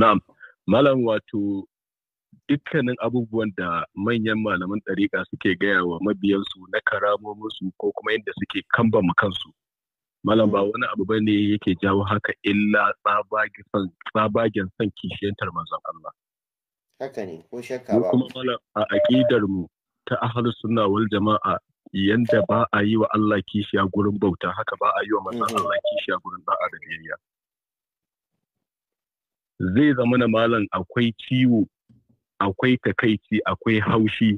Na'am, malam wato dukkanin abubuwan da manyan malaman ɗariƙa suke gaya wa mabiyansu na karamominsu ko kuma yadda suke kambama kansu. Malam ba wani abu bane yake jawo haka illa tsabagen son kishiyantar manzon Allah. Haka ne, ko shakka ba. kuma malam a aƙidar mu ta ahlus sunna wal jama'a yanda ba a yi wa Allah kishiya gurin bauta haka ba a yi wa manzon mm-hmm. Allah kishiya gurin da'a da biyayya. zai zama na malam akwai ciwo akwai takaici akwai haushi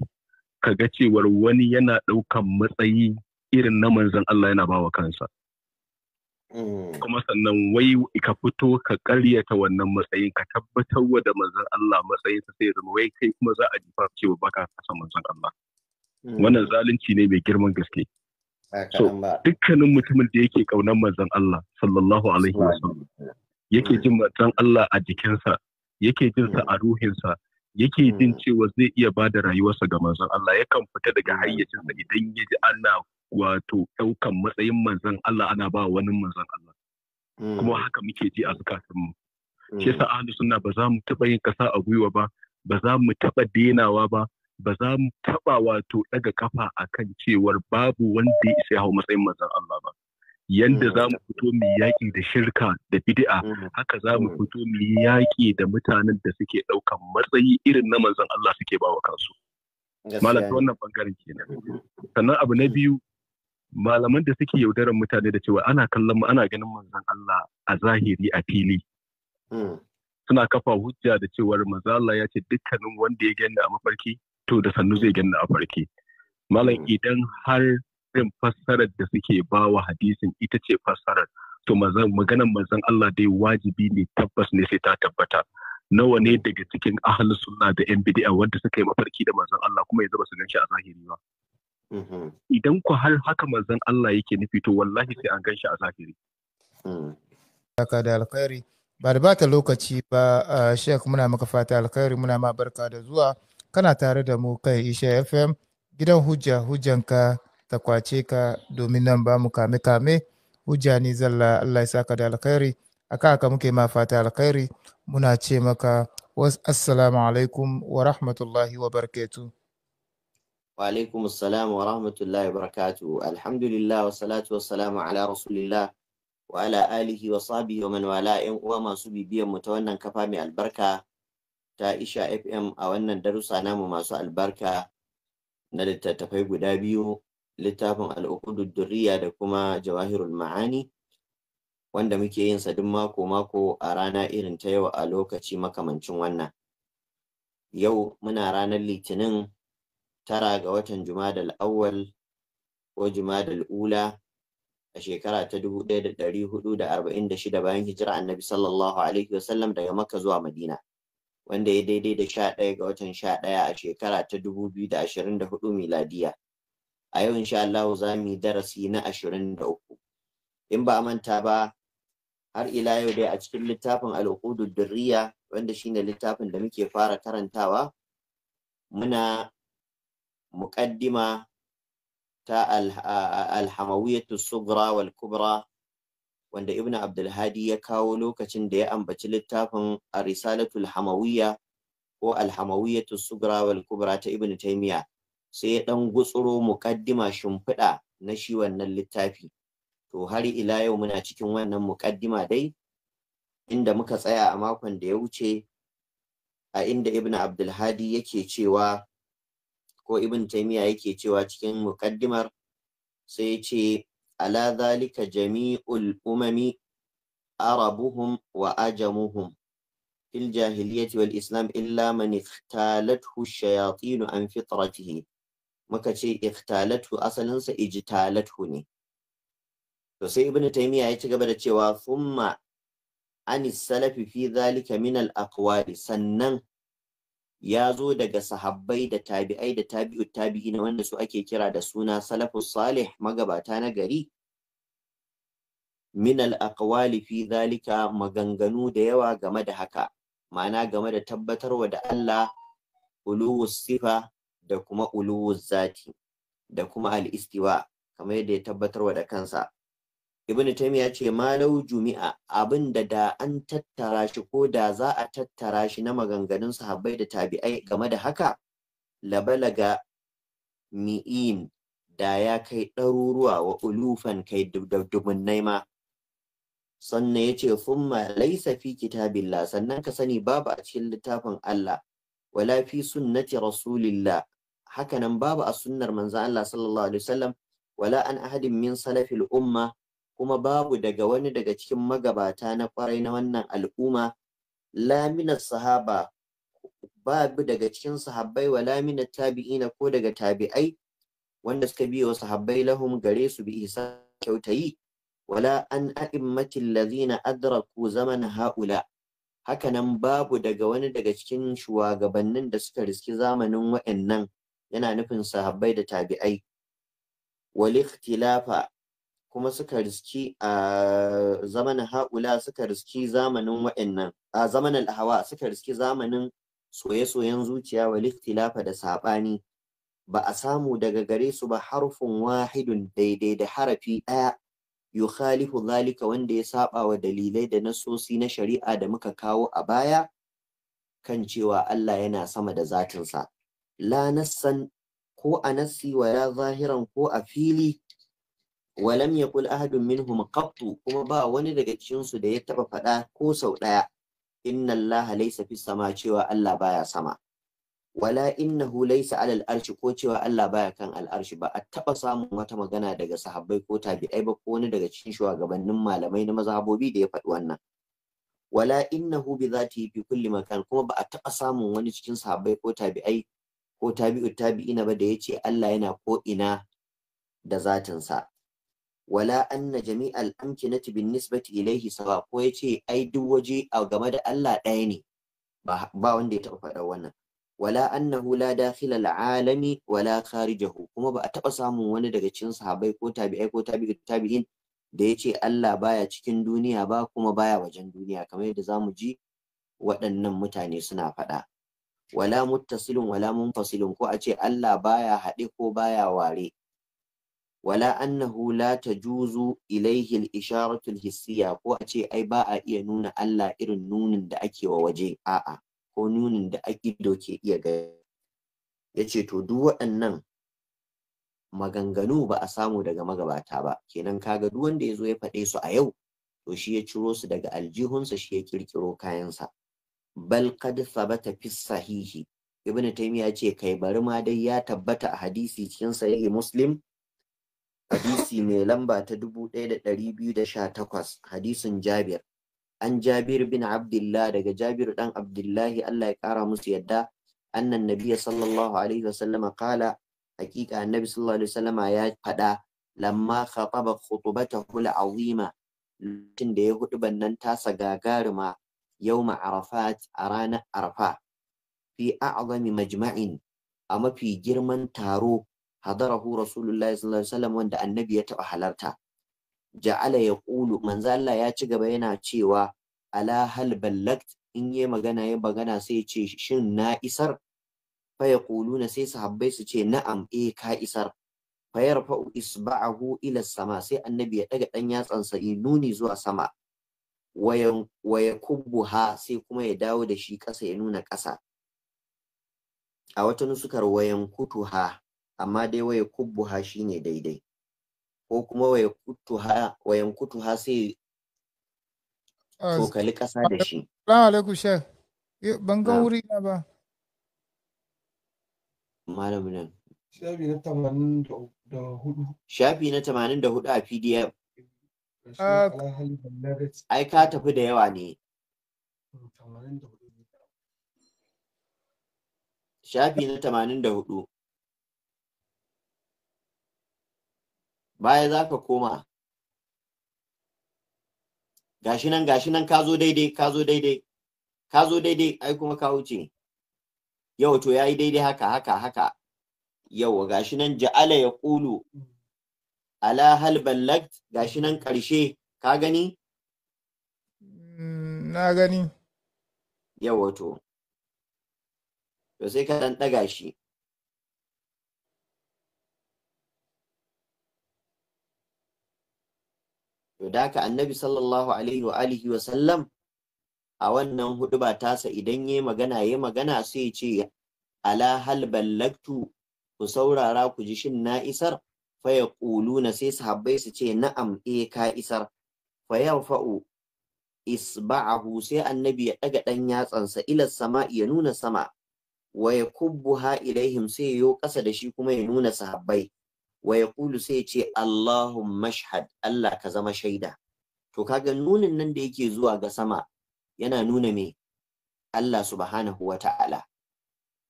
Ka ga cewar wani yana ɗaukan matsayi irin na manzon Allah yana bawa kansa mm. kuma sannan wai ka fito ka karyata wannan matsayin ka tabbatar wa da manzon Allah matsayin sa sai zama wai kai kuma za a jifa cewa baka kasa manzon Allah mm. wannan zalunci ne mai girman gaske so dukkanin mutumin da yake kaunar manzon Allah sallallahu alaihi wasallam yake jin mazan Allah a jikinsa yake jin sa a ruhinsa yake hmm. jin cewa zai iya ba da rayuwarsa ga manzon Allah yakan fita daga hmm. hayyacinsa idan ya ji ana wato ɗaukan matsayin manzon Allah ana ba wani manzon Allah hmm. kuma haka muke ji a zukatanmu shi yasa ahlus sunna ba za mu taɓa yin kasa a gwiwa ba ba za mu taɓa denawa ba ba za mu taɓa wato ɗaga kafa akan cewar babu wanda ya isa ya hau matsayin manzon Allah ba yanda mm. za mu fito mu yaƙi da shirka da bid'a mm. haka za mu mm. fito mu yaƙi da mutanen da suke ɗaukan matsayi irin na manzon Allah suke ba wa kansu malam ta wannan bangaren kenan mm-hmm. sannan abu na biyu malaman da suke yaudaran mutane da cewa ana kallon mu ana ganin manzon Allah a zahiri a fili suna kafa hujja da cewar manzon Allah ya ce dukkanin wanda ya ganna a mafarki to da sannu zai ganni a farki malam idan har irin fassarar da suke ba wa hadisin ita ce fassarar to maganan manzon Allah dai wajibi ne tabbas ne sai ta tabbata nawa ne daga cikin ahal sunna da yan bid'a wanda suka yi mafarki da manzon Allah kuma ya zama su ganshi a zahiri ba mm-hmm. idan ku har haka manzon Allah yake nufi to wallahi sai an ganshi a zahiri Barka mm. da alkhairi ba da bata lokaci ba Sheikh muna maka fata alkhairi muna ma barka da zuwa kana tare da mu kai Isha FM gidan hujja hujjanka ta ka domin nan bamu kame-kame hujja ni zalla Allah ya saka da alkhairi aka aka muke ma fata alkhairi muna ce maka assalamu alaikum wa rahmatullahi wa barakatu wa alaikum assalam wa rahmatullahi wa barakatu alhamdulillah wa salatu wa salamu ala rasulillah wa ala wa sahbihi wa man wala uwa masu bibiyan mu ta wannan kafa mai albarka ta Isha FM a wannan darussa namu masu albarka na littattafai guda biyu littafin al'ukudu durriya da kuma jawahirul ma'ani wanda muke yin sa duk mako mako a rana irin ta yau a lokaci makamancin wannan yau muna ranar litinin tara ga watan jumadal awwal ko jumadal ula a shekara ta dubu ɗaya da ɗari hudu da arba'in da shida bayan hijira annabi sallallahu alaihi wasallam daga maka zuwa madina wanda ya daidai da sha ɗaya ga watan sha ɗaya a shekara ta dubu biyu da ashirin da hudu miladiya a yau insha Allah za mu yi darasi na ashirin da uku in ba a manta ba har ila yau dai a cikin littafin al'ukudu durriya wanda shine littafin da muke fara karantawa muna muƙaddima ta alhamawiyatu sugra wal kubra wanda ibn abdulhadi ya kawo lokacin da ya ambaci littafin a risalatul hamawiyya ko alhamawiyatu sugra wal kubra ta ibn Taimiyya. sai ya ɗan gutsuro muƙaddima shimfiɗa na shi wannan littafi to har ila yau muna cikin wannan muƙaddima dai inda muka tsaya a makon da ya wuce a inda ibn abdulhadi yake cewa ko ibn taimiya yake cewa cikin muƙaddimar sai ce ala zalika jami'ul umami arabuhum wa ajamuhum في الجاهلية والإسلام إلا من اختالته الشياطين an fitratihi muka ce ikhtalatu asalinsa ijtalatu ne to sai ibn taymiya ya ci gaba da cewa thumma ani salafi fi zalika min al aqwali sannan ya zo daga sahabbai da tabi'ai da tabi'u tabi'i na wanda su ake kira da suna salafus salih magabata na gari min al aqwali fi zalika maganganu da yawa game da haka ma'ana game da tabbatarwa da Allah uluwus sifa da kuma uluwuz zati da kuma al-istiwa kamar yadda ya tabbatarwa da kansa ibnu ya ce malau jumi'a abin da da an tattara shi ko da za a tattara shi na maganganun sahabbai da tabi'ai game da haka labalaga mi'in da ya kai ɗaruruwa wa ulufan kai dubunnai naima sannan ya ce summa laisa fi kitabillah sannan ka sani babu a cikin littafin Allah wala fi sunnati rasulillah hakanan babu a sunnar manzo Allah sallallahu alaihi wasallam wala an ahadin min salafil umma kuma babu daga wani daga cikin magabata na kwarai na wannan al'umma lamina sahaba babu daga cikin sahabbai wa lamina tabi'ina ko daga tabi'ai wanda suka biyo sahabbai lahum gare su bi isa kyautayi wala an a'immatil ladina adraku zaman haula hakanan babu daga wani daga cikin shugabannin da suka riski zamanin waɗannan. yana nufin sahabbai da tabi'ai wal kuma suka riski a zamanin haula suka riski zamanin wa'annan a zamanin hawa suka riski zamanin soye-soyen zuciya wal da sabani ba a samu daga gare su ba harfin wahidun daidai da harafi ɗaya yukhalifu zalika wanda ya saba wa dalilai da nasosi na shari'a da muka kawo a baya kan cewa Allah yana sama da zatinsa la nassan ko a nassi wala zahiran ko a fili walam yakul ahadun minhum qattu kuma ba wani daga cikinsu da ya taba faɗa ko sau ɗaya inna Laha laysa sama cewa Allah baya sama wala innahu laysa alal arshi ko cewa Allah baya kan al'arshi ba a taba samun wata magana daga sahabbai ko tabi'ai ba ko wani daga cikin shugabannin malamai na maza bobi da ya faɗi wannan wala innahu bi yi fi kulli makan kuma ba a taɓa samun wani cikin sahabbai ko tabi'ai ko tabi'u tabi'ina ba da yace Allah yana ko ina da zatin sa wala anna jami'al amkinati bin nisbati ilaihi sawa ko yace ai duk waje a game da Allah ɗaya ne ba wanda ya taɓa faɗa wannan wala annahu la dakhila alami wala kharijahu kuma ba a taɓa samun wani daga cikin sahabbai ko tabi'ai ko tabi'u tabi'in da yace Allah baya cikin duniya ba kuma baya wajen duniya kamar yadda zamu ji waɗannan mutane suna faɗa wala muttasilun wala munfasilun ko a ce Allah baya haɗe ko baya ware wala annahu la tajuzu ilaihi al-isharatu al-hissiya ko a ce ai ba a iya nuna Allah irin nunin da ake wa waje a'a ko nunin da ake ke iya ga yace to duk waɗannan maganganu ba a samu daga magabata ba kenan kaga duk wanda yazo ya faɗe su a yau to shi ya ciro su daga aljihunsa shi ya kirkiro kayansa bal qad thabata fi sahihi ibn taymiya ce kai bari ma dai ya tabbata a hadisi cikin sahihi muslim hadisi mai lamba ta 1218 hadisin jabir an jabir bin abdullah daga jabir dan abdullahi Allah ya kara musu yadda annan nabiyya sallallahu alaihi wasallama qala hakika annabi sallallahu alaihi wasallama ya faɗa. lamma khataba khutubatahu al-azima lokacin da ya huɗu bannan tasa gagaruma Yau عرفات أرانا عرفة في أعظم مجمع أما في جرمان تارو حضره رسول الله صلى الله عليه وسلم وند النبي يتأحلرتا جعل يقول من ذا الله ياتي بينا تشيوا ألا هل بلغت in yi magana ya magana sai ce shin na isar Faya ya kuluna sai sahabbai su ce na'am e ka isar fa yarfa'u isba'ahu ila sama sai annabi ya daga dan yatsansa nuni zuwa sama waya kubbuha sai kuma ya dawo da shi ƙasa ya nuna ƙasa a wata nusukar wayan kutuha amma dai waya kubbuha shine daidai ko kuma waya kutuha wayan sai ah, tsokali ƙasa da shi alaikum shek eh, ban ga ah. wuri na ba malamin nan shafi na shafi na 84 a pdf Ah, ai ka tafi da yawa ne. Shafi na tamanin da hudu. Baya za ka koma. Gashi nan gashi nan ka zo daidai ka zo daidai ka zo daidai ai kuma ka wuce. Yau to ya yi daidai haka haka haka. Yau gashi nan ja'ala ya ƙulu. Hmm. ala hal ballagt gashi nan ƙarshe ka gani? Mm, na gani. Yawa to. sai ka ɗan ɗaga shi. To da ka annabi sallallahu alaihi wa alihi wa sallam a wannan hudu ba tasa idan ya magana ya magana sai ce ala hal ballagtu ku saurara ku ji shin na isar fa yaquluna sai sahabbai su ce na'am e ka isar fa fa'u isba'ahu sai annabi ya daga dan yatsansa ila sama ya nuna sama wa yakubbuha ilaihim sai yo ƙasa da shi kuma ya nuna sahabbai wa ƙulu sai ce Allahumma mashhad Allah ka zama shaida to kaga nunin nan da yake zuwa ga sama yana nuna me Allah subhanahu wa ta'ala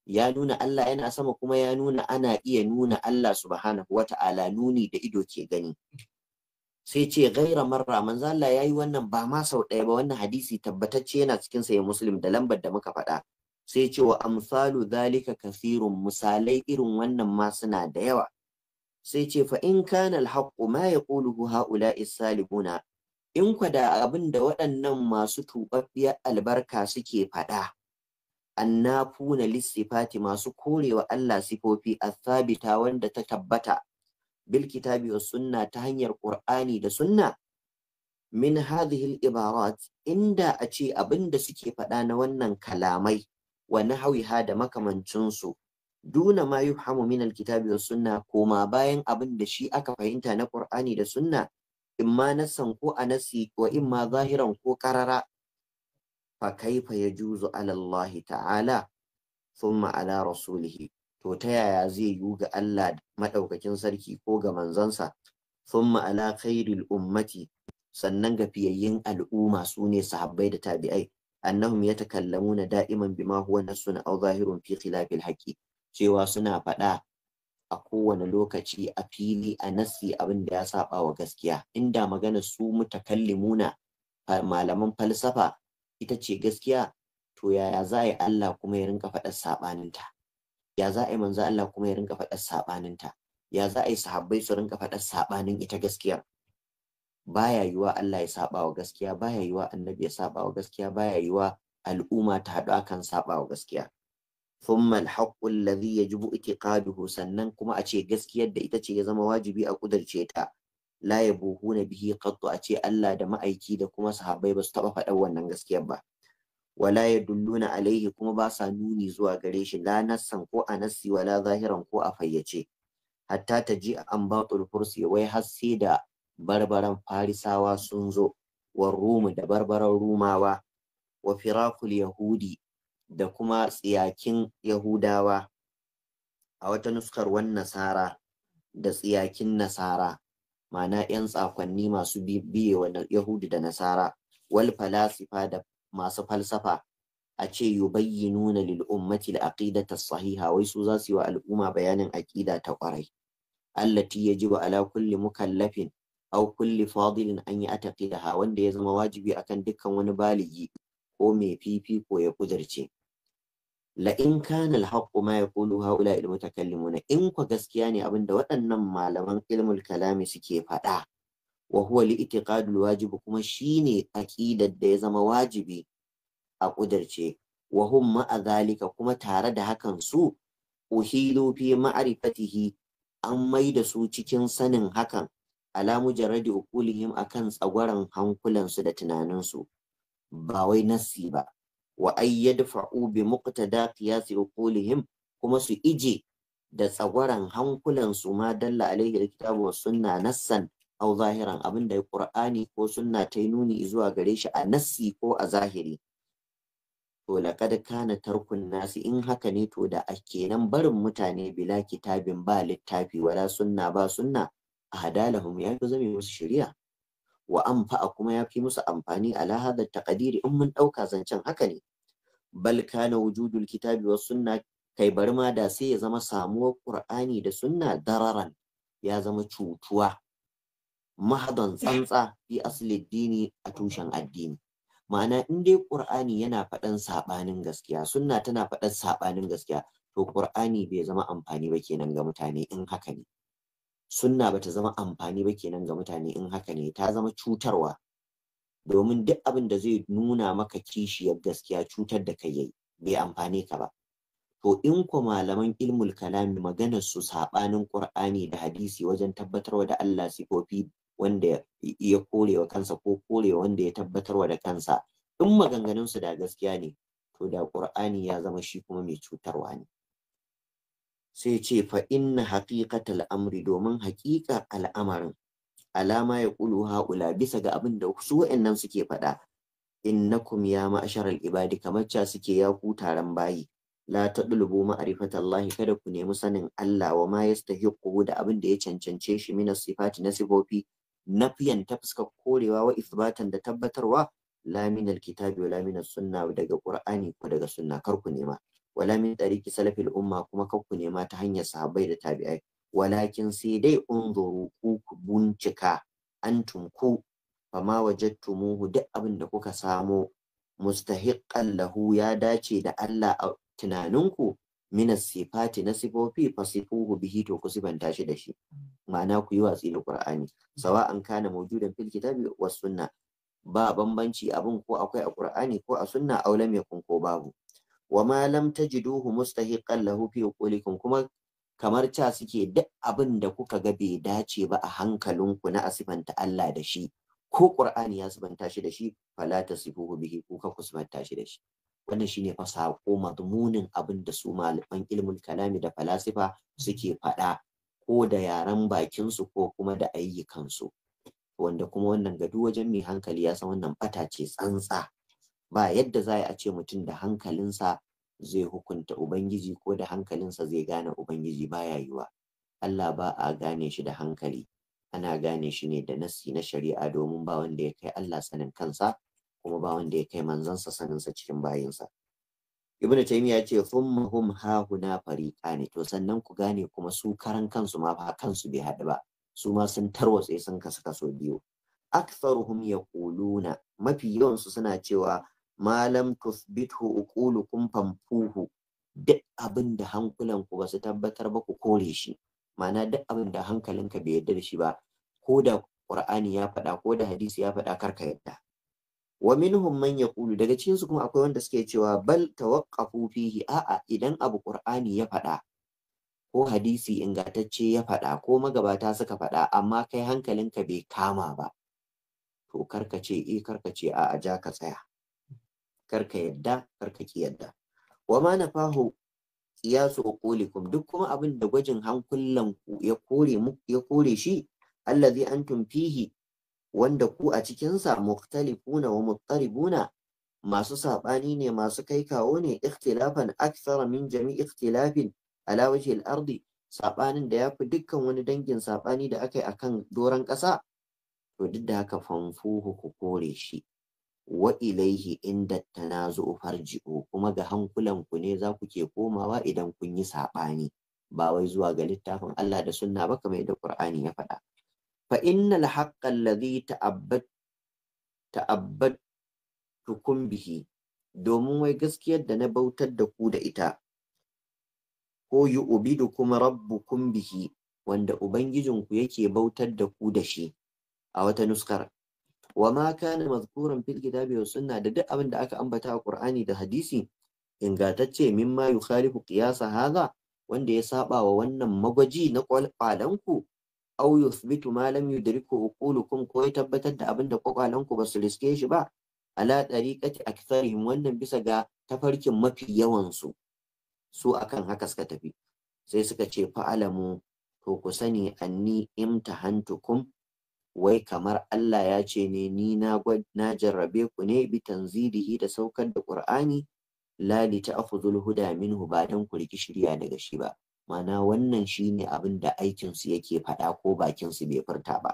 ya nuna Allah yana sama kuma ya nuna ana iya nuna Allah subhanahu wa ta'ala nuni da ido ke gani sai ce gaira marra manzo Allah yayi wannan ba ma sau ɗaya ba wannan hadisi tabbatacce yana cikin sahih muslim da lambar da muka faɗa sai ce wa amsalu zalika kasirun misalai irin wannan ma suna da yawa sai ce fa in kana alhaqqu ma yaquluhu haula'i isalibuna in kwada abin da waɗannan masu tuɓaɓɓiyar albarka suke faɗa annafuna lissifati masu korewa Allah sifofi athabita wanda ta tabbata bil kitabi was sunna ta hanyar qur'ani da sunna min hadhihi al ibarat inda a ce abinda suke faɗa na wannan kalamai wa nahwiha da makamancin su duna ma yuhamu min al kitabi was sunna koma bayan abinda shi aka fahimta na qur'ani da sunna imma nasan ko anasi wa imma zahiran ko karara فكيف يجوز على الله تعالى ثم على رسوله to ta yaya zai yiwu ga Allah maɗaukakin sarki ko ga manzansa Sun ala khairil ummati sannan ga fiyayyin al'umma su ne sahabbai da tabi'ai annahum na da'iman bima huwa nassun au zahirun fi khilafil haqqi cewa suna faɗa a kowane lokaci a fili a nassi abin da ya saɓa wa gaskiya inda magana su mutakallimuna malaman falsafa ita ce gaskiya to yaya za a yi Allah kuma ya rinka faɗar saɓaninta ya za a yi manzo Allah kuma ya rinka faɗar saɓaninta ya za a yi sahabbai su rinka faɗar saɓanin ita gaskiyar baya yiwa Allah ya saɓa wa gaskiya baya yiwa annabi ya saɓa wa gaskiya baya yiwa al'umma ta haɗu akan saɓa wa gaskiya ثم الحق الذي يجب اعتقاده sannan kuma a ce gaskiyar da ita ce ya zama wajibi a kudarce ta la ya buhu na bihi qattu a ce Allah da ma'aiki da kuma sahabai ba su taɓa faɗa wannan gaskiyar ba wala ya na alaihi kuma ba sa nuni zuwa gare shi la nassan ko a nassi wala zahiran ko a fayyace hatta ta ji an batul fursi wai har sai da barbaran farisawa sun zo wa rumu da barbaran rumawa wa firakul yahudi da kuma tsiyakin yahudawa a wata nuskar wannan nasara da tsiyakin nasara ma'ana 'yan tsakwanni masu biye wa Yahudu da Nasara wal falasifa da masu falsafa a ce yubayyinuna lil ummati al aqidata sahiha wai su za su yi wa al'umma bayanin aqida ta kwarai allati yajibu ala kulli mukallafin aw kulli fadilin an ya'taqidaha wanda ya zama wajibi akan dukkan wani baligi ko mai fifiko ya kudirce la in kana alhaqqu ma yaqulu haula al mutakallimun in ku gaskiya ne abin da waɗannan malaman ilmul kalami suke faɗa wa huwa li itiqadul wajib kuma shine aqidar da ya zama wajibi a kudirce wa hum ma zalika kuma tare da hakan su uhilu fi ma'rifatihi an da su cikin sanin hakan ala mujarradi uqulihim akan tsagwaran hankulansu da tunaninsu ba wai nasiba. ba wa ay yadfa'u bi muqtada qiyasi uqulihim kuma su ije da tsagwaran hankulan su ma dalla alaihi alkitabu wa sunna nassan aw zahiran abin da qur'ani ko sunna ta nuni zuwa gare shi a nassi ko a zahiri to laqad kana tarkun nasi in haka ne to da nan barin mutane bila kitabin ba littafi wala sunna ba sunna ahdalahum ya fi zame musu shari'a wa anfa'a kuma ya fi musu amfani ala hada taqdiri in mun dauka zancen haka ne bal kana wujudul kitabi was sunna kai bar ma da sai ya zama samuwar qur'ani da sunna dararan ya zama cutuwa mahadon tsantsa fi asli dini a tushen addini ma'ana in dai qur'ani yana faɗan sabanin gaskiya sunna tana faɗan sabanin gaskiya to qur'ani bai zama amfani ba kenan ga mutane in haka ne sunna bata zama amfani ba kenan ga mutane in haka ne ta zama cutarwa domin duk abin da zai nuna maka kishiyar gaskiya cutar da kai yayi bai amfane ka ba to in ko malaman ilmul kalami maganar su sabanin qur'ani da hadisi wajen tabbatarwa da Allah sifofi wanda ya korewa kansa ko korewa wanda ya tabbatarwa da kansa in maganganun su da gaskiya ne to da qur'ani ya zama shi kuma mai cutarwa ne sai ce fa inna haqiqatal amri domin haqiqa al'amarin alama ya kulu ha'ula bisa ga abin da su waɗannan suke faɗa innakum ya ma'asharal ibadi kamar ca suke ya ku taron bayi la tadlubu ma'rifatallahi kada ku nemi sanin Allah wa ma yastahiqu da abin da ya cancance shi min sifati na sifofi nafiyan ta fuska korewa wa isbatan da tabbatarwa la min alkitabi la min sunna daga qur'ani ko daga sunna kar ku nema wala min tariqi salafil umma kuma kar ku nema ta hanyar sahabbai da tabi'ai walakin sai dai unzuru ku ku bincika antum ku fama wajattumuhu duk abin da kuka samo mustahiqqan lahu ya dace da Allah a tunaninku min sifati na sifofi sifuhu bihi to ku sifanta shi da shi ma'ana ku yi watsi da qur'ani sawa an kana mawjudan fil kitabi was sunna ba bambanci abin ko akwai a qur'ani ko a sunna aw lam yakun ko babu wa ma lam tajiduhu mustahiqqan lahu fi qulikum kuma kamar ca suke duk abin da kuka ga bai dace ba a hankalinku na asibanta Allah da shi ko Qur'ani ya sibanta shi da shi fala sifuhu bihi ko ka kusbanta shi da shi wannan shine fa ko madmunin abin da su malaman ilmul kalami da falasifa suke faɗa ko da yaran bakin su ko kuma da ayyukan su wanda kuma wannan gadu wajen mai hankali ya san wannan fata ce tsantsa ba yadda za a ce mutum da hankalinsa zai hukunta ubangiji ko da hankalinsa zai gane ubangiji baya yiwa Allah ba a gane shi da hankali ana gane shi ne da nasi na shari'a domin ba wanda ya kai Allah sanin kansa kuma ba wanda ya kai manzansa saninsa cikin bayinsa ibnu taymiya ya ce thumma hum fari ne, to sannan ku gane kuma su karan kansu ma ba kansu bai haɗu ba su ma sun tarwatse sun kasu kaso biyu aktharuhum yaquluna mafi yawansu suna cewa malam tusbithu uqulukum famfuhu duk abin da hankulanku ba su tabbatar ba ku kore shi ma'ana duk abin da hankalinka bai yarda da shi ba ko da qur'ani ya faɗa ko da hadisi ya faɗa karka yarda wa minhum man yaqulu daga cikin su kuma akwai wanda suke cewa bal tawaqqafu fihi a'a idan abu qur'ani ya faɗa ko hadisi ingantacce ya faɗa ko magabata suka faɗa amma kai hankalinka bai kama ba to karka ce eh karka ce a'a ja ka tsaya karka yadda karka ki yadda wa ma nafahu qiyasu uqulikum duk kuma abin da gwajin hankulan ku ya kore shi ya kore shi allazi antum fihi wanda ku a cikin sa mukhtalifuna wa muqtaribuna masu saɓani ne masu kai kawo ne ikhtilafan aksara min jami ikhtilafin ala wajhi al-ardi saɓanin da yafi dukkan wani dangin saɓani da aka yi akan doron ƙasa to duk da haka fanfuhu ku kore shi wa ilaihi inda tanazu farji'u kuma ga hankulan ku ne za ku ke komawa idan kun yi saɓani ba wai zuwa ga littafin Allah da sunna ba kamar yadda Qur'ani ya faɗa fa innal haqqal ladhi ta'abbat bihi domin wai gaskiyar da na bautar da ku da ita ko yi ubidu kuma rabbukum bihi wanda ubangijinku yake bautar da ku da shi a wata nuskar wa ma kana mazkuran fil kitabi wa sunna da duk abin da aka ambata a Qur'ani da hadisi ingantacce mimma yukhalifu qiyasa hadha wanda ya saba wa wannan magwaji na kwalanku aw yuthbitu ma lam yudriku uqulukum ko ya tabbatar da abin da kwalanku ba su riske shi ba ala tariqati aktharihim wannan bisa ga tafarkin mafi yawan su su akan haka suka tafi sai suka ce fa'alamu to ku sani anni imtahantukum wai kamar Allah ya ce ne ni na jarrabe ku ne bi tanzilihi da saukar da Qur'ani la li ta'khudhul huda minhu ba dan ku riki shirya daga shi ba Mana wannan shine abin da aikin su yake faɗa ko bakin su bai furta ba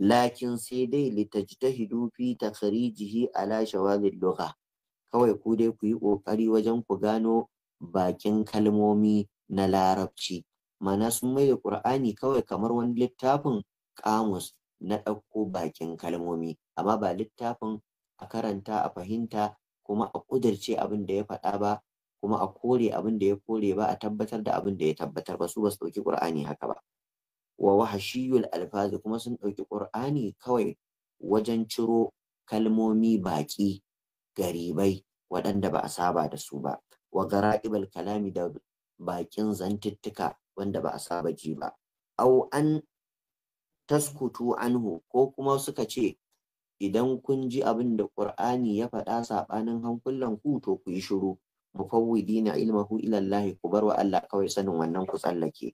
lakin sai dai litajtahidu fi takhrijihi ala shawazil lugha kawai ku dai ku yi kokari wajen ku gano bakin kalmomi na larabci Mana sun mai da qur'ani kawai kamar wani littafin kamus na ɗauko bakin kalmomi amma ba littafin a karanta a fahimta kuma a ƙudirce abin da ya faɗa ba kuma a kore abin da ya kore ba a tabbatar da abin da ya tabbatar ba su ba su ɗauki ƙur'ani haka ba wa wahashiyul alfazi kuma sun ɗauki ƙur'ani kawai wajen ciro kalmomi baƙi garibai waɗanda ba a saba da su ba wa gara'ibal kalami da baƙin zantuttuka wanda ba a saba ji ba au an taskutu anhu ko kuma suka ce idan kun ji abin da Qur'ani ya faɗa saɓanin hankulan ku to ku yi shiru mufawwidina ilmahu ila Allah ku bar wa Allah kawai sanin wannan ku tsallake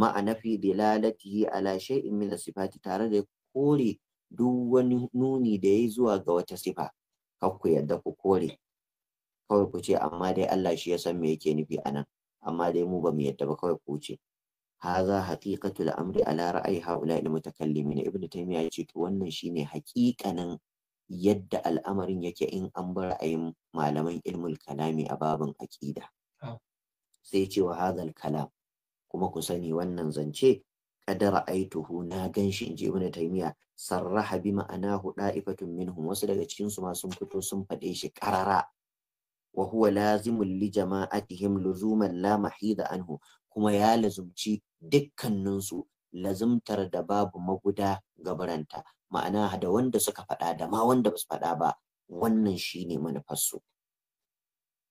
ma'ana fi dilalatihi ala shay'in min sifati tare da kore duk wani nuni da yayi zuwa ga wata sifa kar ku yadda ku kore kawai ku ce amma dai Allah shi ya san me yake nufi anan amma dai mu ba mu yadda ba kawai ku ce haza haqiqatul amri ala ra'ayi haula al mutakallimin ibnu taymiya yace to wannan shine haƙiƙanin yadda al'amarin yake in an bar ra'ayin malaman ilmul kalami a babin aqida sai ce wa hadha kalam kuma ku sani wannan zance kadara tuhu, na gan shi inji ibnu taymiya sarraha bi ma'anahu da'ifatun minhum wasu daga cikin su ma sun fito sun faɗe shi karara wa huwa lazimul li jama'atihim luzuman la mahida anhu kuma ya lazumci dukkaninsu lazumtar da babu maguda gabaranta ma'ana da wanda suka faɗa da ma wanda ba su faɗa ba wannan shine manufarsu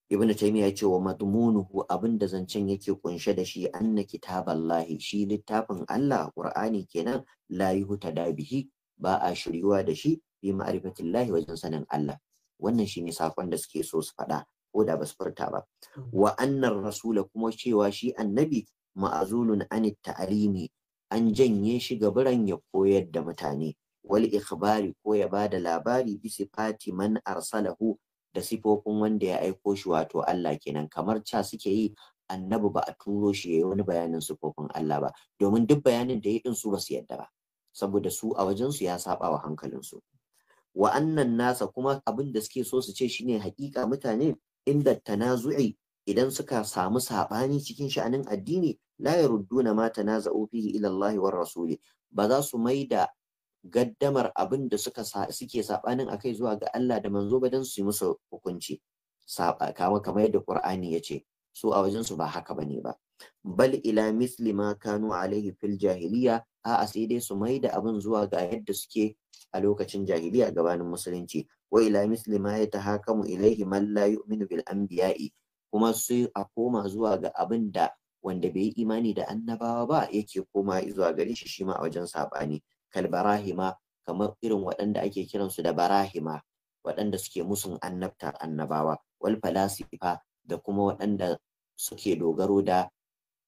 ibn taymiya ce wa madmunuhu abinda zancen yake kunshe da shi anna kitaballahi shi littafin Allah qur'ani kenan la yuhtada dabihi ba a shiryuwa da shi bi ma'rifatillahi wajen sanin Allah wannan shine sakon da suke so su faɗa ko da ba su furta ba hmm. wa annar rasula kuma cewa shi annabi ma'azulun an ta'alimi an janye shi ga biran ya koyar da mutane wal ikhbari ko ya bada labari bi sifati man arsalahu da sifofin wanda ya aiko shi wato Allah kenan kamar ca suke yi annabi ba a turo shi yayi wani bayanin sifofin Allah ba domin duk bayanin da ya din su ba su yadda ba saboda su a wajen su ya saba wa hankalin su wa annan nasa kuma abin da suke so su ce shine hakika mutane inda tanazu'i idan suka samu saɓani cikin sha'anin addini la yarudduna ma tanaza'u fihi ila Allah war rasuli ba za su mai da gaddamar abin da suka suke saɓanin akai zuwa ga Allah da manzo ba dan su yi musu hukunci saba kama kamar yadda Qur'ani ya ce su a wajen su ba haka bane ba bal ila misli ma kanu alaihi fil jahiliya a'a sai dai su mai da abin zuwa ga yadda suke a lokacin jahiliya gabanin musulunci wa ila misli ma ya tahakamu ilaihi man la yu'minu bil anbiya'i kuma su a koma zuwa ga abin da wanda bai yi imani da annabawa ba yake koma zuwa gare shi shima a wajen saɓani kal barahima kamar irin waɗanda ake kiransu da barahima waɗanda suke musun annabta annabawa wal falasifa da kuma waɗanda suke dogaro da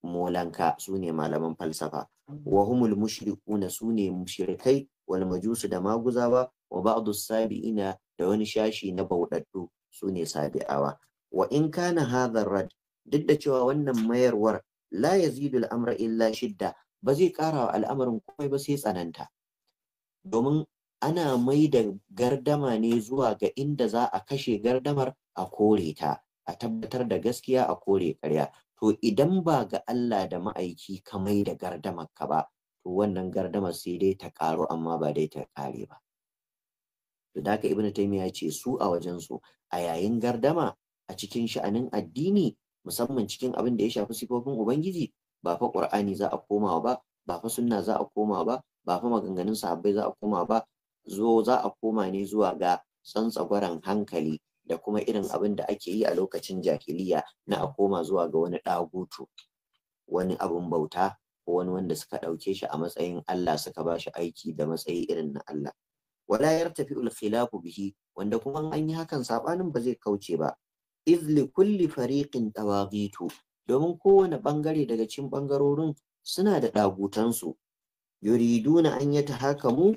molanka su ne malaman falsafa wa humul mushrikuna su ne mushrikai wal majusu da maguzawa wa ba'du sabi'ina da wani shashi na bauɗaɗɗu su ne sabi'awa wa in kana hadhar rad duk da cewa wannan mayarwar la yazidu al'amra illa shidda ba zai ƙara wa al'amarin komai ba sai tsananta domin ana mai da gardama ne zuwa ga inda za a kashe gardamar a kore ta a tabbatar da gaskiya a kore karya, to idan ba ga Allah da ma'aiki ka mai da gardamar ka ba to wannan gardamar sai dai ta karu amma ba dai ta kare ba to da ka ibnu taymiya ce su a wajen su a yayin gardama a cikin sha'anin addini musamman cikin abin da ya shafi sifofin ubangiji ba fa qur'ani za a koma ba ba fa sunna za a koma ba ba fa maganganun sahabbai za a koma ba zo za a koma ne zuwa ga tsantsagwaran hankali da kuma irin abin da ake yi a lokacin jahiliya na a koma zuwa ga wani ɗagutu wani abin bauta ko wani wanda suka ɗauke shi a matsayin Allah suka ba shi aiki da matsayi irin na Allah wala yartafi khilafu bihi wanda kuma an yi hakan saɓanin ba zai kauce ba iz li kulli fariqin tawaghitu domin kowane bangare daga cikin bangarorin suna da ɗagutansu yuriduna an mu?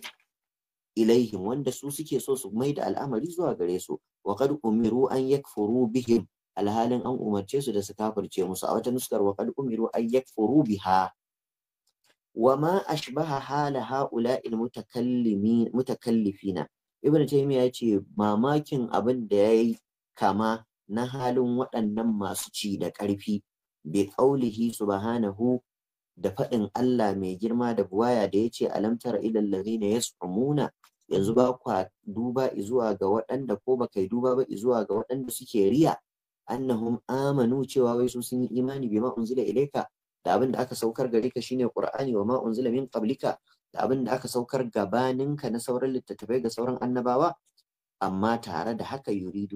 ilaihim wanda su suke so su mai da al'amari zuwa gare su wa qad umiru an yakfuru bihim alhalin an umarce su da su kafirce musu a wata nuskar wa qad umiru an yakfuru biha wa ma ashbaha hala ha'ula'il mutakallimin mutakallifina ibnu taymiya yace mamakin abin da yayi kama na halin waɗannan masu ci da ƙarfi bi qaulihi subhanahu da faɗin Allah mai girma da buwaya da yace alam tara ilal ladhina yas'umuna yanzu ba kwa duba izuwa ga waɗanda ko ba kai duba ba izuwa ga waɗanda suke riya annahum amanu cewa wai su sun yi imani bima unzila ilaika da abin da aka saukar gare ka shine qur'ani wa ma unzila min qablika da abin da aka saukar ka na sauran littattafai ga sauran annabawa amma tare da haka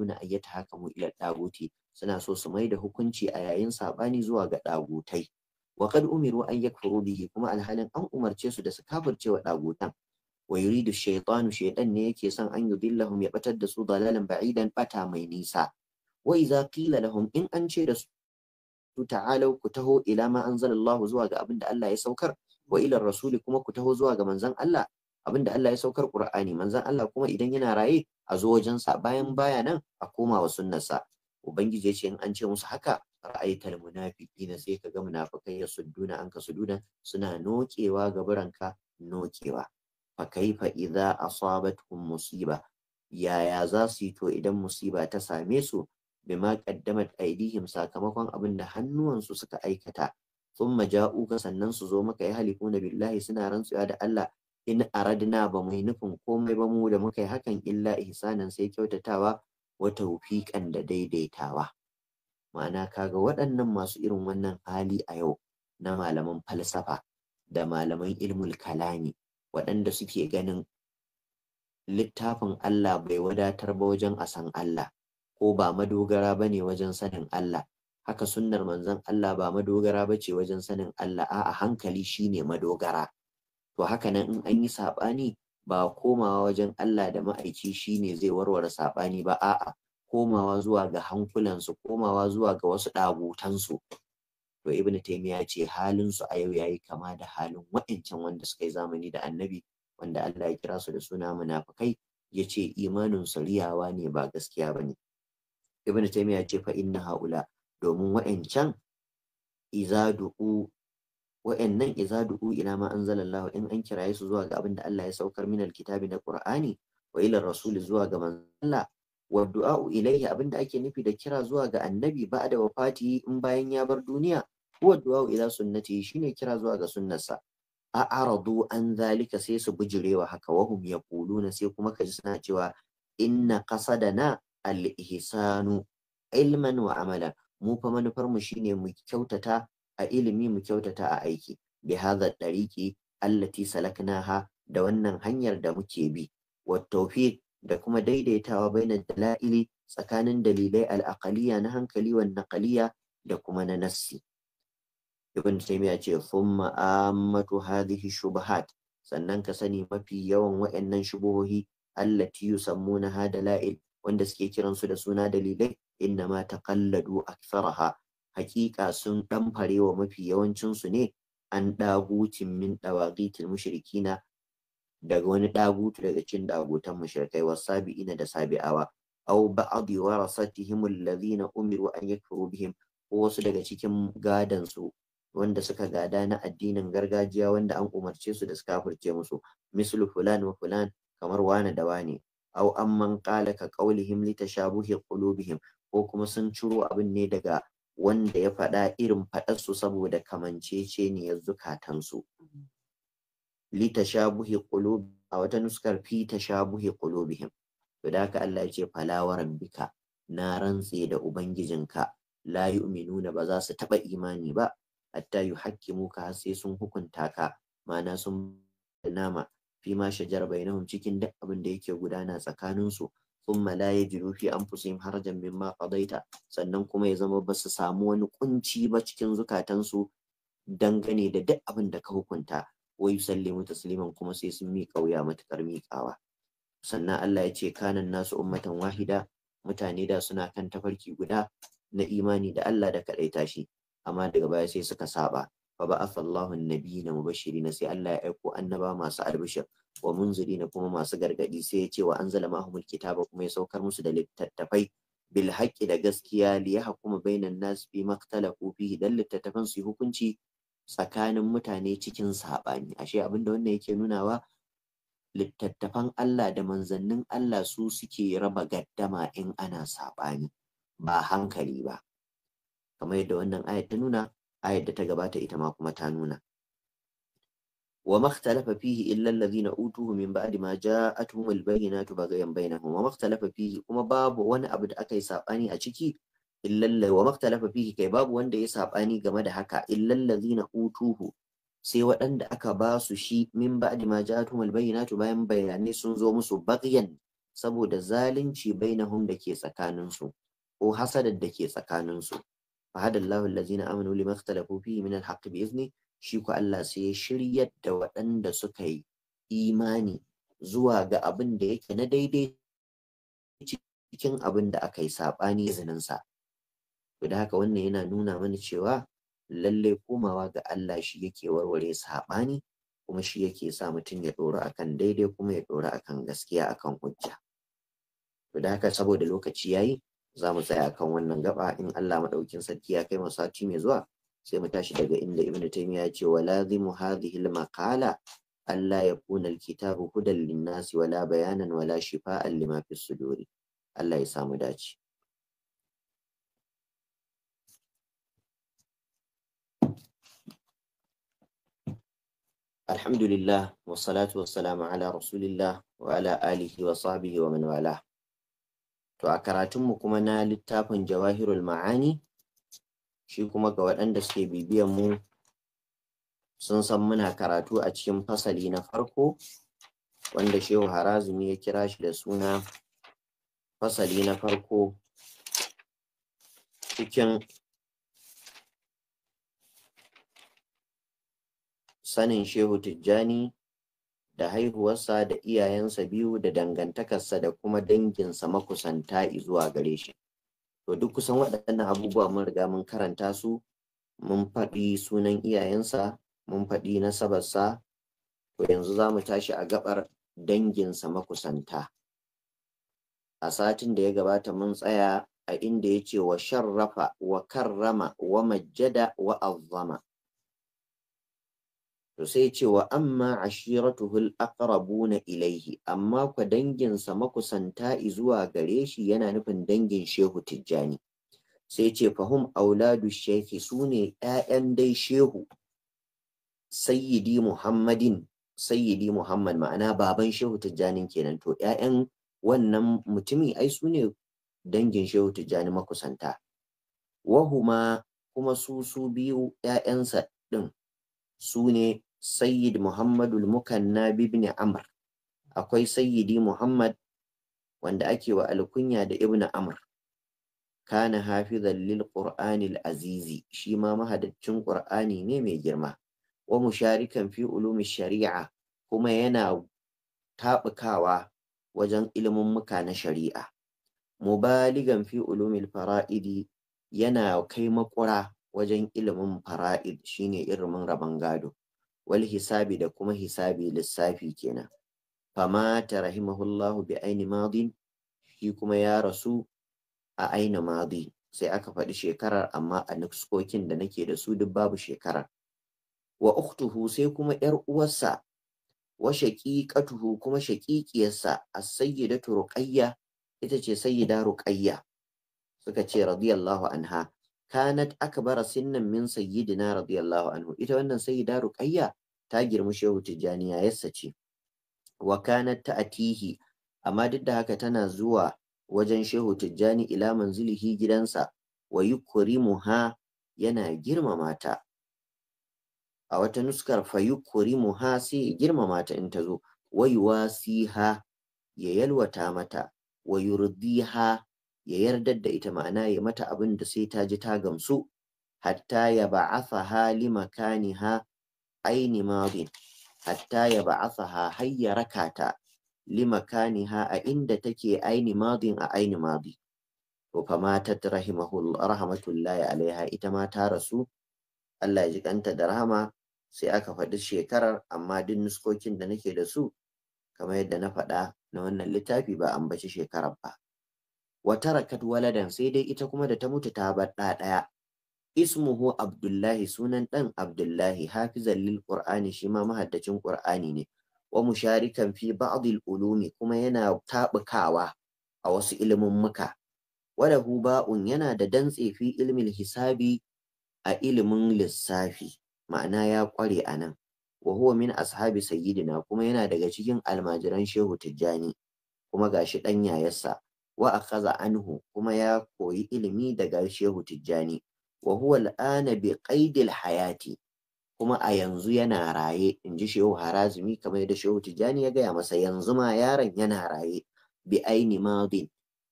na ayyata haka mu ila daguti suna so su mai da hukunci a yayin sabani zuwa ga dagutai wa qad umiru an yakfuru bihi kuma alhalin an umarce su da su kafirce wa dagutan wa yuridu shaytanu shaytan ne yake son an yudillahum ya batar da su dalalan ba'idan bata mai nisa wa idza qila lahum in an ce da su ta'alau ku taho ila ma anzalallahu zuwa ga abinda Allah ya saukar wa ila rasuli kuma ku taho zuwa ga manzon Allah abinda Allah ya saukar Qur'ani manzan Allah kuma idan yana raye a zo wajen sa bayan bayanan a koma wa sa ubangiji ya ce in an ce musu haka ra'aital munafiqina sai ka ga munafikai ya sudduna anka suduna suna nokewa gaburanka nokewa fa idza asabatkum musiba yaya za su yi to idan musiba ta same su bima qaddamat aidihim sakamakon abin da hannuwansu suka aikata thumma ja'uka sannan su zo maka ya na billahi suna rantsuwa da Allah in aradna ba mu nufin komai ba mu da muka yi hakan illa ihsanan sai kyautatawa wa tawfiqan da daidaitawa ma'ana kaga waɗannan masu irin wannan hali a yau na malaman falsafa da malaman ilmul kalami waɗanda suke ganin littafin Allah bai wadatar ba wajen a san Allah ko ba madogara ba ne wajen sanin Allah haka sunnar manzon Allah ba madogara ba ce wajen sanin Allah a hankali shine madogara to haka nan in an yi saɓani ba komawa wajen Allah da ma'aici shine zai warware saɓani ba a'a komawa zuwa ga hankulansu komawa zuwa ga wasu ɗab'utansu. to ibnu taymiya ya ce halin su a yau yayi kama da halin wa'ancan wanda suka yi zamani da annabi wanda Allah ya kira su da suna munafikai yace imanin su riyawa ne ba gaskiya ba ne ibnu taymiya ya ce fa inna haula domin wa'ancan izadu'u wa'annan iza ila ma anzalallahu in an kiraye su zuwa ga abin da Allah ya saukar min alkitabi na qur'ani wa ila rasuli zuwa ga manzon wa du'a ilayhi abinda ake nufi da kira zuwa ga annabi ba da wafati in bayan ya bar duniya huwa du'a ila sunnati shine kira zuwa ga sunnarsa a aradu an zalika sai su bijirewa haka wahum yaquluna sai kuma kaji suna cewa inna qasadana al-ihsanu ilman wa amala mu fa manufar mu shine mu kyautata a ilimi mu kyautata a aiki bi hadha dariqi allati salaknaha da wannan hanyar da muke bi wa tawfiq da kuma daidaitawa baina dala'ili tsakanin dalilai al na hankali wa naqaliya da kuma na nassi ibn taymiya ce thumma ammatu hadhihi shubahat sannan ka sani mafi yawan wa'annan shubuhohi allati yusammuna hada la'il wanda suke kiransu da suna dalilai inna ma taqalladu aktharaha Haƙiƙa sun dan farewa mafi su ne an dagutin min dawaqitil mushrikina daga wani ɗagutu daga cikin dagutan mushrikai wasabi'ina da sabi'awa aw ba'dhi warasatihim alladhina umiru an yakfuru bihim ko wasu daga cikin gadan su wanda suka gada na addinin gargajiya wanda an umarce su da suka furce musu mislu fulan wa fulan kamar wane da wane aw amman qala ka qaulihim li tashabuhi qulubihim ko kuma sun ciro abin ne daga wanda ya faɗa irin faɗar su saboda kamancece ne ya zukatan su li qulub a wata nuskar fi tashabuhi qulubihim to da ka Allah ya ce falawaran bika na rantse da ubangijinka la yu'minuna ba za su taɓa imani ba hatta muka har sai sun hukunta ka ma'ana sun nama fi ma shajara bainahum cikin duk abin da yake gudana tsakanin su thumma la jiru fi anfusihim harajan mimma qadaita sannan kuma ya zama basu samu wani kunci ba cikin zukatansu dangane da duk abin da ka hukunta wa yusallimu tasliman kuma sai sun miƙa wuya matukar miƙawa sannan Allah ya ce kanan nasu ummatan wahida mutane da suna kan tafarki guda na imani da Allah da kaɗaita shi amma daga baya sai suka saba fa ba'atha Allahu annabiyina nabiyina mubashirin sai Allah ya aiko annaba masu albishir wa munzirina kuma masu gargadi sai ya ce wa anzala ma'ahumul kitaba kuma ya saukar musu da littattafai bil haqqi da gaskiya li yahkuma bainan nas bi maktalafu fihi dan littattafan su hukunci tsakanin mutane cikin saɓani ashe abinda wannan yake nunawa littattafan Allah da manzannin Allah su suke raba gaddama in ana saɓani ba hankali ba kamar yadda wannan ayat ta nuna ayat da ta gabata ita ma kuma ta nuna وما اختلف فيه إلا الذين أوتوه من بعد ما جاءتهم البينات بغيا بينهم وما اختلف فيه da باب sabani a ciki illa wa makhtalafa fihi kai babu wanda ya sabani game da haka illa allazina utuhu sai waɗanda aka ba su shi min ba'di ma ja'atuhum albayyinatu bayan bayanai sun zo musu baghyan saboda zalunci bainahum da ke tsakanin su ko hasadar da ke tsakaninsu. fahada Allahu allazina amanu lima ikhtalafu fihi min haqqi bi shi ko Allah sai ya shiryar da waɗanda suka yi imani zuwa ga abinda yake na daidai cikin abin da aka yi saɓani izinin sa haka wannan yana nuna mani cewa lallai komawa ga Allah shi yake warware saɓani kuma shi yake sa mutum ya ɗora akan daidai kuma ya ɗora akan gaskiya akan hujja to haka saboda lokaci yayi za mu tsaya akan wannan gaba in Allah maɗaukin sarki ya kai mu sati mai zuwa sai mu tashi daga inda ibnu taymiya ya ce walazimu hadhihi al-maqala alla yakuna al-kitabu hudan lin-nasi wala bayanan wala shifa'an lima fi suduri Allah ya samu dace Alhamdulillah, wassalatu wassalamu ala Rasulillah wa ala alihi wa sahbihi wa man walah. To a karatunmu kuma na littafin Jawahirul Ma'ani shi kuma ga waɗanda suke bibiyan mu sun san muna karatu a cikin fasali na farko wanda Shehu Harazumi ya kira shi da suna fasali na farko cikin sanin Shehu Tijjani da haihuwarsa da iyayensa biyu da dangantakarsa da kuma danginsa makusanta zuwa gare shi to duk kusan waɗannan abubuwa mun riga mun karanta su mun faɗi sunan iyayensa mun faɗi nasabarsa to yanzu za mu tashi a gabar danginsa makusanta a satin da ya gabata mun tsaya a inda ya ce wa sharrafa wa karrama wa majjada wa azzama to sai ce wa amma ashiratuhul aqrabuna ilaihi amma kwa danginsa makusanta zuwa gare shi yana nufin dangin shehu tijjani sai ce fahum auladu sheki su ne ‘ya'yan dai shehu sayyidi muhammadin sayyidi muhammad ma'ana baban shehu Tijjani kenan to ‘ya'yan wannan mutumi ai su ne dangin shehu tijjani makusanta wahuma kuma su su biyu ‘ya'yansa ɗin Sune sayyid muhammadul mukanna ibn amr akwai sayyidi muhammad wanda ake wa alkunya da ibn amr kana hafizan lil qur'ani azizi shi ma mahadaccin qur'ani ne mai girma wa musharikan fi ulumi shari'a kuma yana taɓukawa wajen muka na shari'a mubaligan fi ulumil fara'idi yana kai makura wajen ilimin fara'id shine ilimin rabon gado wal hisabi da kuma hisabi lissafi kenan fama ta rahimahullahu bi aini madin shi kuma ya rasu a aini madi sai aka faɗi shekarar amma a nuskokin da nake da su duk babu shekarar wa uktuhu sai kuma yar uwarsa wa shaqiqatuhu kuma shaqiqiyarsa as-sayyidatu ruqayya ita ce sayyida ruqayya suka ce radiyallahu anha kanat akbara sinnan min sayyidina radiyallahu anhu ita wannan sayyida ruqayya ta girmi shehu tijjani yassa ce wa kanat ta'tihi amma duk da haka tana zuwa wajen shehu tijjani ila manzilihi gidansa wa yukrimuha yana girmama ta a wata nuskar fa yukrimuha sai ya girmama ta in ta zo wa yuwasiha ya yalwata mata wa ya yarda da ita ma'ana ya mata abin da sai ta ji ta gamsu hatta ya ba'atha ha li makaniha aini madin hatta ya ba'atha ha hayya rakata li makaniha a inda take aini madin a aini madi to fa matat rahmatullah alaiha ita ma ta rasu Allah ya ji kanta da rahama sai aka faɗi shekarar amma duk nuskokin da nake da su kamar yadda na faɗa na wannan littafi ba ambaci shekarar ba Wata rakat waladan sai dai ita kuma da ta mutu ta bar ɗa ɗaya ismuhu abdullahi sunan ɗan abdullahi hafizan lil qur'ani shi ma mahaddacin qur'ani ne wa musharikan fi ba'd al ulumi kuma yana tabukawa a wasu ilimin muka walahu ba'un yana da dantse fi ilmin hisabi a ilimin lissafi ma'ana ya kware a nan wa huwa min ashabi sayyidina kuma yana daga cikin almajiran shehu tijjani kuma gashi ɗan yayarsa wa akhadha anhu kuma ya koyi ilimi daga Shehu Tijjani wa huwa al'ana bi qaidil hayati kuma a yanzu yana raye inji Shehu Harazimi kamar yadda Shehu Tijjani ya gaya masa yanzu ma yaron yana raye bi aini madin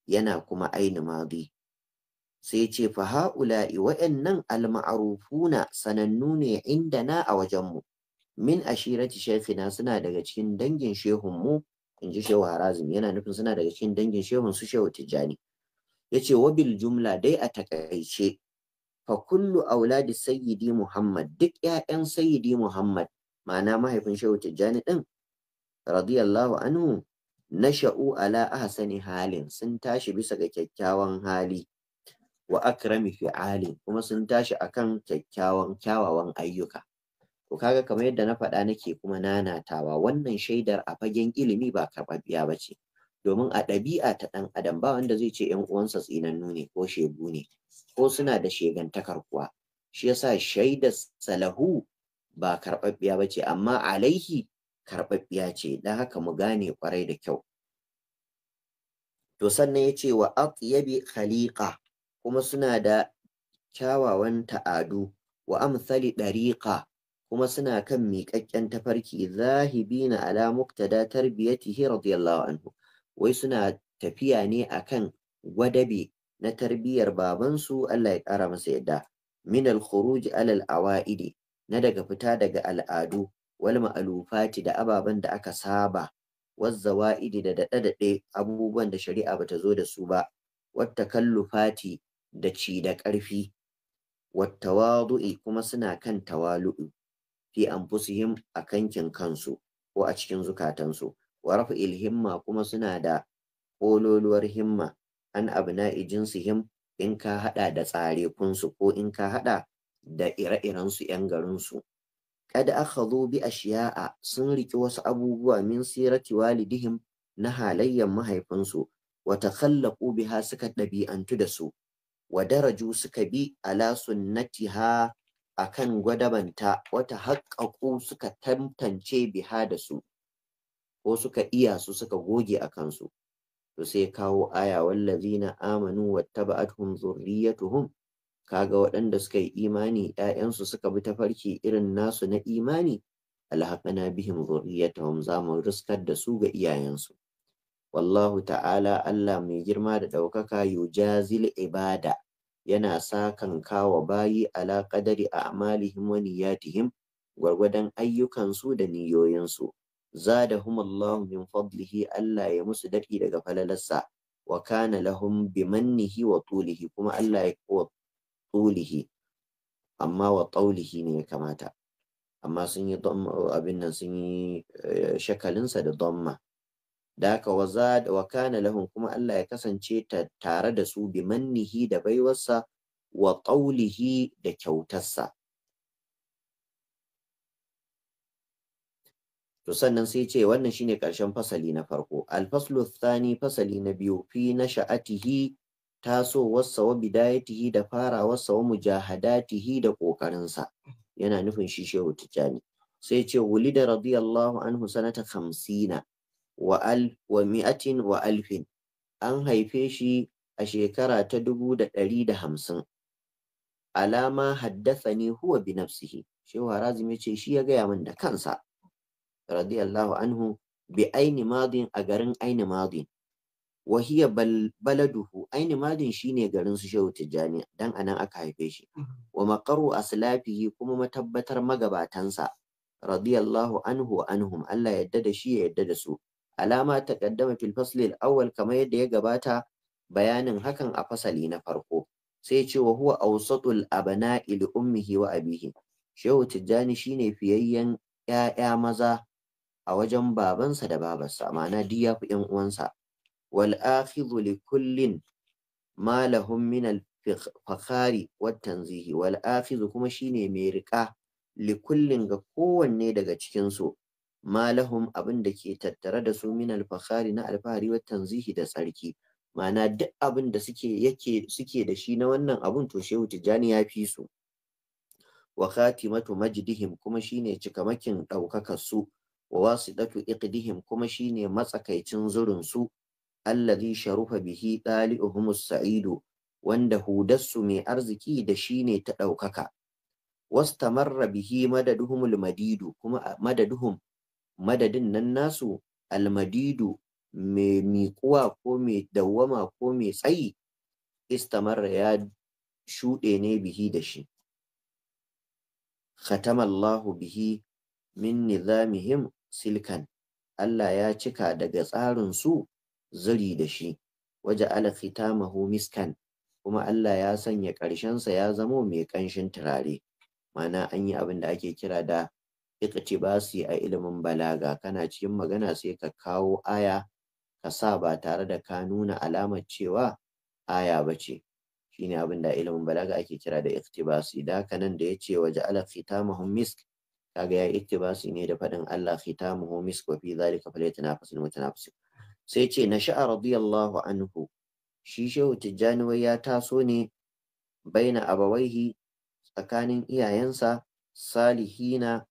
yana kuma aini madi sai ce fa ha'ula'i wa'annan al-ma'rufuna sanannu ne indana a wajenmu min ashirati shaykhina suna daga cikin dangin mu. in ji shehu harazim yana nufin suna daga cikin dangin shehun su shehu tijjani ya ce wabil jumla dai a takaice fa kullu auladi sayyidi muhammad duk 'ya'yan sayyidi muhammad ma'ana mahaifin shehu tijjani din radiyallahu anhu nasha'u ala ahsani halin sun tashi bisa ga kyakkyawan hali wa akrami fiali kuma sun tashi akan kyakkyawan kyawawan ayyuka to kaga kamar yadda na faɗa nake kuma nanatawa wannan shaidar a fagen ilimi ba karɓaɓɓiya ba ce domin a ɗabi'a ta ɗan adam ba wanda zai ce ƴan uwansa tsinannu ne ko shegu ne ko suna da shegantakar kuwa shi yasa shaidar salahu ba karɓaɓɓiya ba ce amma alaihi karɓaɓɓiya ce don haka mu gane kwarai da kyau to sannan ya ce wa atyabi khaliqa kuma suna da kyawawan ta'adu wa amsali dariqa kuma suna kan miƙaƙƙen tafarki zahibi na ala muktada tarbiyatihi radiyallahu anhu wai suna tafiya ne akan gwadabe na tarbiyar babansu Allah ya ƙara masa yadda min al-khuruj al-awaidi na daga fita daga al'adu wal ma'alufati da ababen da aka saba wazzawa'idi da daɗe-daɗe abubuwan da shari'a bata zo da su ba wata kallufati da ci da ƙarfi wattawadu'i kuma suna kan tawalu'u fi anfusihim a kankin kansu ko a cikin zukatansu wa ilhimma himma kuma suna da ƙololuwar himma an abna'i ijinsihim in ka haɗa da tsare kunsu ko in ka haɗa da ire iren su 'yan garinsu kad akhadhu bi ashiya'a sun riki wasu abubuwa min sirati walidihim na halayyar mahaifinsu wa takhallaqu biha suka ɗabi'antu da su wa daraju suka bi ala sunnatiha akan gwadabanta wata haƙaƙu suka tantance biha da su ko suka iya su suka goge a kansu to sai kawo aya wallazina amanu wattaba'athum zurriyatuhum kaga waɗanda suka yi imani ‘ya'yansu suka bi ta farki irin nasu na imani alhaqana bihim zurriyatuhum za mu riskar da su ga iyayensu wallahu ta'ala Allah mai girma da ɗaukaka yujazil ibada yana sa kawo bayi ala a a'malihim wa niyyatihim gwargwadon ayyukansu da niyoyinsu zadahumullahu min fadlihi Allah ya musu dadi daga falalarsa wa kana lahum bimannihi wa tulihi kuma Allah ya wa tulihi amma wa taulihi ne ya kamata amma sun yi abin nan sun yi eh, shakalinsa da damma da haka waza da wa wakana lahum kuma Allah ya kasance ta tare da su bi mannihi da baiwarsa wa qaulihi da kyautarsa to sannan sai ce wannan shine karshen fasali na farko al-faslu thani fasali na biyu fi nasha'atihi wasa wa bidayatihi da wasa wa mujahadatihi da ƙoƙarinsa yana nufin shi shehu tijjani sai ce wulida radiyallahu anhu sanata khamsina wa mi'atin wa alfin an haife shi a shekara ta dubu da ɗari da hamsin alama Haddasa ne huwa bi nafsihi shehu harazim yace shi ya gaya min da kansa radiyallahu anhu bi aini madin a garin aini madin wa hiya baladuhu aini madin shine garin su shehu tijjani dan anan aka haife shi wa maqaru aslafihi kuma matabbatar magabatansa radiyallahu anhu wa anhum Allah yadda da shi ya yadda da su alama ta kaddama fil fasli al-awwal kamar yadda ya gabata bayanin hakan a fasali na farko sai ce wa huwa awsatul abna'i li ummihi wa abihi shehu tijjani shine fiyayyen ya'ya maza a wajen babansa da babarsa ma'ana duk ƴan uwansa wal akhidhu li kullin ma min al fakhari wat tanzihi wal akhidhu kuma shine mai riƙa li kullin ga kowanne daga cikin su ma abin da ke tattare da su min alfahari na alfahari wa tanzihi da tsarki ma'ana duk abin da suke yake suke da shi na wannan abun to shehu tijani ya fi su wa khatimatu majdihim kuma shine cikamakin daukakar su wa wasidatu iqdihim kuma shine matsakaicin zurin su allazi sharufa bihi dali'uhumus sa'idu wanda hudarsu mai arziki da shine ta daukaka wastamarra bihi madaduhumul madidu kuma madaduhum madadin nan nasu almadidu mai miƙuwa ko mai dawwama ko mai tsayi istamar ya shuɗe ne bihi da shi khatamallahu bihi min nizamihim silkan Allah ya cika daga tsarin su zuri da shi waje ala khitamahu miskan kuma Allah ya sanya ƙarshensa ya zamo mai ƙanshin turare mana an yi abin da ake kira da ka ce ba su yi a ilimin balaga kana cikin magana sai ka kawo aya ka sa ba tare da ka nuna alamar cewa aya ba ce shine abin da ilimin balaga ake kira da iktibasi da haka nan da ya ce waje ala khitamahum misk kaga ya iktibasi ne da faɗin Allah khitamuhu misk wa fi zalika falyatanafasul mutanafisun sai ce na sha'a radiyallahu anhu shi shehu tijjani wai ya taso ne baina abawaihi tsakanin iyayensa salihina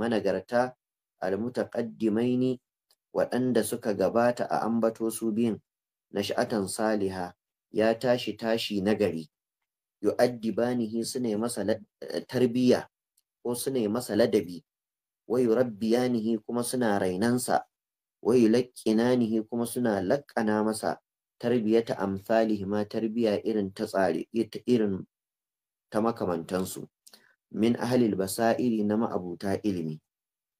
managarta almutaqaddimaini waɗanda suka gabata a ambato su biyun nash'atan saliha ya tashi tashi nagari yu'addibanihi suna masa eh, tarbiyya ko suna masa ladabi wa yurabbiyanihi kuma suna rainansa wa yulqinanihi kuma suna laƙana masa tarbiyata amsalihi ma tarbiya irin ta tsare irin ta makamantansu min basa iri na ma'abuta ilimi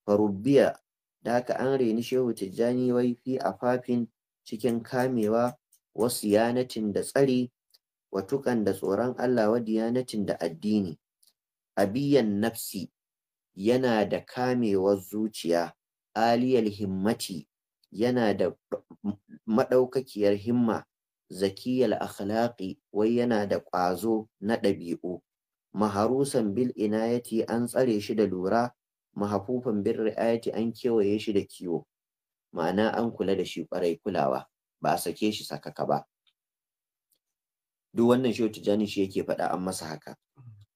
farubbiya da an reni shehu tijjani wai fi fafin cikin kamewa wasu yanatin da tsari watukan da tsoron Allah wa diyanatin da addini abiyan nafsi yana da kamewar zuciya aliyal himmati yana da maɗaukakiyar himma zakiyal akhlaqi wai yana da ƙwazo na ɗabi'u maharusan bil inayati an tsare shi da lura mahafufan bil ri'ayati an kewaye shi da kiwo ma'ana an kula da shi kwarai kulawa ba a sake shi sakaka ba duk wannan shehu tijjani shi yake faɗa an masa haka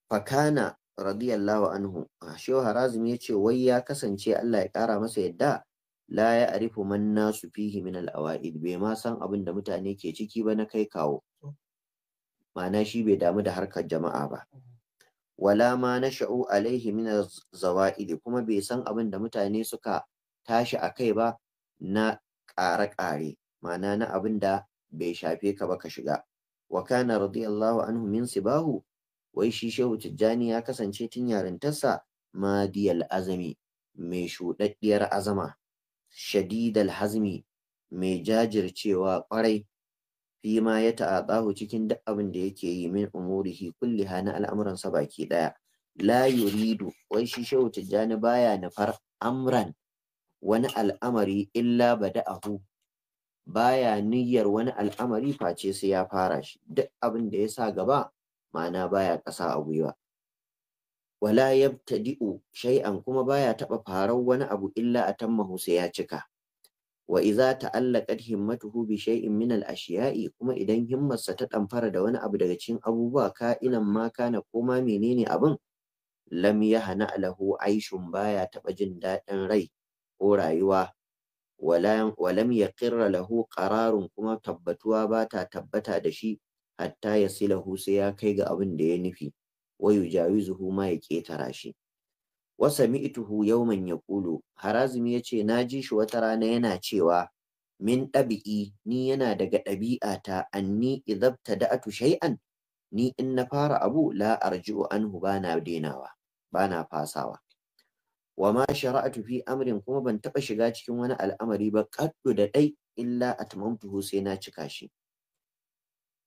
fakana radiyallahu anhu shehu harazim ya ce wai ya kasance Allah ya kara masa yadda la ya arifu man nasu fihi min al-awa'id bai ma san abin da mutane ke ciki ba na kai kawo ma'ana shi bai damu da harkar jama'a ba wala ma na nasha'u alaihi min zawa'idi kuma bai san abin da mutane suka tashi a kai ba na ƙare-ƙare ma'ana na abin da bai shafe ka ba ka shiga wa kana radiyallahu anhu min sibahu wai shi shehu tijjani ya kasance tun yarintarsa madiyal azami mai shuɗaɗɗiyar azama shadidal hazmi mai jajircewa ƙwarai Fima ma ya ta'atahu cikin duk abin da yake yi min umurihi kulliha na al'amuransa baki ɗaya. la yuridu wai shi shehu tijjani baya nufar amran wani al'amari illa bada'ahu baya niyyar wani al'amari face sai ya fara shi duk abin da ya sa gaba ma'ana baya ƙasa a gwiwa wala yabtadi'u shai'an kuma baya taɓa farar wani abu illa atammahu sai ya cika wa iza ta'allaqat himmatuhu bi shay'in min al-ashiya'i kuma idan himmarsa ta damfara da wani abu daga cikin abubuwa ka inan ma kana koma menene abin lam yahna lahu aishun baya taba jin dadin rai ko rayuwa walam yaqirra lahu qararun kuma tabbatuwa ba ta tabbata da shi hatta yasilahu sai ya kai ga abin da ya nufi wa yujawizuhu ma ya ketara shi man ya yawman harazmi ya ce na ji shi wata rana yana cewa min ɗabi'i ni yana daga ɗabi'ata anni idabta da atu shay'an ni in na fara abu la arji'u anhu bana denawa bana fasawa wa ma shara'atu fi amrin kuma ban taɓa shiga cikin wani al'amari ba kaddu da dai illa atmamtuhu sai na cika shi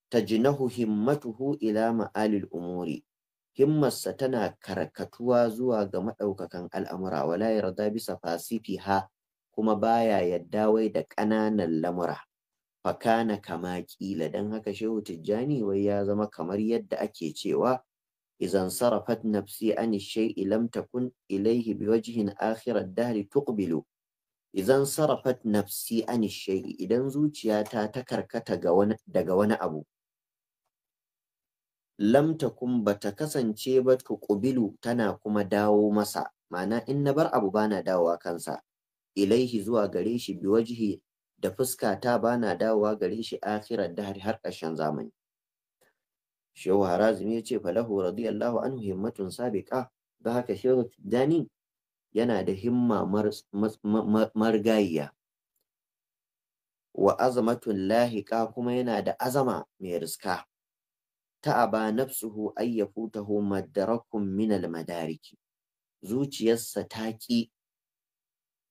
tajnahu himmatuhu ila ma'alil umuri himmarsa tana karkatuwa zuwa ga maɗaukakan al'amura wala yarda bisa fasifiha kuma baya yadda wai da ƙananan lamura fakana kama ƙila don haka shehu tijjani wai ya zama kamar yadda ake cewa izan sarafat nafsi an shay'i lam takun ilaihi dahri tuqbilu idan sarafat nafsi an idan zuciyata ta karkata daga wani abu lam takum bata kasance ba tuqbilu tana kuma dawo masa mana in na bar abu bana dawowa kansa ilaihi zuwa gare shi bi wajihi da fuska ta bana dawowa gare shi akhirar da har ƙarshen zamani shehu harazimi ya ce falahu radiyallahu anhu himmatun sabiqa ga haka shehu dani yana da himma margayya wa azamatun lahiqa kuma yana da azama mai riska ta'aba nafsuhu ay yafutahu madarakun min madariki zuciyarsa ta ki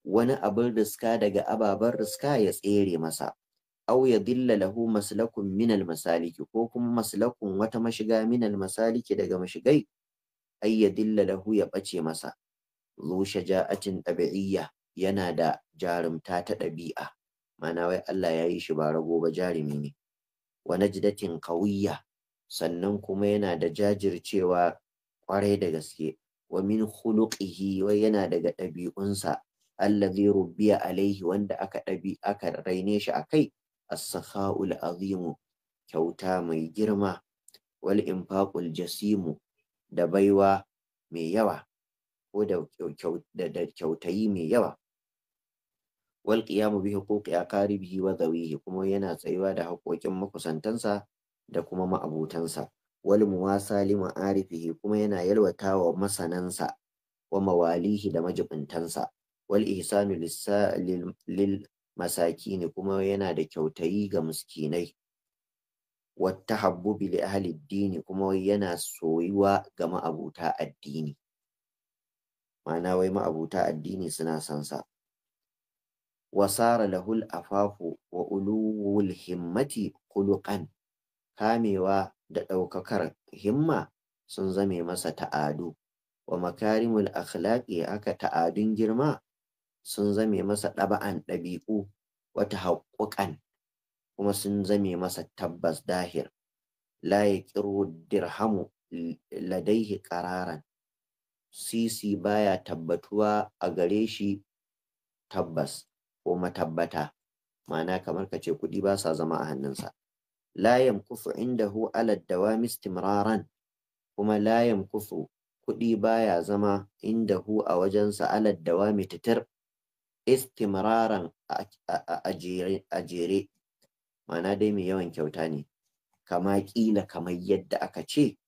wani abin riska daga ababen riska ya tsere masa aw ya dilla lahu maslakun minal masaliki ko kuma maslakun wata mashiga min masaliki daga mashigai ay ya dilla lahu ya bace masa zu shaja'atin tabi'iyya yana da jarumta ta ɗabi'a mana wai Allah ya yi shi ba rago ba jarumi ne wa najdatin qawiyya sannan kuma yana da jajircewa kwarai da gaske wa min khuluqihi wa yana daga ɗabi'unsa allazi rubbiya alaihi wanda aka ɗabi aka raine shi akai as-sakha'ul azimu kyauta mai girma wal infaqul jasimu da baiwa mai yawa ko da kyautayi mai yawa wal qiyamu bi huquqi aqaribihi wa zawihi kuma yana tsayuwa da haƙoƙin makusantansa da kuma ma'abotansa wal muwasa li ma'arifihi kuma yana yalwata wa masanansa wa mawalihi da majibuntansa wal ihsanu lil masakini kuma yana da kyautayi ga miskinai wata li ahli dini kuma yana soyuwa ga ma'abuta addini ma'ana wai ma'abuta addini suna son sa wasara lahul afafu wa uluwul himmati khuluqan kamewa da ɗaukakar himma sun zame masa ta'adu wa makarimul akhlaqi aka ta'adun girma sun zame masa ɗaba'an ɗabi'u wata haƙuƙan kuma sun zame masa tabbas dahir la yaqiru dirhamu ladaihi qararan sisi baya tabbatuwa a gare shi tabbas ko matabbata ma'ana kamar ka ce kuɗi ba sa zama a hannunsa la yamkufu indahu ala dawami istimraran kuma la kufu kuɗi baya zama indahu a wajensa ala dawami titir istimraran a jere ma'ana dai mai yawan kyauta ne kama ƙila kamar yadda aka ce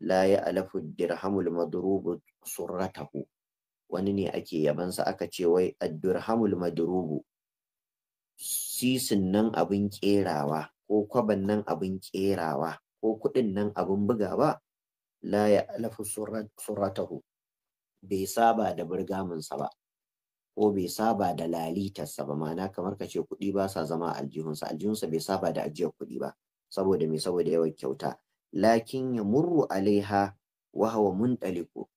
la ya alafu dirhamul madrubu surratahu wani ne ake yabansa aka ce wai addurhamul madrubu sisin nan abin kerawa ko kwaban nan abin ƙerawa ko kuɗin nan abin bugawa la ya alafu suratahu bai saba da burgaminsa ba ko bai saba da lalitarsa ba ma'ana kamar ka ce kuɗi ba sa zama aljihunsa aljihunsa bai saba da ajiyar kuɗi ba saboda me saboda yawan kyauta lakin ya murru alaiha wa hawa mundaliku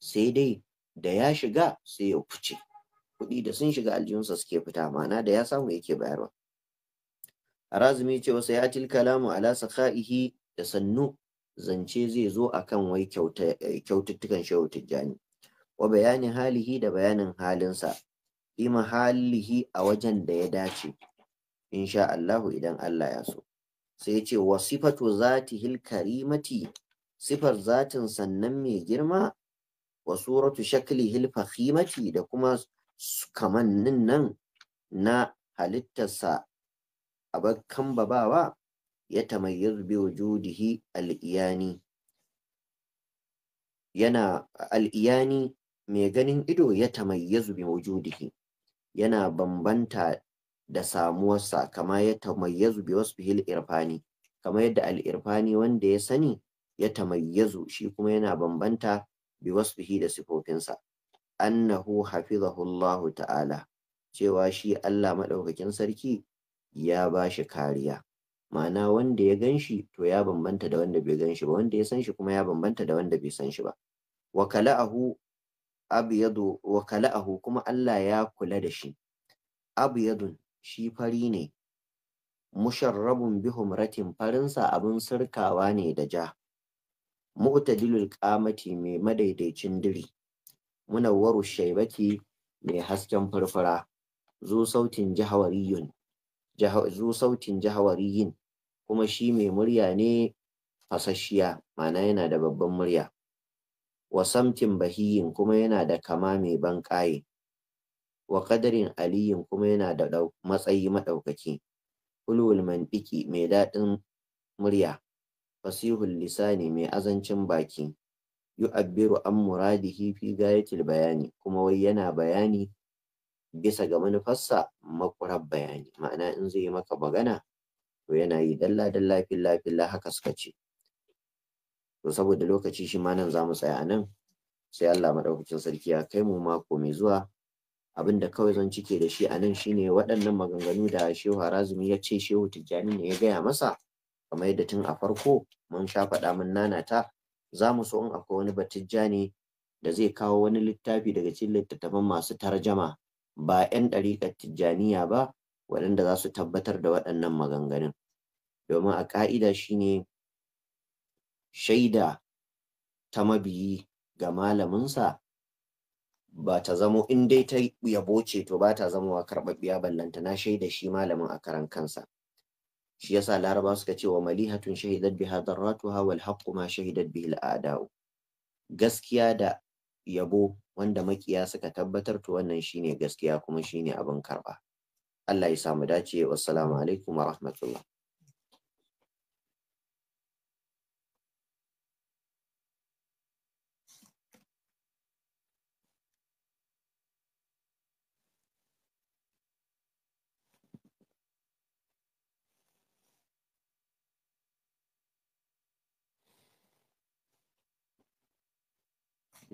sai dai da ya shiga sai ya kuce. kuɗi da sun shiga aljihunsa suke fita ma'ana da ya samu yake bayarwa razumi ce wasu ya kalamu ala sakha'ihi da sannu zance zai zo akan wai eh, kyaututtukan shehu tijjani wa bayanin halihi da bayanin halinsa ima halihi a wajen da ya dace insha Allahu idan Allah ya so sai yace ce wa sifatu zatihil karimati sifar zatin sannan mai girma wa suratu shaklihil fakhimati da kuma kamannin nan na halittarsa abar babawa ya tamayyar bi wujudihi al'iyani yana al'iyani mai ganin ido ya tamayyazu bi wujudihi yana bambanta da samuwarsa kama ya tamayyazu bi wasfihil irfani kama yadda al'irfani wanda ya sani ya tamayyazu shi kuma yana bambanta bi wasfihi da sifofinsa annahu hafizahu Allahu ta'ala cewa shi Allah maɗaukakin sarki ya ba shi kariya ma'ana wanda ya gan shi to ya bambanta da wanda bai gan shi ba wanda ya san shi kuma ya bambanta da wanda bai san shi ba wakala'ahu abyadu wakala'ahu kuma Allah ya kula da shi abyadun shi fari ne musharrabun bihumratin ratin farinsa abin sarkawa ne da ja mu'tadilul qamati mai madaidaicin diri munawwaru shaibaki mai hasken furfura Zo sautin jahawariyun zu sautin jahawariyin kuma shi mai murya ne fasasshiya Mana yana da babban murya wa samtin bahiyin kuma yana da kama mai banƙaye wa kadarin aliyin kuma yana da matsayi maɗaukaki ulul mantiki mai daɗin murya fasihul lisani mai azancin baki yu'abbiru an muradihi fi gayatil bayani kuma wai yana bayani bisa ga manufarsa makurar bayani ma'ana in zai yi maka magana to yana yi dalla dalla filla filla haka suka ce to saboda lokaci shi ma nan zamu tsaya nan sai Allah madaukakin sarki ya kai mu mako mai zuwa abin da kawai zan cike da shi a nan shine waɗannan maganganu da Shehu Harazumi ya ce Shehu Tijjani ne ya gaya masa kamar yadda tun a farko mun sha faɗa mun nanata za mu so in akwai wani batijja ne da zai kawo wani littafi daga cikin littattafan masu tarjama ba 'yan ɗariƙar tijjaniya ba waɗanda za su tabbatar da waɗannan maganganun domin a ƙa'ida shi ne shaida ta mabiyi ga malaminsa ba ta zamo in dai ta yabo ce to ba ta zama wa karɓaɓɓiya ballanta na shaida shi malamin a karan kansa shi yasa laraba suka ce wa malihatun shahidat biha darratuha wal haqqu ma shahidat bihi al gaskiya da yabo wanda makiya suka tabbatar to wannan shine gaskiya kuma shine abin karba Allah ya samu dace wassalamu alaikum wa rahmatullah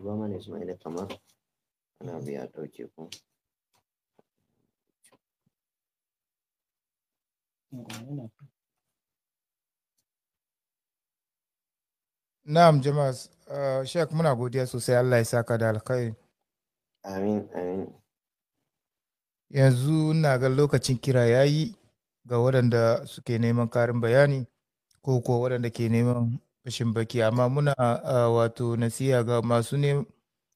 duba mana Ismaila kamar ɗauke ku. Na'am jama'a uh, muna godiya sosai Allah ya saka da alkhairi. Amin amin. Yanzu na ga lokacin kira ya yi ga waɗanda suke neman karin bayani ko kuwa waɗanda ke neman fashin baki amma muna wato nasiha ga masu ne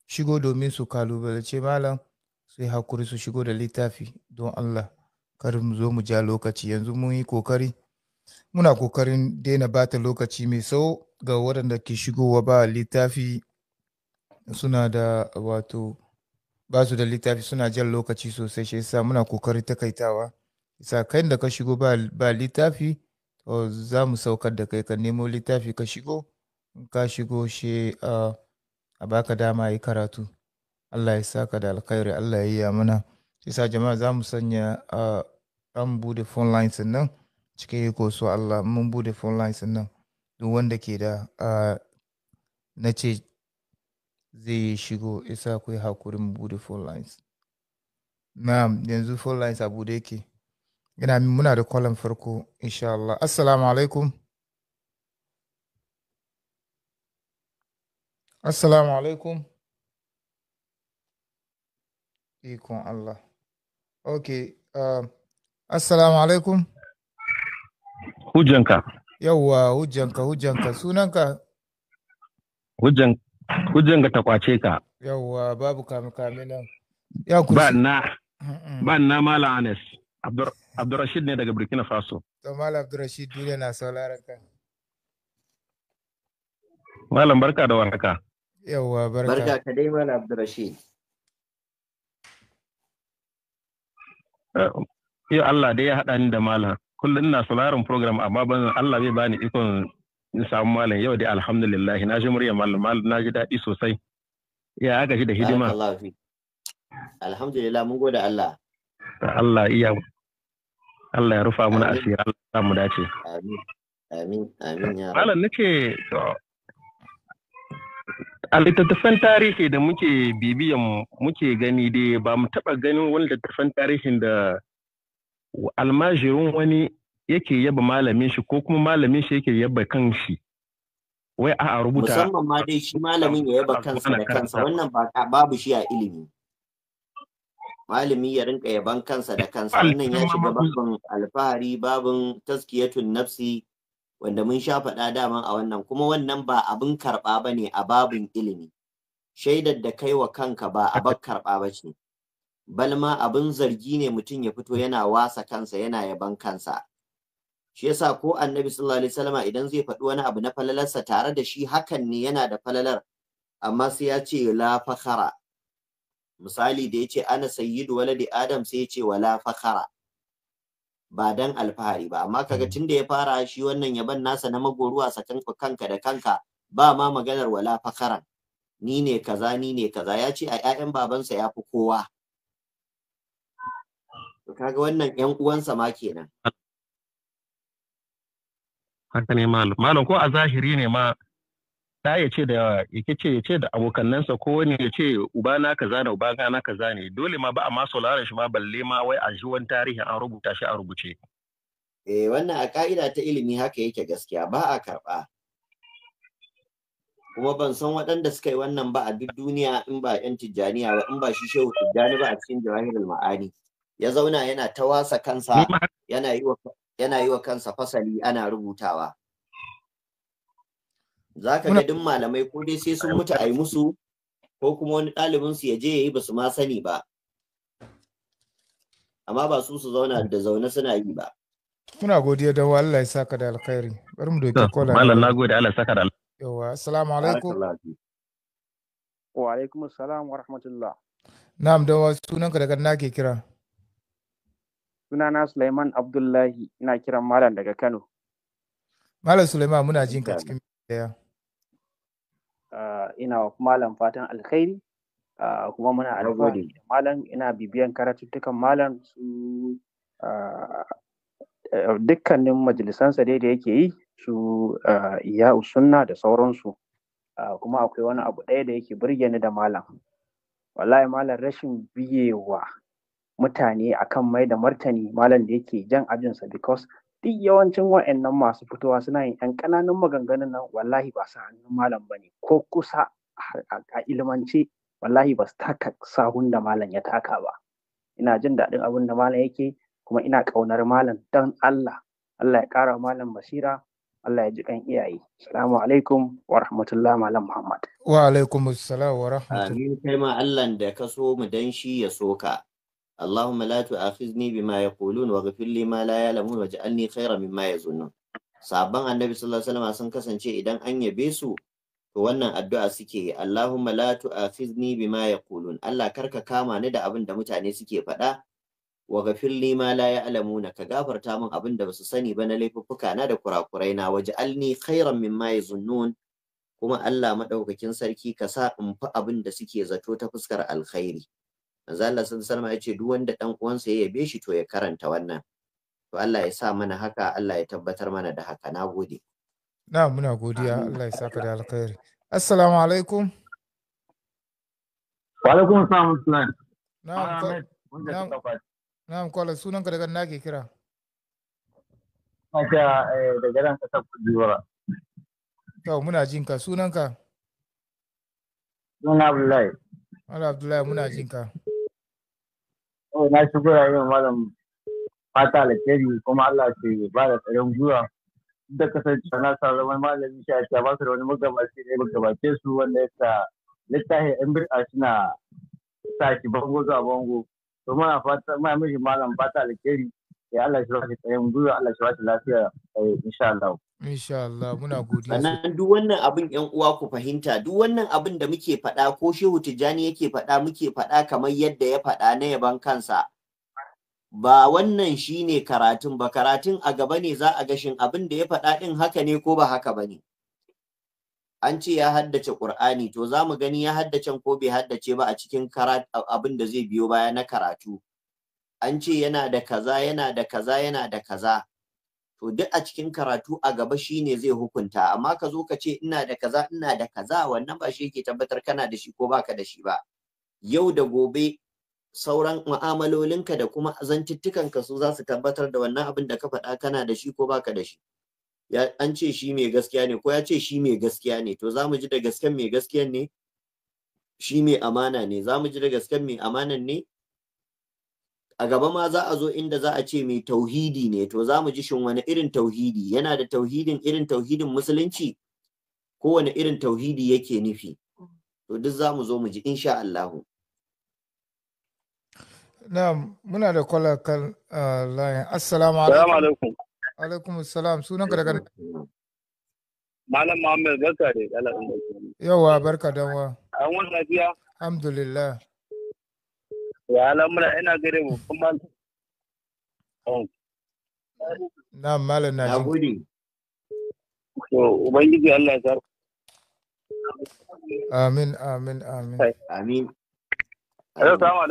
shigo domin su kalubalace malam sai hakuri su shigo da littafi don Allah kar mu zo mu ja lokaci yanzu mun yi kokari muna kokarin daina bata lokaci mai sau ga waɗanda ke shigowa ba littafi suna da wato ba su da littafi suna jan lokaci sosai shi yasa muna kokari takaitawa sa kai da ka shigo ba littafi za mu saukar da kai ka nemo littafi ka shigo ka shigo shi a baka dama yi karatu Allah ya saka da alkhairi Allah ya yi ya mana sa jama'a za mu sanya an bude phone lines nan cikin yi so Allah mun bude phone lines nan duk wanda ke da na ce zai shigo isa ku yi hakurin bude phone lines na yanzu phone lines a bude yake Ina muna da kwallon farko, insha Allah. Assalamu alaikum. Assalamu alaikum. Ikon Allah. Ok. Uh, assalamu alaikum. Hujjanka. Yawwa, hujjanka, hujjanka. Sunanka? Hujjan, hujjanka ta kwace ka. Yawwa, babu kame-kame nan. Ya kusa. Ba na, ba na Malam Anes. Abdur, Abdurrashid ne daga Burkina Faso. To Malam Abdurrashid dole na sauraron ka. Malam barka da warhaka. Yawwa barka. Barka ka dai Malam Abdurrashid. Eh, yau Allah dai ya haɗa ni da malam. Kullum ina sauraron program amma ban Allah bai bani ikon in samu malam yau dai alhamdulillah na ji murya malam malam na ji daɗi sosai. Ya aka shi da hidima. Alhamdulillah mun gode Allah. Allah iya Allah ya rufa muna asiri Allah ya mu dace amin amin amin ya malam nace to a littattafan tarihi da muke bibiyan muke gani dai ba mu taɓa ganin wani littattafan tarihin da almajirin wani yake yaba malamin shi ko kuma malamin shi yake yaba kan shi wai a rubuta musamman ma dai shi malamin ya yaba kansa da kansa wannan ba babu shi a ilimi malami ya rinka yaban kansa da kansa wannan ya shiga babin alfahari babin taskiyatun nafsi wanda mun sha faɗa dama a wannan kuma wannan ba abin karɓa ba ne a babin ilimi shaidar da kai wa kanka ba abin karɓa ba ce balma abin zargi ne mutum ya fito yana wasa kansa yana yaban kansa shi yasa ko annabi sallallahu alaihi wasallama idan zai faɗi wani abu na falalarsa tare da shi hakan ne yana da falalar amma sai ya ce la fakhara misali da ya ce ana sayyidu waladi adam sai ya ce wala fakhara ba dan alfahari ba amma kaga hmm. tunda ya fara shi wannan yaban nasa na magoruwa sakan kanka da kanka ba ma maganar wala fakaran, ni ne kaza ni ne kaza ya ce a ƴaƴan babansa ya fi kowa kaga wannan ƴan uwansa ma kenan haka ne malam malam ko a zahiri ne ma da ya ce da ce ya ce da abokannansa ko wani ya ce uba na kaza ne uba na kaza ne dole ma ba a maso sauraron shi ma balle ma wai a shi wani tarihi an rubuta shi a rubuce eh wannan a ka'ida ta ilimi haka yake gaskiya ba a karba kuma ban san waɗanda suka yi wannan ba a duk duniya in ba yan tijjaniya ba in ba shi shehu tijjani ba a cikin jawahirul ma'ani ya zauna yana ta wasa kansa yana yi wa kansa fasali ana rubutawa za ka ga duk malamai ko dai sai sun mutu a yi musu ko kuma wani ɗalibin su ya je ya yi ba su ma sani ba amma ba su su zauna da zaune suna yi ba muna godiya da Allah ya saka da alkhairi bari mu doki kola malam na gode Allah ya saka da alkhairi yawa assalamu alaikum wa alaikum assalam wa rahmatullah na'am da wa sunanka daga na ke kira sunana Sulaiman Abdullahi ina kiran malam daga Kano malam Sulaiman muna jinka cikin daya Ah, ina wa malam fatan alkhairi ah, kuma muna alfahari da malam ina bibiyan karatuttukan malam su ah, eh, dukkanin majalisansa dai da yake yi su iya sunna da sauransu kuma akwai wani abu ɗaya da yake burge ni da malam wallahi malam rashin biyewa mutane akan mai da martani malam da yake jan ajinsa because duk yawancin wa'annan masu fitowa suna yin yan ƙananan maganganun nan wallahi ba su hannun malam ba ne ko kusa a ilmance wallahi ba su taka sahun da malam ya taka ba ina jin daɗin abin da malam yake kuma ina ƙaunar malam don Allah Allah ya ƙara malam basira Allah ya ji kan iyaye salamu alaikum wa rahmatullah malam Muhammad wa alaikum salamu wa rahmatullah kai ma Allah da ka so mu dan shi ya soka اللهم لا تؤاخذني بما يقولون واغفر لي ما لا يعلمون واجعلني خيرا مما يظنون sabon annabi sallallahu alaihi wasallam sun kasance idan an yabe su to wannan addu'a suke Allahumma la tu'afizni bima yaqulun Allah karka kama ni da abin da mutane suke faɗa wa ghafir li ma la ya'lamuna ka gafarta min abin da basu sani ba na laifuffuka na da kurakurai na waj'alni khairan mimma yazunnun kuma Allah madaukakin sarki ka sa in fi abin da suke zato ta fuskar alkhairi manzo Allah sallallahu ya ce duk wanda dan uwansa ya yabe shi to ya karanta wannan to Allah ya sa mana haka Allah ya tabbatar mana da haka nagode na muna godiya Allah ya saka da alkhairi assalamu alaikum wa alaikum assalam na'am ah, na'am kwala sunan ka daga nake kira aka eh, da ran ka tabbata jiwara Yau muna jin ka sunan ka Suna Abdullahi. Wala Abdullahi muna jin ka. na shigo ya yin malam fata alkhairi kuma Allah ke ba da tsaron gwiwa da kasance na sa zama malami shi a ba su da wani magabaci ne magabace su wanda ya sa littafin yan a suna sa shi bango zuwa bango to muna fata muna mishi malam fata alkhairi ya Allah shi ba shi tsaron gwiwa Allah shi ba shi lafiya eh, insha Allah Insha Allah muna godiya. Sannan duk wannan abin ƴan uwa ku fahimta duk wannan abin da muke faɗa ko Shehu Tijjani yake faɗa muke faɗa kamar yadda ya faɗa na yaban kansa. Ba wannan shine karatun ba karatun a gaba ne za a gashin abin da ya faɗa ɗin haka ne ko ba haka ba ne. An ce ya haddace Ƙur'ani to za mu gani ya haddace ko bai haddace ba a cikin abin da zai biyo baya na karatu. An ce yana da kaza yana da kaza yana da kaza. to duk a cikin karatu a gaba shine zai hukunta amma ka zo ka ce ina da kaza ina da kaza wannan ba shi yake tabbatar kana da shi ko baka da shi ba yau da gobe sauran mu'amalolinka da kuma zantuttukanka su za su tabbatar da wannan abin da ka faɗa kana da shi ko baka da shi ya an ce shi mai gaskiya ne ko ya ce shi mai gaskiya ne to za mu ji da gasken mai gaskiyan ne shi mai amana ne za mu ji da gasken mai amanan ne a gaba ma za a zo inda za a ce mai tauhidi ne to za mu ji shin wani irin tauhidi yana da tauhidin irin tauhidin musulunci ko wani irin tauhidi yake nufi to duk za mu zo mu ji insha Allahu na'am muna da kwala kan layin assalamu alaikum alaikum assalam sunan ka daga malam muhammad barka da yawa barka da wa an wani lafiya alhamdulillah Ya al'amura ina gare mu oh. Na malam na Amin amin amin. Amin. Assalamu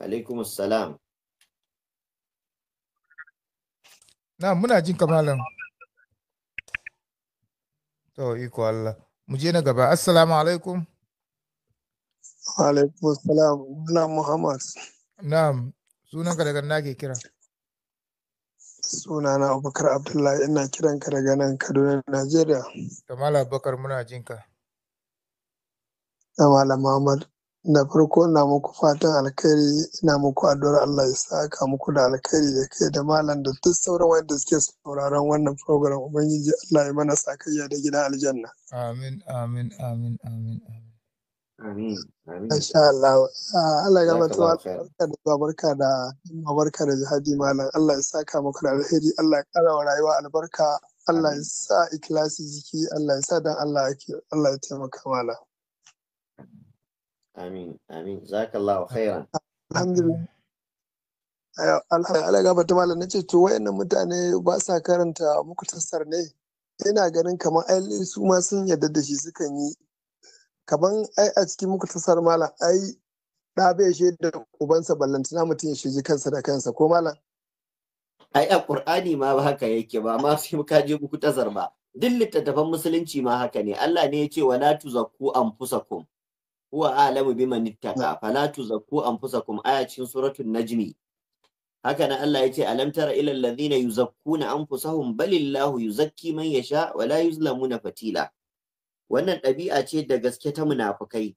alaikum. Na muna jin To Mu je na gaba. Assalamu alaikum. Alaikun salam, Gula Muhammad. Na'am, sunanka daga na ke kira. Sunana Abubakar Abdullahi ina kiran daga nan Kaduna, Najeriya. Kamal Abubakar muna jinka. Kamala Muhammad, da farko ina muku fatan alkhairi ina muku addu'ar Allah ya saka muku da alkhairi da kai da malam da duk sauran wanda suke sauraron wannan program Ubangiji Allah ya mana sakayya da gidan aljanna. Amin, amin, amin, amin, amin. Amin. Insha Allah. Ah, Allah ya gabata wa barka da barka da barka da jihadi malam. Allah ya saka muku da alheri. Allah ya kara wa rayuwa albarka. Allah ya sa ikilasi jiki. Allah ya sa dan Allah ake. Allah ya taimaka malam. Amin. Amin. khairan. Alhamdulillah. Allah ya malam nace to wayannan mutane ba sa karanta muku tassar ne. Ina ganin kamar ai su ma sun yarda da shi sukan yi kaman ai a cikin muka tasar malam ai da bai da ubansa ballantana mutum ya shiji kansa da kansa ko malam ai a qur'ani ma ba haka yake ba ma sai muka je muku tasar ba duk littattafan musulunci ma haka ne Allah ne ya ce wala tuzakku anfusakum huwa a'lamu biman ittaqa fala tuzakku anfusakum aya cikin suratul najmi haka nan Allah ya ce alam tara ila alladhina yuzakkuna anfusahum balillahu yuzakki man yasha wala yuzlamuna fatila wannan ɗabi'a ce da gaske ta munafukai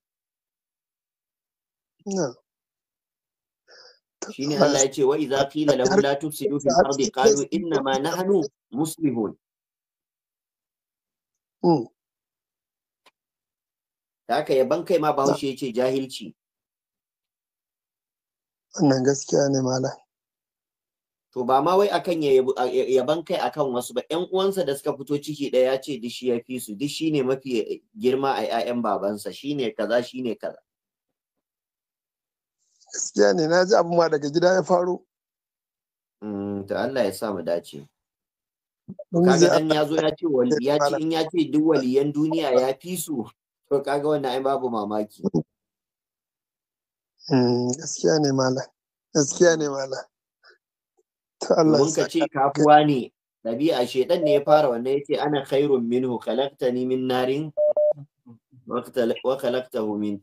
ne Allah ya ce wa da qila lahum la tufsidu fil ardi qalu inna ma nahnu muslihun hmm. haka yaban kai ma bahaushe ya ce jahilci wannan gaskiya ne malam to ba ma wai akan yaban kai akan wasu ba ƴan uwansa da suka fito ciki ɗaya ya ce dishi ya fi su dishi ne mafi girma a ƴaƴan babansa shine kaza shine kaza gaskiya ne na ji abin ma daga gida ya faro mm, to Allah ya sa mu dace kaga dan ya zo ya ce ya ce in ya ce duk waliyan duniya ya fi su to kaga wannan ai babu mamaki gaskiya ne mala gaskiya ne malam mun ka ce kafuwa ne ɗabi'a shedan ne ya fara wanda ya ce ana khairun minhu ni min narin wa khalaqtahu min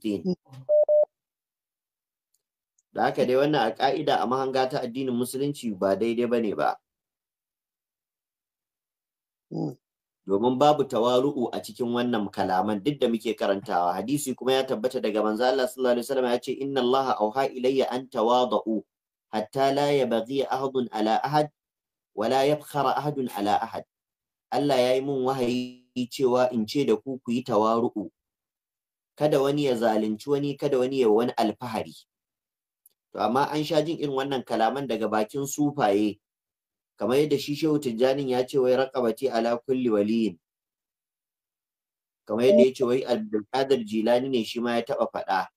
da haka dai wannan a ƙa'ida a mahanga ta addinin musulunci ba daidai ba ne ba hmm. domin babu tawaru'u a cikin wannan kalaman duk da muke karantawa hadisi kuma ya tabbata daga manzo Allah sallallahu alaihi wasallam ya ce inna Allah auha ilayya an tawadau hatta la yabghi ahadun ala ahad wala yabkhara ahadun ala ahad Allah ya yi mun wahayi cewa in ce da ku ku yi tawaru'u kada wani ya zalunci wani kada wani ya wani alfahari to amma an sha jin irin wannan kalaman daga bakin sufaye kamar yadda shi Shehu Tijjanin ya ce wai raqabati ala kulli waliyin kamar yadda ya ce wai Abdulkadir Jilani ne shi ma ya taba faɗa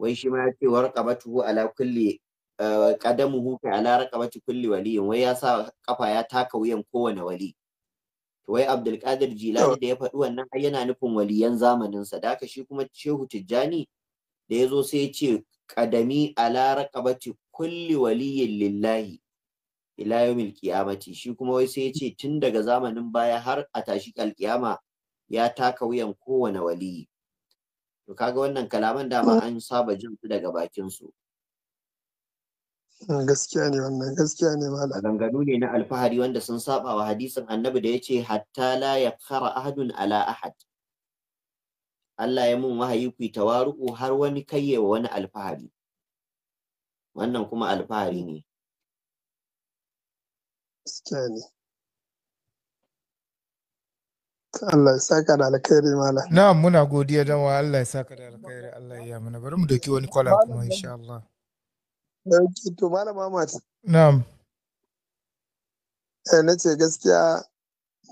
wai shi ma ya ce warqabatuhu ala kulli qadamuhu eh, kai ala raqabati kulli waliyin wai ya sa kafa ya taka wuyan kowane wali wai Abdul Abdulkadir Jilani da ya faɗi wannan ai yana nufin waliyan zamanin sa da haka shi kuma Shehu Tijjani da ya zo sai ya ce qadami ala raqabati kulli waliyin lillahi ila yawmil qiyamati shi kuma wai sai ya ce tun daga zamanin baya har a tashi alkiyama ya taka wuyan kowane waliyi to kaga wannan kalaman dama an saba jin su daga bakin su Ah, gaskiya ne wannan gaskiya ne malam dangano ne na alfahari wanda sun saba wa hadisin annabi da yace hatta la yakhara ahadun ala ahad Allah ya mun wahayi ku tawaru'u har wani kayyewa wani alfahari wannan kuma alfahari ne gaskiya ne Allah ya saka da alkhairi malam na'am muna godiya da wa Allah ya saka da alkhairi Allah ya mana bari mu doki wani kwala kuma insha Allah to Malam Ahmad. Na'am. Eh, na ce gaskiya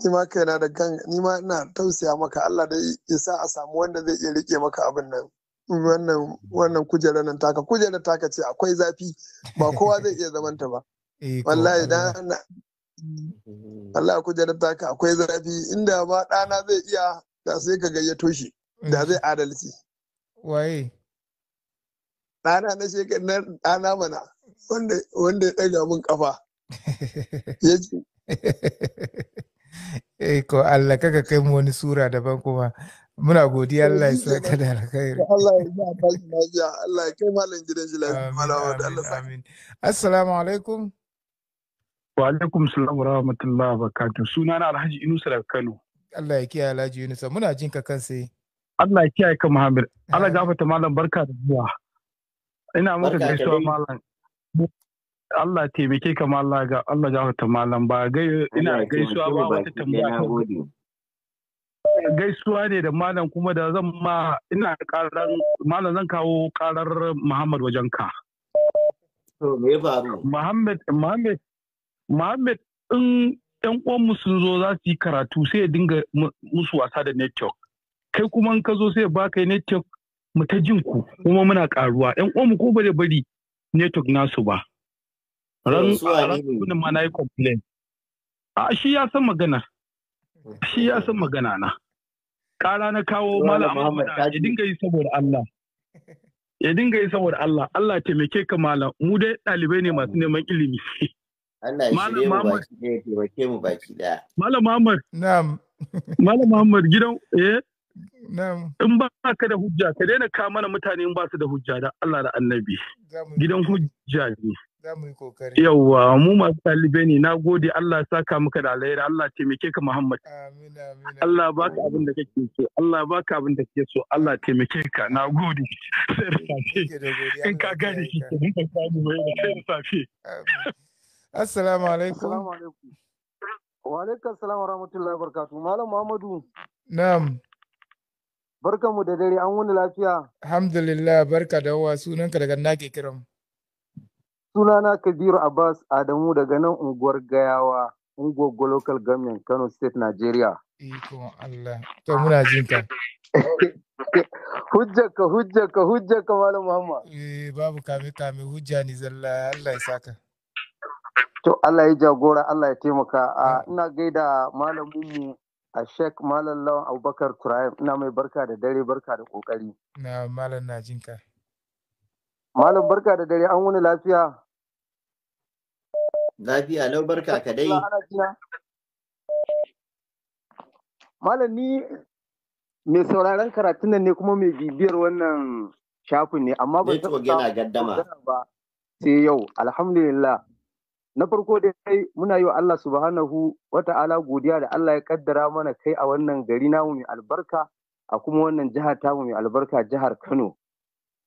ni ma kaina da kan ni ma ina tausaya maka Allah dai ya sa a samu wanda zai iya rike maka abin nan. Wannan wannan kujera nan taka kujera taka ce akwai zafi ba kowa zai iya zamanta ba. Eh, wallahi dan Allah kujerar taka akwai zafi inda ba ɗana zai iya da sai ka gayyato shi da zai mm. adalci. Waye? ɗana na shekarar ɗana mana wanda ya ɗaga min kafa ya ce eh ko Allah kaka kai mu wani sura daban kuma muna godiya Allah ya saka da alkhairi Allah ya ba ka lafiya Allah ya kai malam gidan shi lafiya malawa da Allah amin assalamu alaikum wa alaikum salam wa rahmatullahi wa barakatuh sunana Alhaji Inusa daga Kano Allah ya kiyaye Alhaji Yunusa muna jin ka sai Allah ya kiyaye ka Muhammad Allah ya gafarta malam barka da zuwa ina maka gaisuwa malam Allah taimake ka Allah ga Allah ga ta malam ba gai ina gaisuwa ba wata tambaya gaisuwa ne da malam kuma da zan ma ina karar malam zan kawo karar Muhammad wajen ka to me faru Muhammad Muhammad Muhammad in yan uwanmu sun zo za su yi karatu sai ya dinga musu wasa da network kai kuma in ka zo sai ya baka yi network mu ta jin ku kuma muna karuwa ɗan uwan mu ko ba zai bari network nasu ba ran ran ma na yi complain a shi ya san magana shi ya san magana na kara na kawo malam Muhammad ya dinga yi saboda Allah ya dinga yi saboda Allah Allah taimake ka malam mu dai dalibai ne masu neman ilimi Allah ya shirye mu baki ɗaya taimake malam Muhammad na'am malam Muhammad gidan eh In ba ka da hujja, ka daina ka mana mutane in ba su da hujja da Allah da annabi. Gidan hujja ne. Yawwa, mu masu talibe ne, na gode Allah saka muka da alayyar Allah taimake ka Muhammad. Allah ba ka abin da kake so, Allah ba ka abin da kake so, Allah taimake ka, na gode. in ka gane shi, ka mai da sai safe. Assalamu alaikum. Wa alaikum salam wa rahmatullahi wa barakatuhu. Malam Muhammadu. Na'am. mu da dare, an wuni lafiya. Alhamdulillah, barka da wa sunanka daga nake kiran. Sunana Kabiru Abbas Adamu daga nan unguwar Gayawa, unguwar local government Kano State, Nigeria. Iko Allah, to muna jin ka. ka, hujja ka Malam Muhammad. Eh, babu kame kame hujja ni zalla, Allah ya saka. To Allah ya jagora, Allah ya taimaka. Ah, ina gaida malamin mu a shek malam lawan abubakar turayen ina mai barka da dare barka da kokari na malam na jinka malam barka da dare an wuni lafiya lafiya lau barka ka dai malam ni mai sauraron karatun nan ne kuma mai bibiyar wannan shafin ne amma ban taɓa ba sai yau alhamdulillah na farko dai muna yi wa Allah subhanahu wata'ala godiya da Allah ya kaddara mana kai a wannan gari namu mai albarka a kuma wannan jihar tamu mai albarka jihar Kano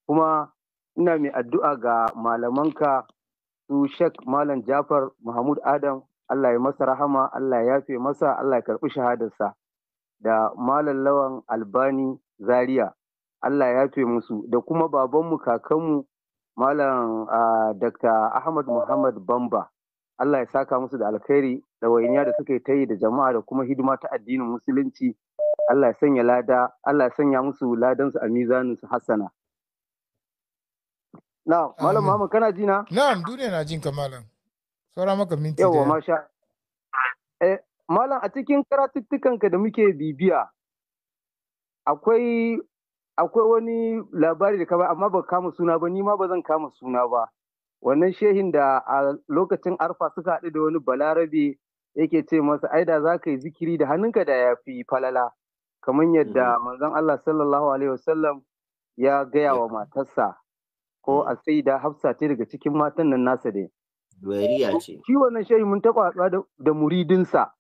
kuma ina mai addu'a ga malamanka su Sheikh Malam Jafar Mahmud Adam Allah ya masa rahama Allah ya yafe masa Allah ya karɓi shahadarsa da Malam Lawan Albani Zaria Allah ya yafe musu da kuma babanmu kakanmu Malam ah, Dr. Ahmad Muhammad Bamba Allah ya saka musu da alkhairi da ɗawainiya da suka ta yi da jama'a da kuma hidima ta addinin musulunci Allah ya sanya lada Allah ya sanya musu su a su hassana na malam Muhammad kana ji na na'am duniya na jin ka malam saura maka minti yawa masha eh malam a cikin karatuttukan ka da muke bibiya akwai akwai wani labari da ka ba amma ba kama suna ba ni ma ba zan kama suna ba wannan shehin da a lokacin arfa suka haɗu da wani balarabe yake ce masa aida za ka yi zikiri da hannunka da ya fi falala kamar yadda mm. manzon Allah sallallahu alaihi wasallam ya gaya wa matarsa ko mm. a sai da hafsa ce daga cikin matan nan nasa dai Wariya ce. Shi wannan shehi mun taɓa haɗuwa da muridinsa.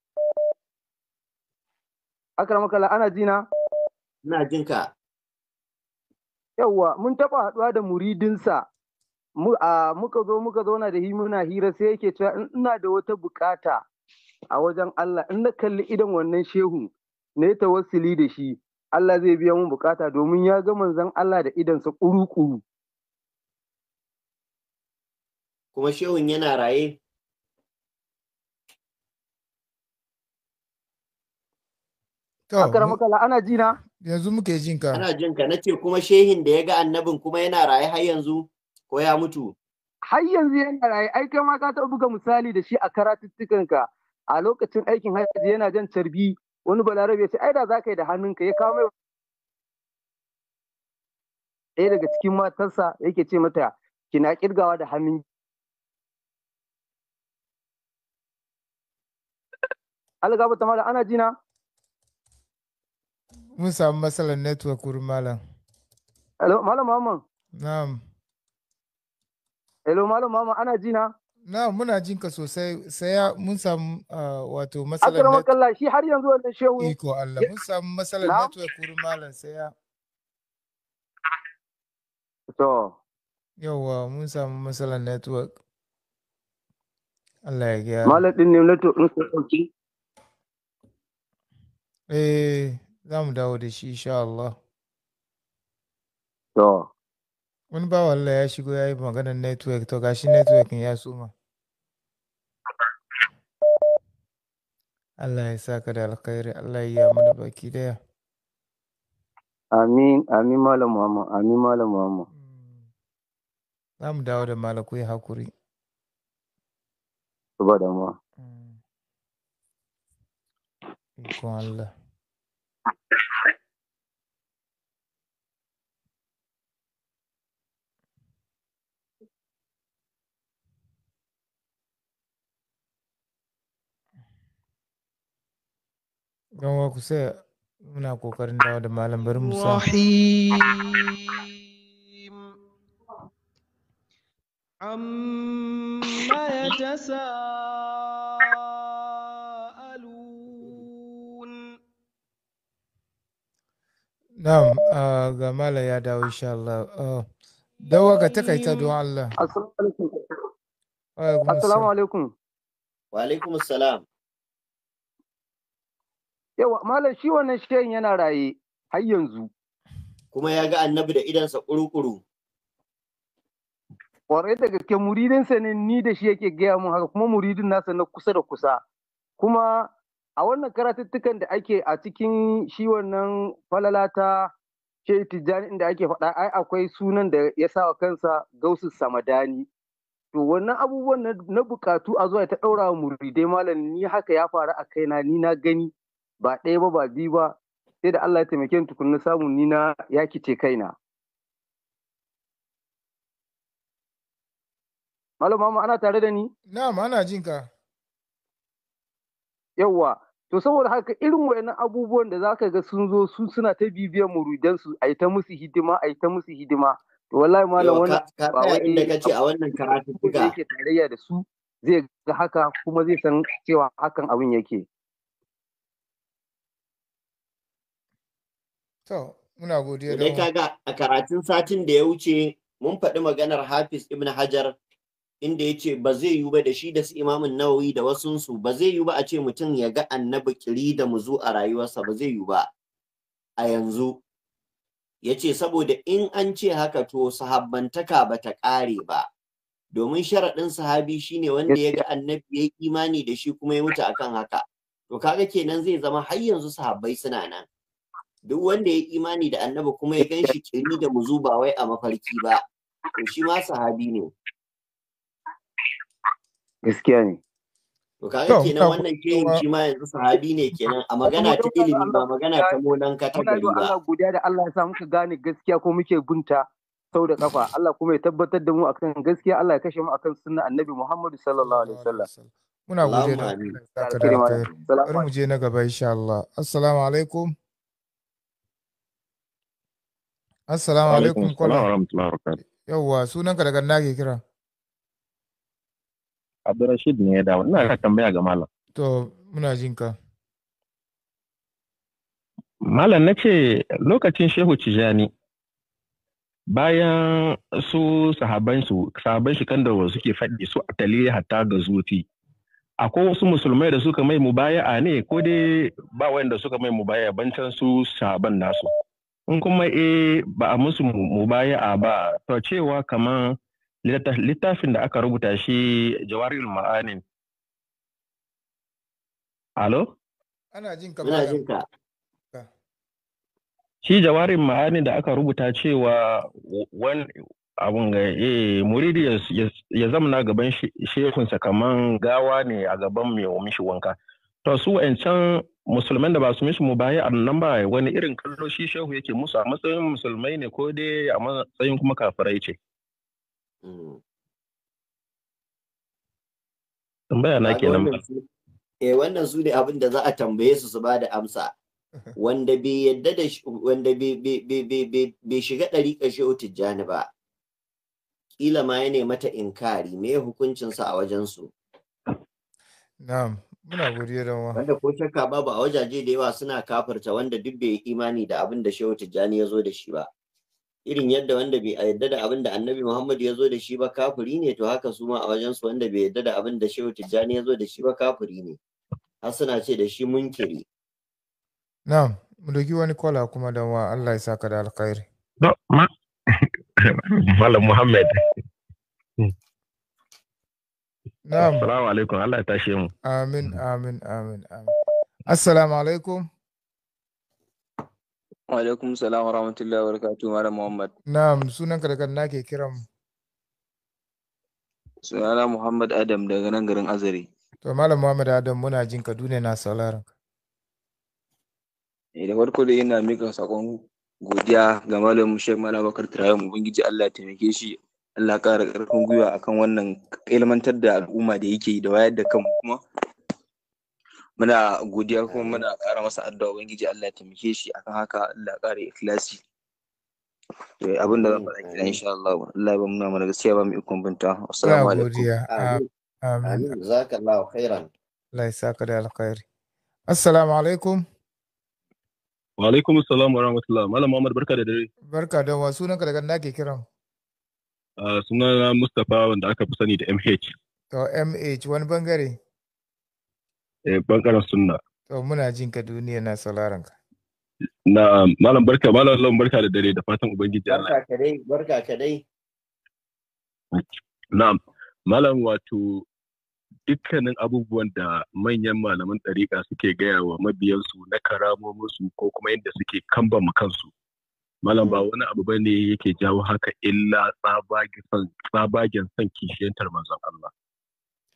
Akaramakala ana jina? Ina jinka. Yawwa mun taɓa haɗuwa da muridinsa muka zo muka zauna da muna hira sai yake cewa ina da wata bukata a wajen Allah in na kalli idan wannan shehu na ta wasili da shi Allah zai biya mun bukata domin ya ga manzon Allah da idansa kuru-kuru. Kuma shehun yana raye? Akaramaka ana jina? Yanzu muke jinka. Ana jinka, na ce kuma shehin da ya ga annabin kuma yana raye har yanzu? ko ya mutu har yanzu yana raye ai kai ma ka taɓa buga misali da shi a karatuttukanka a lokacin aikin hajji yana jan carbi wani balarabe ya ce ai da za ka yi da hannunka ya kawo mai ɗaya daga cikin matarsa yake ce mata kina kirgawa da hannun algaba ta mala ana jina mun samu matsalar network wurin malam malam Muhammad. na'am hello malam mama ana jina na muna jin ka sosai sai mun samu ah, wato matsalar Akwai kallah shi har yanzu wannan shehu iko Allah mun samu matsalar network wurin malam sai ya to yawa mun samu matsalar network Allah ya gyara malam din ne network din ko dauki eh za mu dawo da shi insha Allah to Wani ba Allah ya shigo ya yi maganar network to gashi networkin ya suma. Allah ya saka da alkhairi Allah ya mana baki daya. Amin, amin Malam mama amin Malam mama hmm. Za mu dawo da malaku ya hakuri. Ba da ma. Hmm. Ikon Allah. yan uwa ku sai muna kokarin dawo da malam bari mu sa amma ya tasa Na'am ga Malam ya dawo insha Allah. wa ga ta don Allah. asalamu alaikum. Wa alaikum salam. yawa malam shi wannan shayin yana raye har yanzu kuma ya ga annabi da idansa kurukuru kwarai da gaske muridinsa ne ni da shi yake gaya mun haka kuma muridin nasa na kusa da kusa kuma a wannan karatuttukan da ake a cikin shi wannan falalata ce tijjani inda ake faɗa ai akwai sunan da ya sa wa kansa gausu samadani to wannan abubuwan na bukatu a zuwa ta ɗaura wa muridai malam ni haka ya faru a kaina ni na gani ba ɗaya ba ba biyu ba sai da Allah ya taimake ni tukunna samun ni na ya kice kaina Malam Mama ana tare da ni? Na'am ana jin ka. Yawwa, to saboda haka irin wayannan abubuwan da zaka ga sun zo su suna ta bibiyan muridansu, su ai ta musu hidima ai ta musu hidima. To wallahi malam wannan ba wai inda kace a wannan karatu kuka yake tarayya da su zai ga haka kuma zai san cewa hakan abin yake. To, muna godiya da kaga a karatun satin da ya wuce mun faɗi maganar Hafiz Ibn Hajar inda ya ce ba zai yiwu ba da shi da su imamin nawawi da wasunsu ba zai yiwu ba a ce mutum ya ga annabi kiri da zo a rayuwarsa ba zai yiwu ba a yanzu ya ce saboda in an ce haka to sahabbantaka ba ta ƙare ba domin sharaɗin sahabi shine wanda ya ga annabi ya imani da shi kuma ya mutu akan haka to kaga kenan zai zama har yanzu sahabbai suna nan duk wanda ya imani da annabi kuma ya gan shi kirni da muzu ba wai a mafarki ba to shi ma sahabi ne gaskiya ne to kaga kenan wannan yin shi ma yanzu sahabi ne kenan a magana ta ilimi ba magana ta monan gari ba Allah godiya da Allah ya sa muka gane gaskiya ko muke gunta sau da kafa Allah kuma ya tabbatar da mu akan gaskiya Allah ya kashe mu akan sunna annabi Muhammadu sallallahu alaihi wasallam muna gode da Allah bari mu je na gaba insha Allah assalamu alaikum Assalamu alaikum kwallon. Assalamu alaikum warahmatullahi Yawwa sunanka daga na ke kira. Abdurrashid ne ya dawo. Ina ka tambaya ga malam. To muna jin ka. Malam na ce lokacin Shehu Tijani bayan su sahaban su sahaban shi kan da suke faɗi su a tali hatta ga zuti akwai wasu musulmai da suka mai mubaya'a ne ko dai ba wanda suka mai mubaya'a bancan su sahaban nasu. in kuma e ba a musu a ba to cewa kaman littafin da aka rubuta shi jawari ma'anin alo ana jin ka ana jin ka shi jawarin ma'anin da aka rubuta cewa wani abun ga e muridi ya zamana gaban shekunsa kaman gawa ne a gaban mai mishi wanka to su wa'ancan musulman da ba su mishi a nan ba wani irin kallo shi shehu yake musu a matsayin musulmai ne ko dai a matsayin kuma kafirai ce. Tambaya na kenan ba. e eh, wannan su ne abin da za a tambaye su su ba da amsa. Wanda bai yadda da wanda bi shiga ƙashe otu jani ba. ƙila ma ya mata inkari me hukuncinsa a wajensu. Na'am. Muna godiya da ma. Wanda ko shakka babu a wajaje da yawa suna kafarta wanda duk bai imani da abin da Shehu Tijjani ya zo da shi ba. Irin yadda wanda bai yarda da abin da Annabi Muhammad ya zo da shi ba kafiri ne to haka su ma a wajen su wanda bai yarda da abin da Shehu Tijjani ya zo da shi ba kafiri ne. Har suna ce da shi munkiri. Na'am, mu dogi wani kola kuma da wa Allah ya saka da alkhairi. Malam Muhammad. Na'am. Assalamu alaikum. Allah ya tashe mu. Amin, amin, amin, amin. Assalamu alaikum. Wa alaikum salam wa rahmatullahi wa barakatuhu Malam Muhammad. Na'am, sunan ka daga na ke kiran mu. Sunana Muhammad Adam daga nan garin Azare. To Malam Muhammad Adam muna jin Kaduna na sauraron ka. Eh, da farko da yana mika sakon godiya ga malam Sheikh Malam Bakar Trayon ubangiji Allah ya taimake shi Allah ƙara ƙarfin gwiwa akan wannan ilmantar da al'umma da yake da wayar da kanmu kuma muna godiya kuma muna ƙara masa addu'a ubangiji Allah ya taimake shi akan haka Allah ya ƙara ikhlasi to abin da zan faɗa kina insha Allah Allah ya ba mu mana gaskiya ba mu ikon binta assalamu alaikum godiya amin jazakallahu khairan Allah ya saka da alkhairi assalamu alaikum wa alaikum assalam wa rahmatullah malam Muhammad barka da dare barka da wa sunanka daga nake kiran Ah, suna na Mustapha wanda aka fi sani da MH. To MH wani bangare? Eh bangaren sunna. To muna jin ka duniya na sauraron ka. Na malam barka malam Allah barka da dare da fatan ubangiji Allah. Barka dai barka ka dai. Na'am malam wato dukkanin abubuwan da manyan malaman ɗariƙa suke gaya wa mabiyansu na musu ko kuma yadda suke kamba kansu. malam ba wani abu bane yake jawo haka illa tsabagen son kishiyantar manzon Allah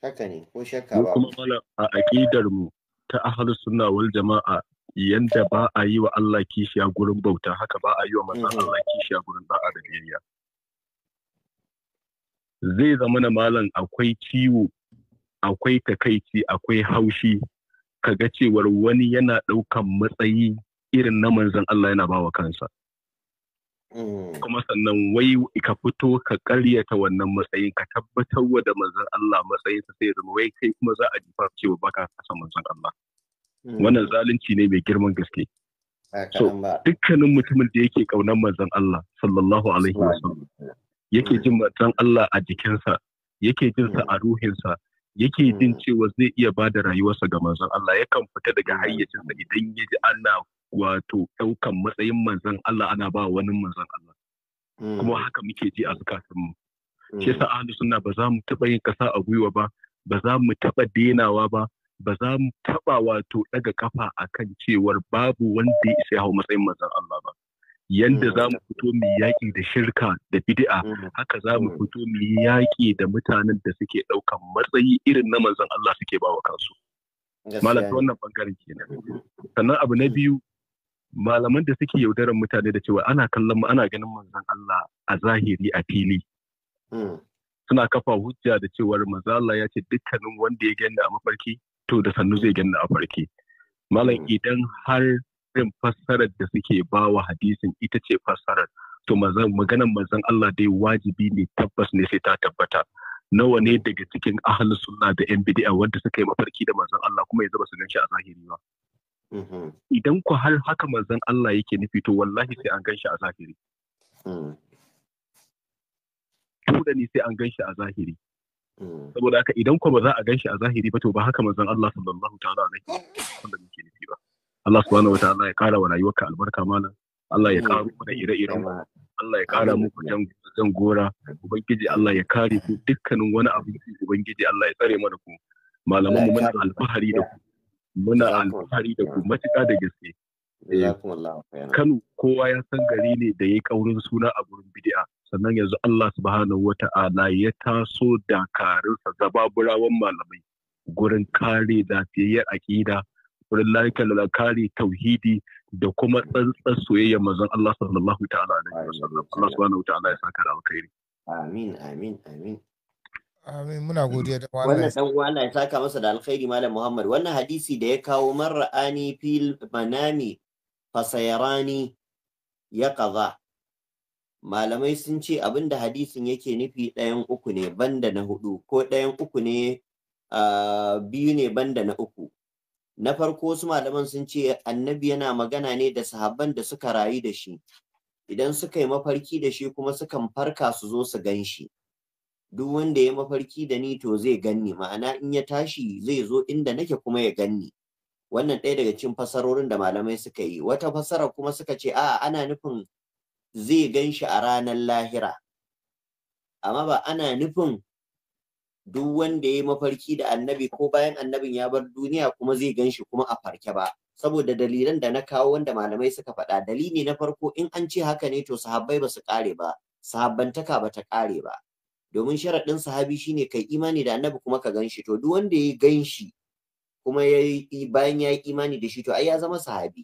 haka ne ko shakka ba kuma malam a aqidar mu ta ahlus sunna wal jama'a yanda ba a yi wa Allah kishiya gurin bauta haka ba a yi wa manzon mm-hmm. Allah kishiya gurin da biyayya zai zama na malam akwai ciwo akwai takaici akwai haushi kaga cewar wani yana ɗaukan matsayi irin na manzon Allah yana bawa kansa Mm. kuma sannan wai ka fito ka karyata wannan matsayin ka tabbatar wa da manzon Allah matsayin sa sai zama wai kai kuma za a jifa cewa baka kasa manzon Allah mm. wannan zalunci ne mai girman gaske so dukkanin mutumin da yake kaunar manzon Allah sallallahu alaihi wasallam yake jin manzon Allah a jikinsa yake jin sa a mm. ruhinsa yake jin cewa zai iya ba da rayuwarsa ga manzon Allah yakan fita daga hayyacinsa idan ya ji ana wato ɗaukan matsayin manzan Allah ana ba wani manzan Allah. Hmm. Kuma haka muke ji a zukatanmu. Hmm. Shi sa ahlus sunna ba za mu taɓa yin kasa a gwiwa ba, ba za mu taɓa denawa ba, ba za mu taɓa wato ɗaga kafa a kan cewar babu wanda ya isa hau matsayin manzan Allah ba. Yanda hmm. za mu fito mu yaƙi da shirka da bid'a, haka za mu fito mu yaƙi da mutanen da suke ɗaukan matsayi irin na manzan Allah suke ba wa kansu. Malam wannan ɓangaren kenan. Sannan abu na biyu malaman da suke yaudarar mutane da cewa ana kallon mu ana ganin manzon Allah a zahiri a fili hmm. suna kafa hujja da cewar manzon Allah ya ce dukkanin wanda ya gani a mafarki to da sannu zai gani a farki malam hmm. idan har irin fassarar da suke bawa hadisin ita ce fassarar to maganan manzon Allah dai wajibi ne tabbas ne sai ta tabbata nawa ne daga cikin ahalin sunna da yan bid'a wanda suka yi mafarki da manzon Allah kuma ya zama su ganshi a zahiri ba Mm-hmm. Idan ku har haka manzon Allah yake nufi to wallahi sai an ganshi a zahiri. Mm. da ni sai an ganshi a zahiri. Mm. Saboda haka idan ku ba za a ganshi a zahiri ba to ba haka manzon Allah sallallahu ta'ala alaihi wasallam yake nufi ba. Allah subhanahu wataala ya kara wa rayuwarka albarka malam. Allah ya mu da ire-iren Allah ya kara muku jan gora ubangiji Allah ya kare ku dukkanin wani abinci ubangiji Allah ya tsare mana ku malaman mu muna alfahari da ku muna alfahari da ku matuƙa da gaske eh, Kano kowa ya san gari ne da ya yi ƙaurin suna a gurin bidi'a sannan yanzu Allah subhanahu wa ta'ala ya taso dakarunsa burawan malamai gurin kare lafiyayyar aƙida wurin da kare tauhidi da kuma mm. tsantsan soyayya mazan. Allah sallallahu ta'ala Allah subhanahu wa ta'ala ya saka da alkhairi amin amin amin Amin muna mm. godiya da wannan. Wannan dan uwa Allah ya saka masa da alkhairi Malam Muhammad. Wannan hadisi da ya kawo man ra'ani fil manami fasayarani ya kaza. Malamai sun ce abinda hadisin yake nufi ɗayan uku ne banda na hudu ko ɗayan uku ne biyu ne banda na uku. Na farko su malaman sun ce annabi yana magana ne da sahabban da suka rayu da shi. Idan suka yi mafarki da shi kuma sukan farka su zo su gan shi. duk wanda ya mafarki da ni to zai ganni ma'ana in ya tashi zai zo inda nake kuma ya ganni wannan ɗaya daga cikin fasarorin da malamai suka yi wata fasara kuma suka ce a ana nufin zai gan shi a ranar lahira amma ba ana nufin duk wanda ya mafarki da annabi ko bayan annabin ya bar duniya kuma zai gan shi kuma a farke ba saboda dalilan da na kawo wanda malamai suka faɗa dalili na farko in an ce haka ne to sahabbai ba su ƙare ba sahabbantaka ba ta ƙare ba domin sharaɗin sahabi shine kai imani da annabi kuma ka gan shi to duk wanda ya gan shi kuma ya bayan ya yi imani da shi to ai ya zama sahabi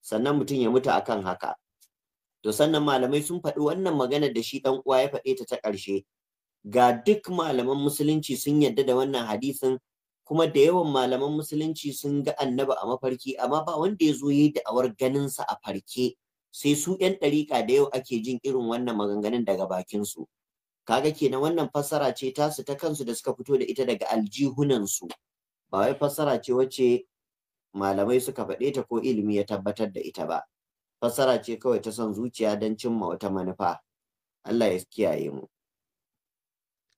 sannan mutum ya mutu akan haka to sannan malamai sun faɗi wannan magana da shi ɗan uwa ya faɗe ta ta ƙarshe ga duk malaman musulunci sun yadda da wannan hadisin kuma da yawan malaman musulunci sun ga annabi a mafarki amma ba wanda ya zo yi da'awar ganinsa a farke sai su 'yan ɗariƙa da yau ake jin irin wannan maganganun daga bakinsu kaga kenan wannan fassara ce tasu ta kansu da suka fito da ita daga aljihunansu ba wai fassara ce wacce malamai suka faɗe ta ko ilimi ya tabbatar da ita ba fassara ce kawai ta son zuciya don cimma wata manufa Allah ya kiyaye mu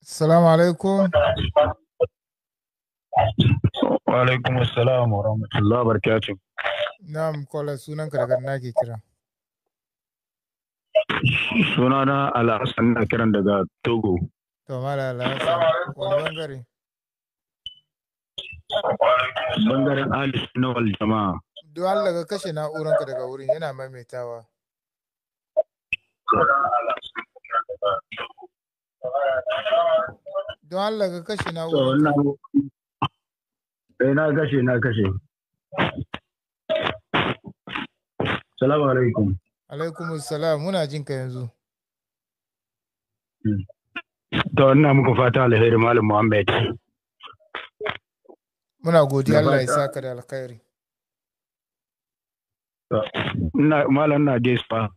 Assalamu alaikum Wa alaikum assalam wa rahmatullahi wa barakatuh Na'am kola sunanka daga ake kira Sunana Alhassan na kiran daga Togo. To mala Alhassan, wani bangare? Bangaren Ali na waljama. jama'a. Duk Allah ka kashe na'uranka daga wurin yana maimaitawa. Don Allah ka kashe na'uranka. Eh na kashe na kashe. Salamu alaikum. alaikum salam muna jin ka yanzu hmm. to ina muku fata alheri malam muhammad muna godiya Allah ya saka da alkhairi ina malam na spa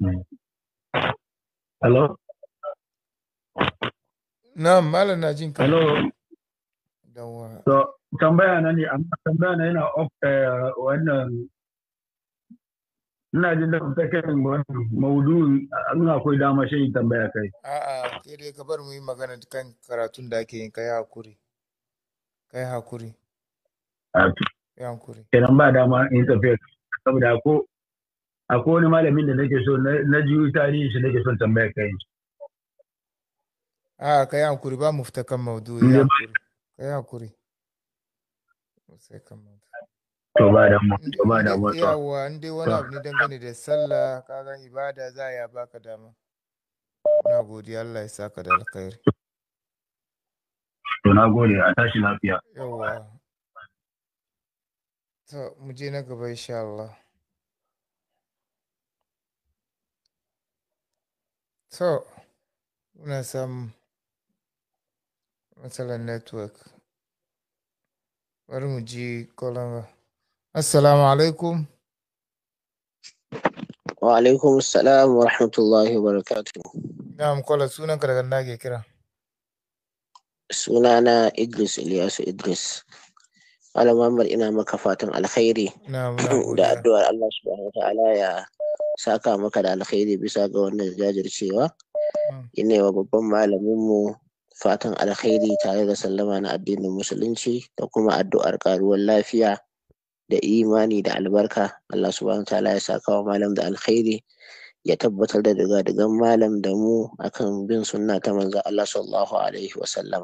hmm. Hello? na malam na jin ka. Hello. So, tambaya na ne amma tambaya na yana of eh, wannan ina jin da ta kai wannan maudu'in in akwai dama shi tambaya kai a'a ke dai ka bar mu yi magana kan karatun da ake yin kai hakuri kai hakuri kai hakuri kenan ba dama in tafiya saboda ko akwai wani malamin da nake so na jiyo tarihi shi nake son tambaya kai a kai hakuri ba mu fita kan maudu'i kai hakuri To ba da to ba da Yawwa, in dai wani abu ne dangane da sallah, ibada za baka dama. Na godiya Allah ya saka da alkhairi. To na gode, a tashi lafiya. Yawwa. To mu je na gaba insha Allah. To muna samun matsalar network. bari mu ji kolon assalamu alaikum wa alaikum assalam wa rahmatullahi wa na kola sunan ka daga kira na idris ilyasu idris Malam Muhammad ina maka fatan alkhairi da addu'ar Allah subhanahu ta'ala ya saka maka da alkhairi bisa ga wannan jajircewa. Ina wa babban malaminmu fatan alkhairi tare da sallama na addinin musulunci da kuma addu'ar karuwar lafiya da imani da albarka Allah subhanahu ta'ala ya saka wa malam da alkhairi ya tabbatar da daga malam da mu akan bin sunna ta manzo Allah sallallahu alaihi wa sallam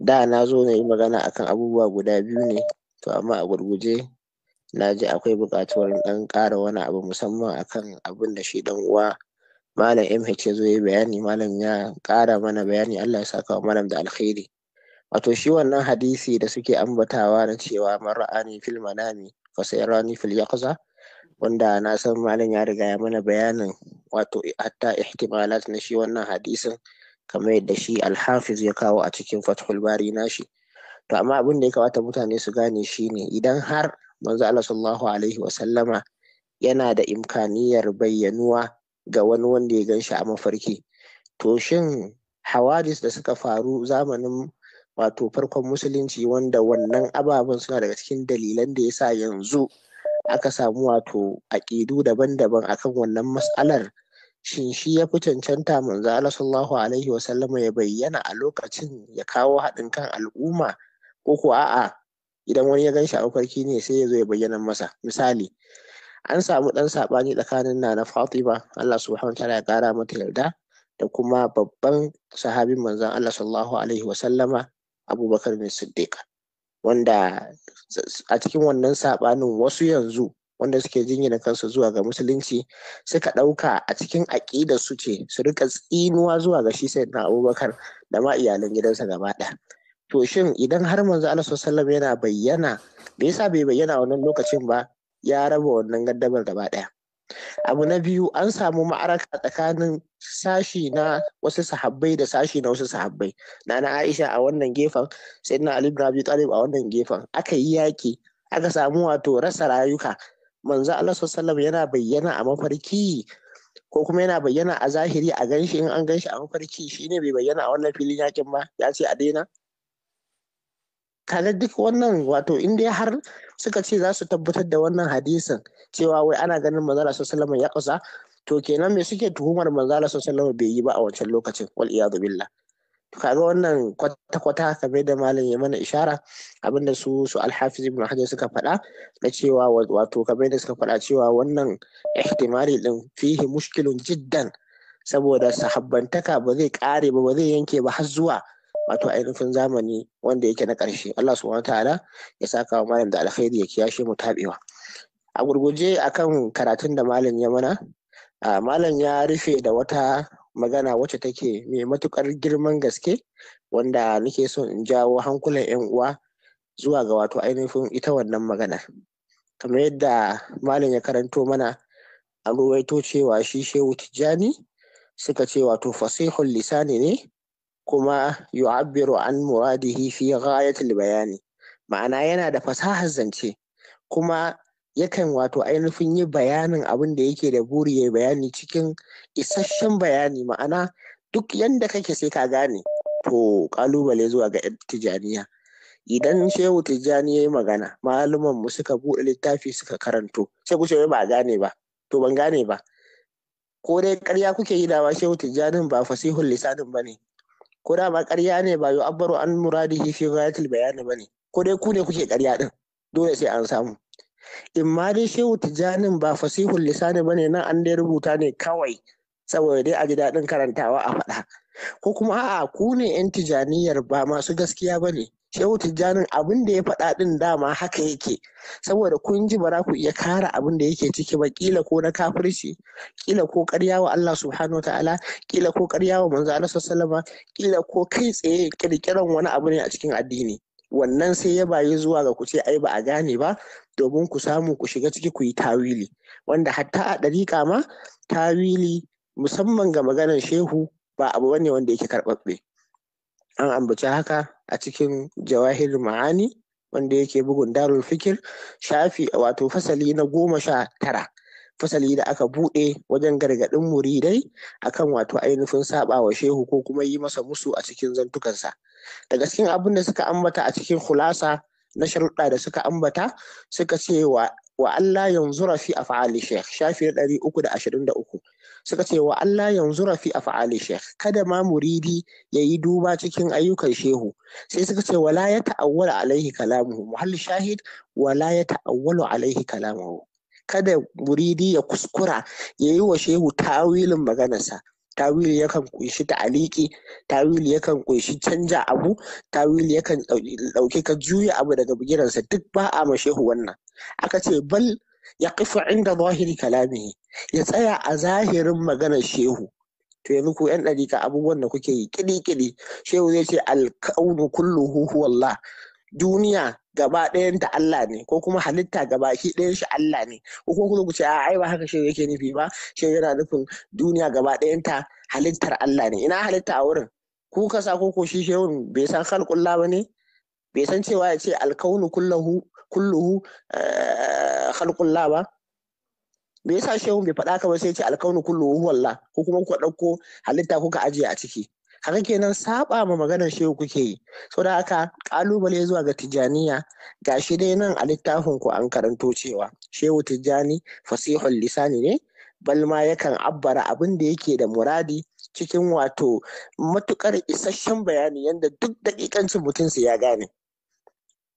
da na zo na magana akan abubuwa guda biyu ne to amma a gurguje na ji akwai buƙatuwar ɗan ƙara wani abu musamman akan abin da shi ɗan uwa malam MH ya zo ya bayani malam ya kara mana bayani Allah ya saka malam da alkhairi wato shi wannan hadisi da suke ambatawa na cewa man ra'ani fil manami fa sayrani fil yaqza wanda na san malam ya riga ya mana bayanin wato hatta ihtimalat na shi wannan hadisin kamar yadda shi alhafiz ya kawo a cikin fathul bari nashi to amma abin da ya kamata mutane su gane shine idan har manzo Allah sallallahu alaihi wa sallama yana da imkaniyar bayyanuwa ga wani wanda ya gan shi a mafarki to shin hawadis da suka faru zamanin wato farkon musulunci wanda wannan ababen suna daga cikin dalilan da ya sa yanzu aka samu wato aƙidu daban-daban akan wannan mas'alar shin shi ya fi cancanta manzo Allah sallallahu alaihi sallama ya bayyana a lokacin ya kawo haɗin kan al'umma ko ko a'a idan wani ya gan a mafarki ne sai ya zo ya bayyana masa misali an samu ɗan saɓani tsakanin Nana Fatima Allah subhanahu wa ta'ala ya ƙara mata yarda da kuma babban sahabin manzon Allah sallallahu alaihi wa sallama Abubakar bin Siddiq wanda a cikin wannan saɓanin wasu yanzu wanda suke a kansu zuwa ga musulunci suka ɗauka a cikin aƙidar su ce su rika tsinuwa zuwa ga shi sayyidina abubakar da ma iyalan gidansa gaba ɗaya to shin idan har manzo Allah sallallahu yana bayyana me yasa bai bayyana wannan lokacin ba ya raba wannan gaddamar gaba ɗaya. Abu na biyu an samu ma'araka tsakanin sashi na wasu sahabbai da sashi na wasu sahabbai. Nana Aisha a wannan gefen, sai Ali Rabi Talib a wannan gefen. Aka yi yaƙi, aka samu wato rasa rayuka. Manzo Allah sallallahu yana bayyana a mafarki ko kuma yana bayyana a zahiri a ganshi in an ganshi a mafarki shine bai bayyana a wannan filin yakin ba ya ce a daina kaga duk wannan wato in dai har suka ce za su tabbatar da wannan hadisin cewa wai ana ganin manzala sallallahu ya kusa to kenan me suke tuhumar manzala sallallahu bai yi ba a wancan lokacin wal iyadu billah kaga wannan kwata-kwata kamar da malam ya mana ishara abinda su su alhafiz ibn hajar suka faɗa na cewa wato kamar da suka faɗa cewa wannan ihtimali ɗin fihi mushkilun jiddan saboda sahabbantaka ba zai kare ba ba zai yanke ba har zuwa wato ainihin zamani wanda yake na ƙarshe Allah subhanahu ta'ala ya saka wa malam da alkhairi ya kiyashe mu tabewa a gurguje akan karatun da malam ya mana malam ya rufe da wata magana wacce take mai matukar girman gaske wanda nake so in jawo hankulan 'yan uwa zuwa ga wato ainihin ita wannan magana kamar yadda malam ya karanto mana an ruwaito cewa shi shehu tijjani suka ce wato fasihul lisani ne kuma yu'abbiru an muradihi fi ghayatil bayani ma'ana yana da fasahar zance kuma yakan wato ainihin yi bayanin abin da yake da buri ya bayani cikin isasshen bayani ma'ana duk yanda kake sai ka gane to kalubale zuwa ga tijaniya idan shehu tijjani ya yi magana malaman mu suka buɗe littafi suka karanto sai ku ce ba gane ba to ban gane ba ko dai karya kuke yi dawa shehu tijjanin ba fasihul lisanin ba ne ko da ma ƙarya ne ba yu abbaru an shi fi ghayatil bayani bane ko dai ku ne kuke ƙarya din dole sai an samu in ma dai shehu tijanin ba fasihul lisani bane nan an dai rubuta ne kawai saboda dai a ji daɗin karantawa a faɗa ko kuma a'a ku ne yan tijaniyar ba masu gaskiya bane shehu tijjanin abin da ya faɗa ɗin dama haka yake saboda kun ji ba za ku iya kara abin da yake ciki ba kila ko na kafirci kila ko ƙarya wa Allah subhanahu ta'ala kila ko ƙarya wa manzo Allah sallallahu kila ko kai tsaye kirkiran wani abu ne a cikin addini wannan sai ya bayi zuwa ga ku ce ai ba a gane ba domin ku samu ku shiga ciki ku yi tawili wanda hatta a ɗariƙa ma tawili musamman ga maganar shehu ba abu bane wanda yake karɓaɓɓe an ambaci haka a cikin jawahir ma'ani wanda yake bugun darul fikir shafi wato fasali na goma sha tara fasali da aka buɗe wajen gargaɗin muridai akan wato ainihin saba wa shehu ko kuma yi masa musu a cikin zantukansa daga cikin abin da suka ambata a cikin hulasa na sharuɗa da suka ambata suka ce wa Allah yanzu rafi a fa'ali shafi na ɗari uku da ashirin da uku suka ce wa Allah yanzu rafi a fa'ali shekh kada ma muridi ya yi duba cikin ayyukan shehu sai suka ce wala ya ta'awwala alaihi kalamuhu muhall shahid wala ya ta'awwalu alaihi kalamuhu kada muridi ya kuskura ya yi wa shehu tawilin maganarsa tawili yakan kunshi ta'aliki tawili yakan kunshi canja abu tawili yakan dauke ka juya abu daga bugiransa, duk ba a shehu wannan aka ce bal ya kifa inda zahiri kalami ya tsaya a zahirin maganar shehu to yanzu ku yan ɗarika abubuwan da kuke yi kidi-kidi shehu zai ce alkaunu kulluhu huwallah duniya gaba ta Allah ne ko kuma halitta gaba shi ɗayan shi Allah ne ko kuma kuma ku ce a ai ba haka shehu yake nufi ba shehu yana nufin duniya gaba ta halittar Allah ne ina halitta a wurin ku kasa ko ko shi shehun bai san khalqullah ba ne bai san cewa ya ce alkaunu kulluhu? kulluhu eh, la ba me yasa shehu bai faɗa ka ba sai ce alkaunu kulluhu wallah ko kuma ku ɗauko halitta kuka ajiye a ciki haka kenan saba ma maganar shehu kuke yi saboda haka kalubale zuwa ga tijaniya gashi dai nan a littafin ku an karanto cewa shehu tijani fasihul lisani ne bal ma yakan abbara abin da yake da muradi cikin wato matukar isasshen bayani yadda duk daƙiƙancin mutum ya gane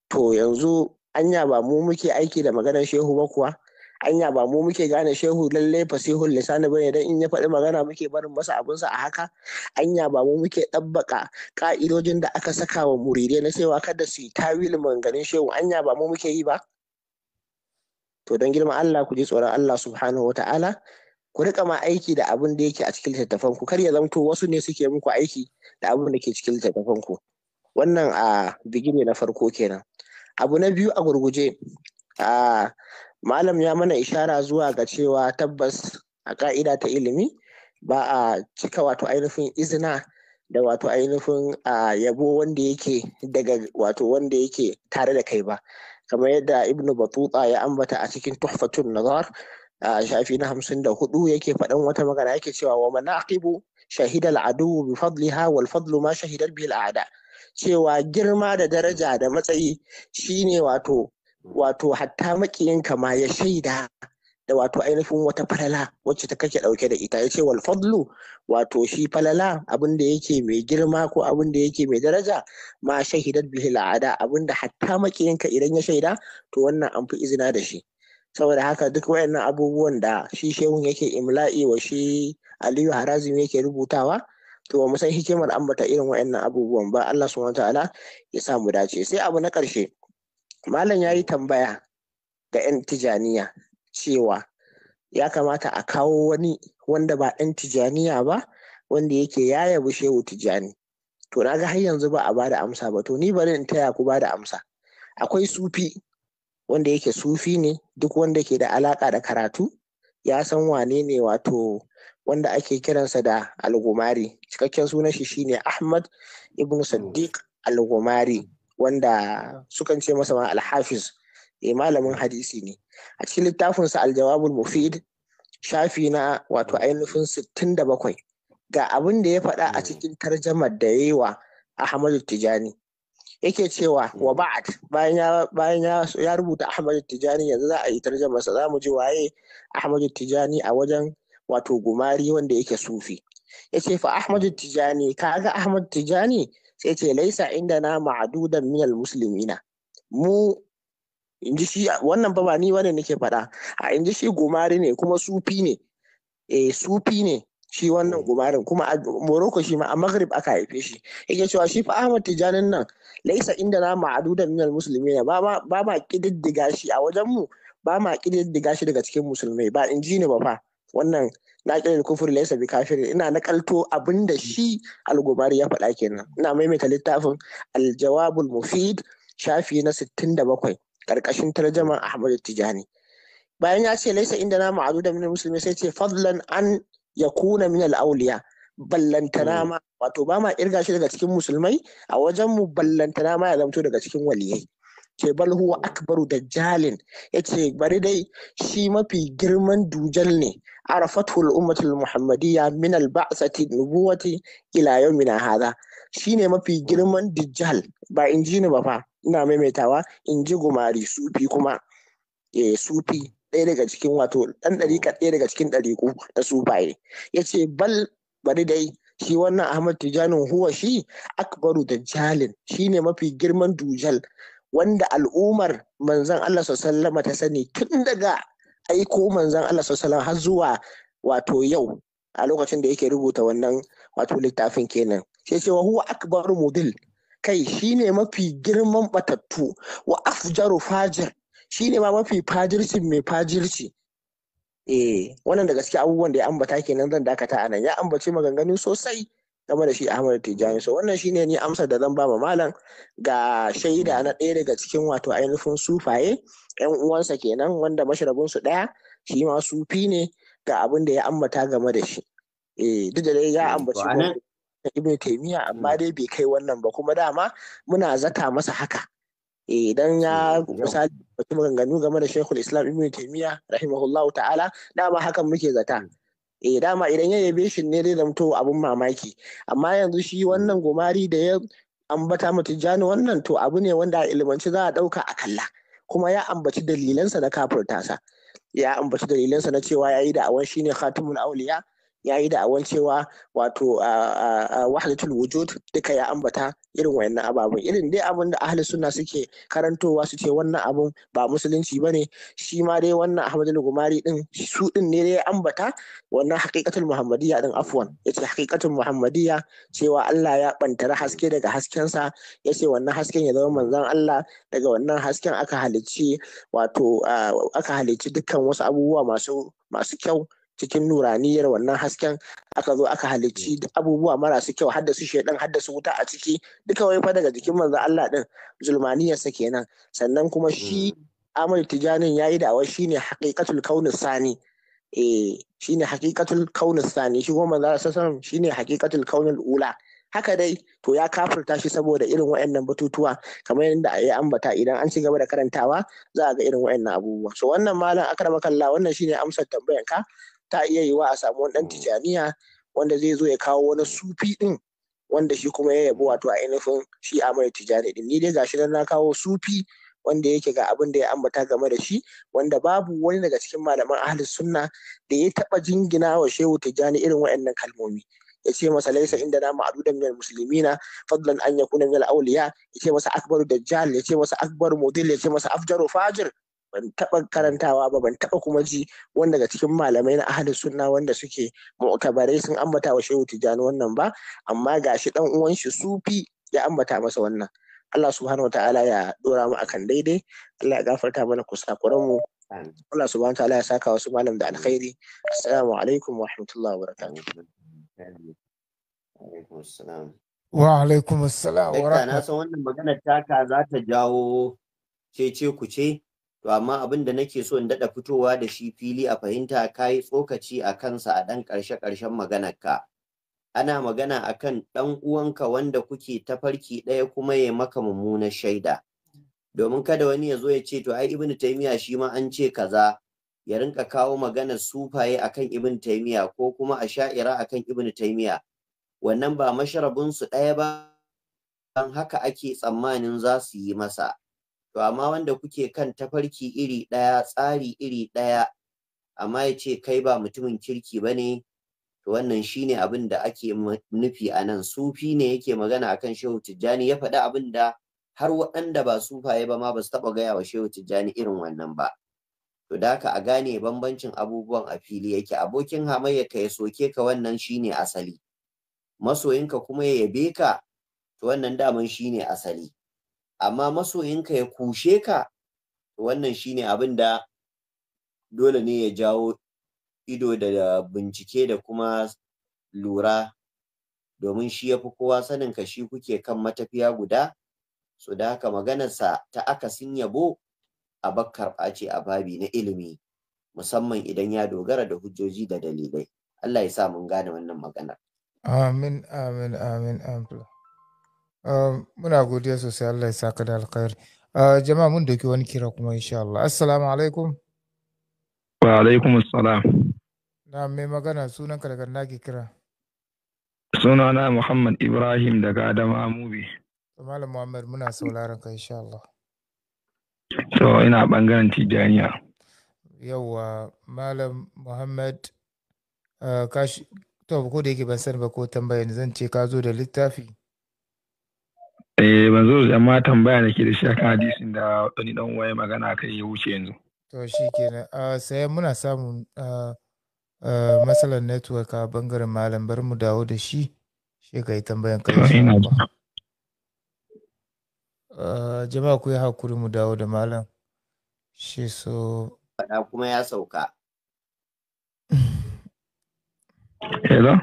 to yanzu anya ba mu muke aiki da maganar shehu ba kuwa anya ba mu muke gane shehu lalle fasihul lisani ba ne dan in ya faɗi magana muke barin masa sa a haka anya ba mu muke ɗabbaka ka'idojin da aka saka wa muride na cewa kada su yi tawil maganin shehu anya ba mu muke yi ba to don girman Allah ku ji tsoron Allah subhanahu wa ta'ala ku rika ma aiki da abin da yake a cikin littattafan ku kar ya zamto wasu ne suke muku aiki da abun da ke cikin littattafan ku wannan a ah, bigine na farko kenan abu na biyu a gurguje malam ya mana ishara zuwa ga cewa tabbas a ka'ida ta ilimi ba a cika wato ainihin izina da wato ainihin a yabo wanda yake daga wato wanda yake tare da kai ba kamar yadda ibnu batuta ya ambata a cikin tuhfatun nazar a shafi na hamsin da hudu yake faɗan wata magana yake cewa wa manaqibu shahidal adu bi fadliha wal fadlu ma shahidal bil a'da cewa girma da daraja da matsayi shine wato wato hatta makiyinka ma ya shaida da wato ainihin wata falala wacce ta kake dauke da ita yace wal fadlu wato shi falala abin da yake mai girma ko abin da yake mai daraja ma shahidat bihi al'ada abin da hatta makiyinka idan ya shaida to wannan an fi izina da shi saboda haka duk wayannan abubuwan da shi shehun yake imla'i wa shi Aliyu Harazim yake rubutawa to mu san hikimar ambata irin wa'annan abubuwan ba Allah subhanahu ta'ala ya sa mu dace sai abu na ƙarshe malam ya yi tambaya ga 'yan tijaniya cewa ya kamata a kawo wani wanda ba 'Yan tijaniya ba wanda yake Yaya yabi shehu tijani to na ga har yanzu ba a bada amsa ba to ni bari in taya ku bada amsa akwai sufi wanda yake sufi ne duk wanda ke da alaka da karatu ya san wane ne wato wanda ake kiransa da algumari cikakken sunan shi shine ahmad ibn sadiq algumari wanda sukan ce masa ma al-hafiz eh malamin hadisi ne a cikin littafinsa al-jawabul mufid shafi na wato ainihin bakwai. ga abin da ya faɗa a cikin tarjamar da yayi wa ahmad tijani yake cewa wa ba'ad bayan ya rubuta ahmad tijani yanzu za a yi tarjamarsa za mu ji waye ahmad tijani a wajen wato gumari wanda yake sufi ya ce fa ahmadu tijani kaga ahmad tijani sai ce laisa inda na ma'adudan minal muslimina mu in ji shi wannan ba ni wani nake faɗa a in ji shi gumari ne kuma sufi ne eh sufi ne shi wannan gumarin kuma a Morocco shi ma a Maghrib aka haife shi yake cewa shi fa Ahmad Tijanin nan laisa inda na ma'adudan minal muslimin ba ma ba ma kididdiga shi a wajen mu ba ma kididdiga shi daga cikin musulmai ba in ji ne ba fa wannan naƙilin kufur laisa bi kafir ina nakalto abin da shi algumari ya faɗa kenan ina maimaita littafin aljawabul mufid shafi na 67 karkashin tarjama ahmad tijani bayan ya ce laisa inda na ma'adu da min musulmi sai ce fadlan an ya kuna al-awliya ballantana hmm. ma wato ba ma kirga shi daga cikin musulmai a wajen mu ballantana ma ya zamto daga cikin waliyai ce bal huwa akbaru dajjalin yace bari dai shi mafi girman dujal ne a rafatul ummatu muhammadiyya min al-ba'sati nubuwati ila yawmina shi shine mafi girman dujal ba in ji ni ba fa ina maimaitawa in ji gumari sufi kuma eh, sufi ɗaya daga cikin wato ɗan ɗariƙa ɗaya daga cikin ɗariƙu da sufaye ya ce bal bari dai shi wannan ahmad tijanin huwa shi akbaru shi ne mafi girman dujal wanda al'ummar manzan Allah sallama ta sani tun daga aiko manzan Allah sallama har zuwa wato yau a lokacin da yake rubuta wannan wato littafin kenan sai ce wa huwa akbaru mudil kai shine mafi girman batattu wa afjaru fajir shine ma mafi fajirci mai fajirci eh wannan da gaske abubuwan da ya ambata kenan zan dakata anan ya ambaci maganganu sosai game da shi Ahmad Tijani so wannan shine ni amsar da zan ba ma malam ga shaida na ɗaya daga cikin wato ainihin sufaye yan uwansa kenan wanda mashirabin su ɗaya shi ma sufi ne ga abin da ya ambata game da shi eh duk da dai ya eh, ambaci ibn Taymiyyah amma hmm. dai bai kai wannan ba kuma dama muna zata masa haka idan eh, ya hmm, misali mutum ganganu game da Sheikhul islam ibn Taymiyyah rahimahullahu ta'ala dama hakan muke zata hmm. eh dama idan ya yabe shi ne zai zamto abin mamaki amma yanzu shi wannan gumari da ya ambata mu tijjani wannan to abu ne wanda a ilimanci za a ɗauka a kalla kuma ya ambaci dalilansa na kafurtasa ya ambaci dalilansa na cewa ya yi da awon shine khatimul auliya ya yi da'awan cewa wato wahdatul wujud duka ya ambata irin wayannan ababen irin dai abin da ahli sunna suke karantowa su ce wannan abun ba musulunci ba ne shi ma dai wannan ahmadul gumari din su din ne dai ya ambata wannan haqiqatul muhammadiyya din afwan yace haqiqatul muhammadiyya cewa Allah ya bantara haske daga haskensa yace wannan hasken ya zama manzon Allah daga wannan hasken aka halicci wato aka halicci dukkan wasu abubuwa masu kyau cikin nuraniyar wannan hasken aka zo aka halicci mm. abubuwa marasu kyau su shaidan haddasa wuta a ciki duka wai fa daga jikin manzo Allah din zulmaniyarsa kenan sannan kuma shi mm. amal Tijanin yayi wai shine haqiqatul kaunus sani eh shine haqiqatul kaunus sani shi kuma manzo sallallahu shine haqiqatul kaunin ula haka dai to ya kafirta shi saboda irin waɗannan batutuwa kamar yadda ya ambata idan an cigaba da karantawa za ga irin waɗannan abubuwa so wannan malam kallah wannan shine amsar tambayanka ta iya yiwa a samu wani ɗan mm. tijaniya wanda zai zo ya kawo wani sufi ɗin wanda shi kuma ya yabo wato ainihin shi amur tijani ɗin ni dai gashi nan na kawo sufi wanda yake ga abin da ya ambata game da shi wanda babu wani daga cikin malaman ahli sunna da ya taɓa jingina wa shehu tijani irin waɗannan kalmomi ya ce masa laisa mm. inda na ma'adudan minal muslimina fadlan an yakuna minal awliya ya ce masa akbaru dajjal ya ce masa akbaru mudil ya ce masa afjaru fajir ban taɓa karantawa ba ban taɓa kuma ji wanda daga cikin malamai na ahalin sunna wanda suke mu'tabarai sun ambata wa shehu tijani wannan ba amma gashi dan uwan shi sufi ya ambata masa wannan Allah subhanahu wa ta'ala ya dora mu akan daidai Allah ya gafarta mana kusakuran mu Allah subhanahu wa ta'ala ya saka wasu malam da alkhairi assalamu alaikum wa rahmatullahi wa barakatuh wa alaikum assalam wa rahmatullahi na san wannan magana taka za ta jawo ce ku ce to amma abin da nake so in dada fitowa da shi fili a fahimta ka yi tsokaci a kansa a ɗan ƙarshe-ƙarshen maganarka ana magana akan kan ɗan uwanka wanda kuke tafarki ɗaya kuma ya maka mummunar shaida domin kada wani ya zo ya ce to ai ibnu taymiya shi ma an ce kaza ya rinka kawo magana sufaye akan ibnu taymiya ko kuma a sha'ira akan ibnu taymiya wannan ba masharabin su ɗaya ba dan haka ake tsammanin za su yi masa to amma wanda kuke kan tafarki iri ɗaya tsari iri ɗaya amma ya ce kai ba mutumin kirki ba ne to wannan shine abin da ake nufi a nan sufi ne yake magana akan shehu tijjani ya faɗi abin da har waɗanda ba sufaye ba ma ba su taɓa gaya wa shehu tijjani irin wannan ba to da haka a gane bambancin abubuwan a fili yake abokin hamayya ka ya soke ka wannan shine asali masoyinka kuma ya yabe ka to wannan daman shine asali amma masoyinka ya kushe ka wannan shine abin da dole ne ya jawo ido da bincike da kuma lura domin shi ya fi kowa sanin ka shi kuke kan matafiya guda so da haka maganarsa ta akasin yabo a bakkar ce a babi na ilimi musamman idan ya dogara da hujjoji da dalilai Allah ya sa mun gane wannan maganar amin amin amin amin muna godiya sosai Allah ya saka da alkhairi. jama'a mun doki wani kira kuma insha Allah. Assalamu alaikum. Wa alaikum assalam. Na mai magana sunanka daga naki kira. Suna na Muhammad Ibrahim daga Adama Amubi. Malam Muhammad muna sauraron ka insha Allah. So ina bangaren Tijaniya. Yawwa Malam Muhammad ka kashi to ko da yake ban sani ba ko tambayar zan ce ka zo da littafi. Eh banzo amma tambaya da ke da shi akan hadisin da wani dan waye magana kai ya wuce yanzu. To shi kenan uh, sai muna samun uh, uh, matsalar network a bangaren malam bar mu dawo da shi shi ga tambayan kai. Uh, jama'a ku yi hakuri mu dawo da malam shi so. kuma ya sauka. Hello?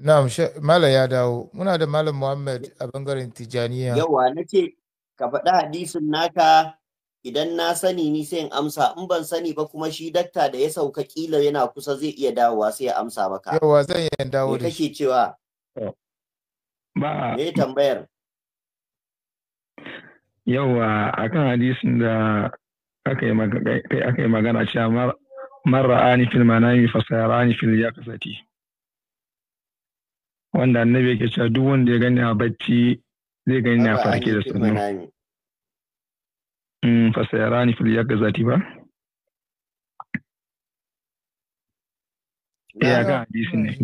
Na'am, Mala ya dawo. Muna da Malam Muhammad a bangaren Tijaniya. Yawa nace ka faɗi hadisin naka idan na sani ni sai in amsa in ban sani ba kuma shi dakta da ya sauka kila yana kusa zai iya dawowa sai ya amsa maka. Yawa zan iya dawo da shi. cewa? Ba. Me tambayar? Yawa akan hadisin da aka yi magana cewa mara ani fil manami fasayarani fil yaqzati. wanda annabi yake cewa duk wanda ya gani a bacci zai gani na farke da sannu mm fasayarani fil yaqzati ba ya ga hadisi ne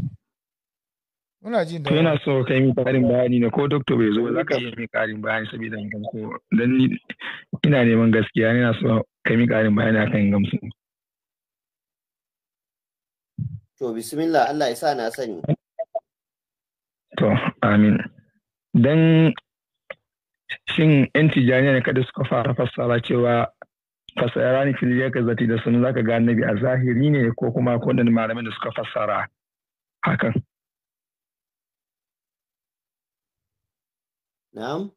Muna jin da. Yana so kai mi karin bayani ne ko doktor bai zo ba za ka yi mi karin bayani saboda in gamsu dan ni ina neman gaskiya ina so kai mi karin bayani akan gamsu. To bismillah Allah ya sa na sani. To, amin. Don shin ‘yan tijjani ne kada suka fara fassara cewa fassara ne fili ka zati da sun zaka ga annabi a zahiri ne ko kuma kodin malamin da suka fassara hakan. Na'am?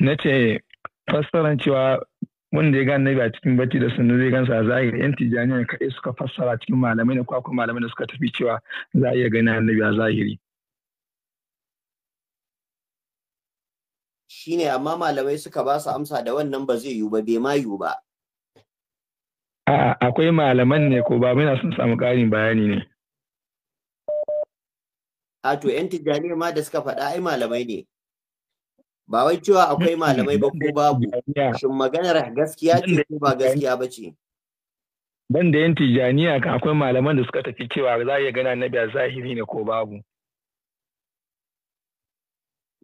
Na ce fassaran cewa wanda ya gane ba a cikin bacci da sunna zai gansa a zahiri yan tijaniya kaɗai suka fassara cikin malamai da kwakwa malamai da suka tafi cewa za a iya a annabi a zahiri Shi ne amma malamai suka ba su amsa da wannan ba zai yiwu ba bai ma yiwu ba a'a akwai malaman ne ko ba muna sun samu ƙarin bayani ne a to yan tijaniya ma da suka faɗa ai malamai ne ba wai cewa akwai malamai ba ko babu shin maganar gaskiya ce ko ba gaskiya ba ce ban da yan tijaniya akwai malaman da suka tafi cewa za a iya gana annabi a zahiri ne ko babu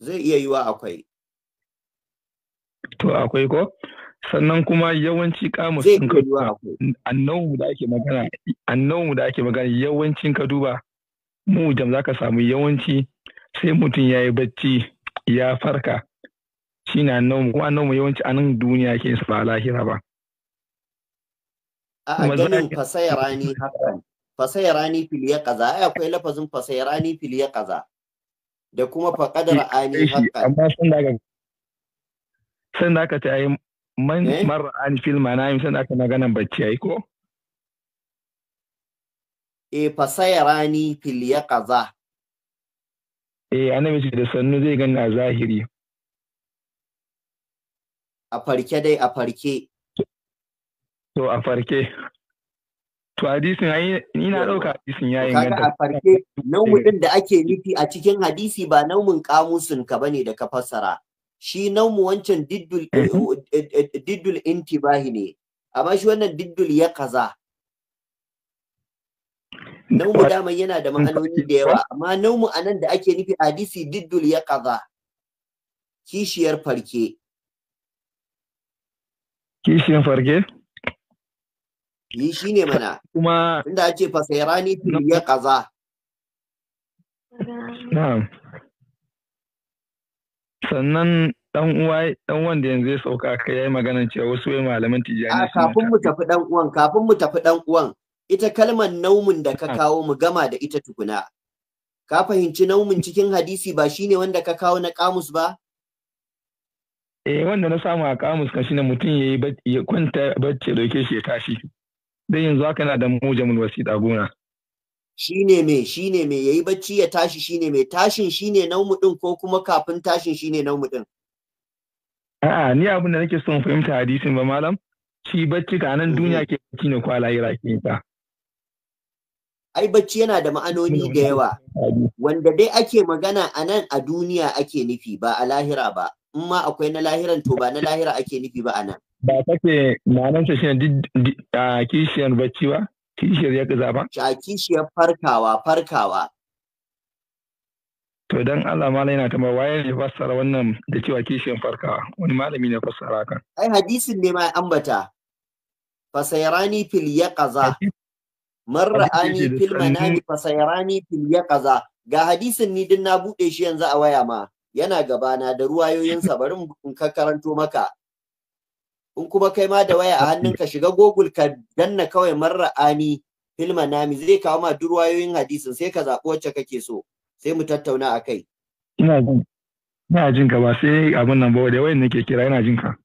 zai iya yiwa akwai to akwai ko sannan kuma yawanci kamus sun ka duba annawu da ake magana annawu da ake magana yawancin ka duba mu jam zaka samu yawanci sai mutum yayi bacci ya farka shi ne annabinmu kuma annabinmu yawanci a nan duniya ke su ba lahira ba. A ganin fasayarani hakan, fasayarani rani ya kaza, ai akwai lafazin fasayarani rani ya kaza, da kuma faƙadar ani haka. Amma sun da aka sun da aka ta man eh? mara ani fil manami sun da aka maganan bacci ya yi ko? E eh, fasayarani rani ya kaza. E eh, ana mace da sannu zai gani a zahiri. A farke dai a farke. To a farke. To hadisin ai ni na ɗauka hadisin ya inganta. a farke nau'in da ake nufi a cikin hadisi ba nau'in kamusin ka bane da ka fassara. Shi nau'in wancan diddul eh. Eh, eh, intibahi ne. Amma shi wannan diddul ya kaza. Naumu daman yana da ma'anoni da yawa, amma naumu a nan da ake nufi hadisi diddul ya kaza, kishiyar farke. kishin farge yi shi ne mana kuma inda ake fasairani ya kaza na'am sannan dan uwa dan wanda yanzu ya sauka ka yayi magana cewa wasu wai malaman tijani kafin mu tafi dan uwan kafin mu tafi dan uwan ita kalmar naumin da ka ah. kawo mu gama da ita tukuna ka fahimci naumin cikin hadisi ba shine wanda ka kawo na kamus ba eh wanda na samu a kamus kan shine mutum ya yi ya kwanta bacci ya dauke shi ya tashi dan yanzu haka na da mujamul wasita gona shine me shine me yayi bacci ya tashi shine me tashin shine naumu din ko kuma kafin tashin shine naumu din a'a ni abin da nake son fahimta hadisin ba malam shi bacci ka nan mm-hmm. duniya ke bacci ne kwa lahira ke ta ai bacci yana da ma'anoni da yawa wanda dai ake magana a nan a duniya ake nufi ba a lahira ba in ma akwai na lahiran to ba na lahira ake nufi ba anan ba take ma'anarsa shine kishiyar bacci ba kishiyar ya kaza ba a kishiyar farkawa farkawa to dan Allah malai yana tamar waye ne fassara wannan da cewa kishiyar farkawa wani malami ne fassara kan ai hadisin ne ma ambata fasayrani fil yaqaza marra'ani fil manami fasayrani fil yaqaza ga hadisin ni din na bude shi yanzu a waya ma yana gabana da ruwayoyinsa bari in ka karanto maka in kuma kai ma da waya a hannunka shiga google ka danna kawai ani filma nami zai kawo ma duk ruwayoyin hadisin sai ka zaɓi wacce kake so sai mu tattauna a kai. Ina jin ina jin ka ba sai abin nan ba da wayan nake kira ina jin ka.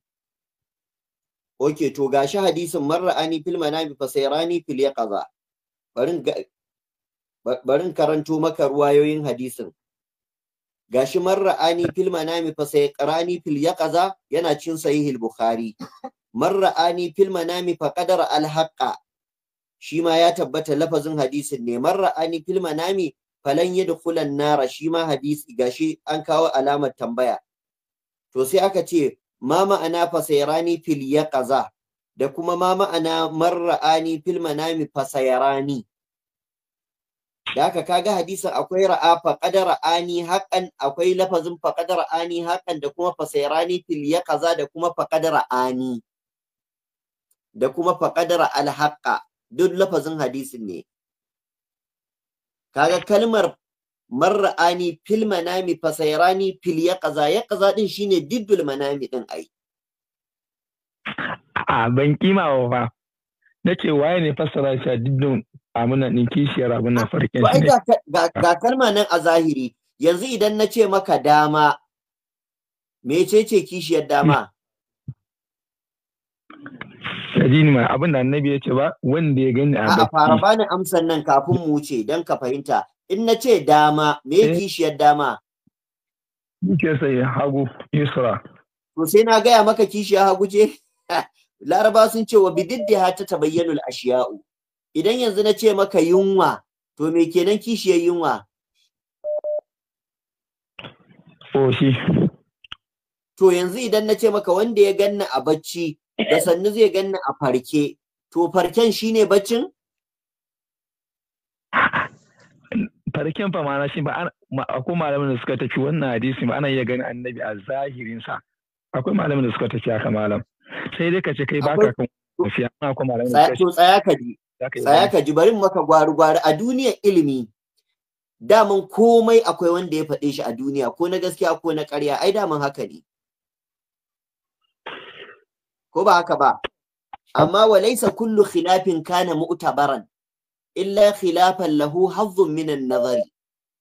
Oke to gashi hadisin ani filma nami fa rani fil yaqaza. Barin barin karanto maka ruwayoyin hadisin. gashi marra'ani fil manami fa sai qarani fil yaqaza yana cin sahihil bukhari marra'ani fil manami fa qadara al shi ma ya tabbata lafazin hadisin ne marra'ani fil manami falan yadkhulan nara shi ma hadisi gashi an kawo alamar tambaya to sai aka ce ma ma'ana fa sayrani fil yaqaza da kuma ma ma'ana marra'ani fil manami fa sayrani da haka kaga hadisin akwai ra'a qadara ani haƙan akwai lafazin qadara ani haƙan da kuma sayrani fil yaqaza da kuma qadara ani da kuma qadara al haqqa duk lafazin hadisin ne kaga kalmar ani fil manami sayrani fil yaqaza yaqaza din shine diddul manami din ai a ban kima ba nake waye ne fassara shi diddun abunan ɗin kishiyar abunan farkin shi ne. Ga kalma nan a zahiri, yanzu idan na ce maka dama, me ce kishiyar dama? ni ma abin da annabi ya ce ba wanda ya gani a baki. A fara bani amsan nan kafin mu wuce don ka fahimta. In na ce dama, me eh. kishiyar dama? Kishiyar sai hagu, Yusra. To sai na gaya maka kishiyar hagu ce? Laraba sun ce wa bididdiha ta tabayyanul ashiya'u. idan yanzu na ce maka yunwa to me kenan kishiyar yunwa Oshi. To yanzu idan na ce maka wanda ya ganna a bacci da sannu zai ganna a farke, to farken shine baccin? Farken fa ma'ana shi ba akwai malamin da suka tafi wannan hadisi ba ana iya ganin annabi a zahirinsa. Akwai malamin da suka tafi haka malam. Sai dai ka ce kai baka kan tafiya akwai malamin da suka tafi. tsaya ka ji. Tsaya ka ji bari maka gwari-gwari a duniyar ilimi. Daman komai akwai wanda ya faɗe shi a duniya ko na gaskiya ko na ƙarya ai daman haka ne. Ko ba haka ba. Amma walaisa kullu khilafin kana mu'tabaran illa khilafan lahu hazzun minan nazari.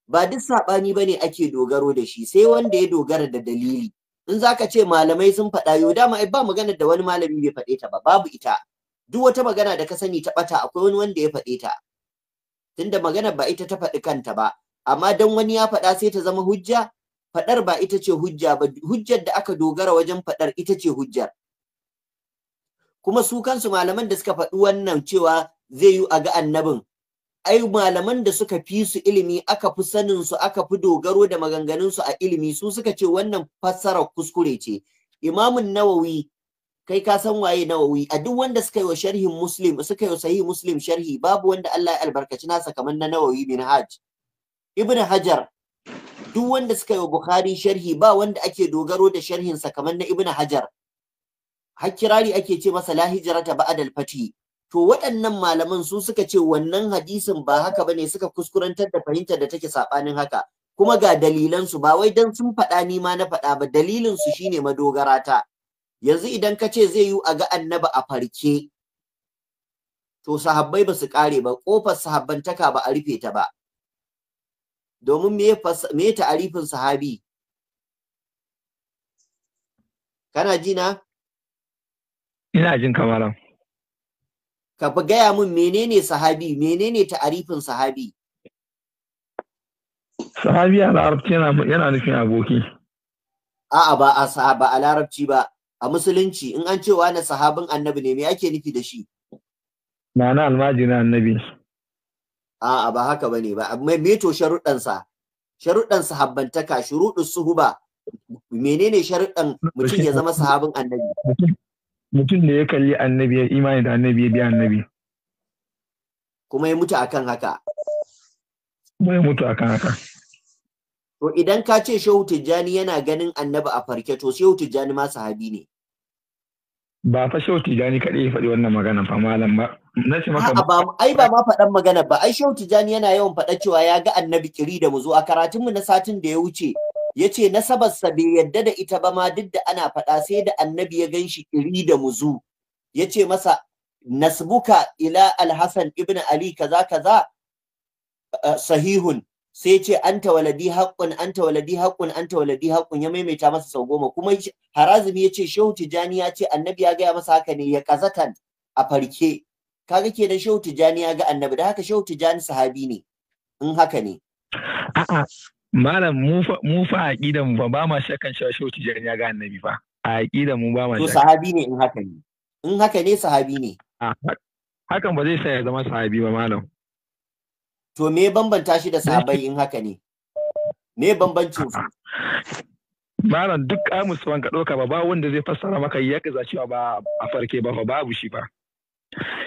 Ba duk saɓani ba ne ake dogaro da shi sai wanda ya dogara da dalili. in zaka ce malamai sun faɗa yau dama ai ba magana da wani malami bai faɗe ta ba babu ita duk wata magana da ka sani ta bata akwai wani wanda ya faɗe ta tunda magana ba ita ta faɗi kanta ba amma dan wani ya faɗa sai ta zama hujja faɗar ba ita ce hujja ba hujjar da aka dogara wajen faɗar ita ce hujjar kuma su kansu malaman da suka faɗi wannan cewa zai yi a ga annabin ai malaman da suka fi su ilimi aka fi sanin su aka fi dogaro da maganganun su a ilimi su suka ce wannan fassarar kuskure ce imamun nawawi kai ka san waye nawawi a duk wanda suka yi wa sharhin muslim suka yi sahih muslim sharhi babu wanda Allah ya albarkaci nasa kamar na nawawi bin hajj ibn hajar duk wanda suka yi wa bukhari sharhi ba wanda ake dogaro da sharhin sa kamar na ibn hajar har kirari ake ce masa la hijrata ba'da al-fati to waɗannan malaman su suka ce wannan hadisin ba haka bane suka kuskurantar da fahimtar da take sabanin haka kuma ga dalilan su ba wai dan sun faɗa ni ma na faɗa ba dalilin su shine madogara ta yanzu idan ka ce zai yi a ga Annaba a farke to sahabbai ba su kare ba kofar sahabbantaka ba a rufe ta ba domin me me arifin sahabi kana ji na ina jin kamaran. ka fi gaya min menene sahabi menene arifin sahabi sahabi a larabci yana nufin aboki a'a ba a sahaba a larabci ba a musulunci in an cewa na sahabin annabi ne me ake nufi da shi ma'ana almajirin annabi a'a ba haka bane ba me to sharuɗan sa sharuɗan sahabbantaka shuruɗu suhuba menene sharuɗan mutum ya zama sahabin annabi mutum da ya kalli annabi ya imani da annabi ya bi annabi kuma ya mutu akan haka kuma ya mutu akan haka To idan ka ce Shehu Tijjani yana ganin annabi a farke to Shehu Tijjani ma sahabi ne. Ba fa Shehu Tijjani kaɗai ya faɗi wannan magana fa malam ba. Na maka ba. Ai ba ma faɗan magana ba. Ai Shehu Tijjani yana yawan faɗa cewa ya ga annabi kiri da mu zo a karatunmu na satin da ya wuce. yace nasabar sa bai yadda da ita ba ma duk da ana faɗa sai da annabi ya gan shi kiri da muzu. Ya ce masa nasbuka ila alhassan ibn Ali kaza kaza eh, sahihun sai ce "An waladi haƙƙun, an waladi haƙƙun, an waladi haƙƙun" ya maimaita masa sau goma kuma harazimi ya ce shehu tijani ya ce annabi ya gaya masa haka ne ya ƙazatan a farke kaga ke da shehu tijani ya ga annabi da haka shehu tijani sahabi ne in haka ne a'a malam mu fa aqidan mu fa ba ma shakkan cewa shehu tijani ya ga annabi fa a aqidan mu ba ma to sahabi ne in haka ne in haka ne sahabi ne hakan ba zai sa ya zama sahabi ba malam to me bambanta shi da sabai in haka ne me bambancin su Malam duk amus ban ka ɗauka ba ba wanda zai fassara maka ya kaza cewa ba a farke ba babu shi ba.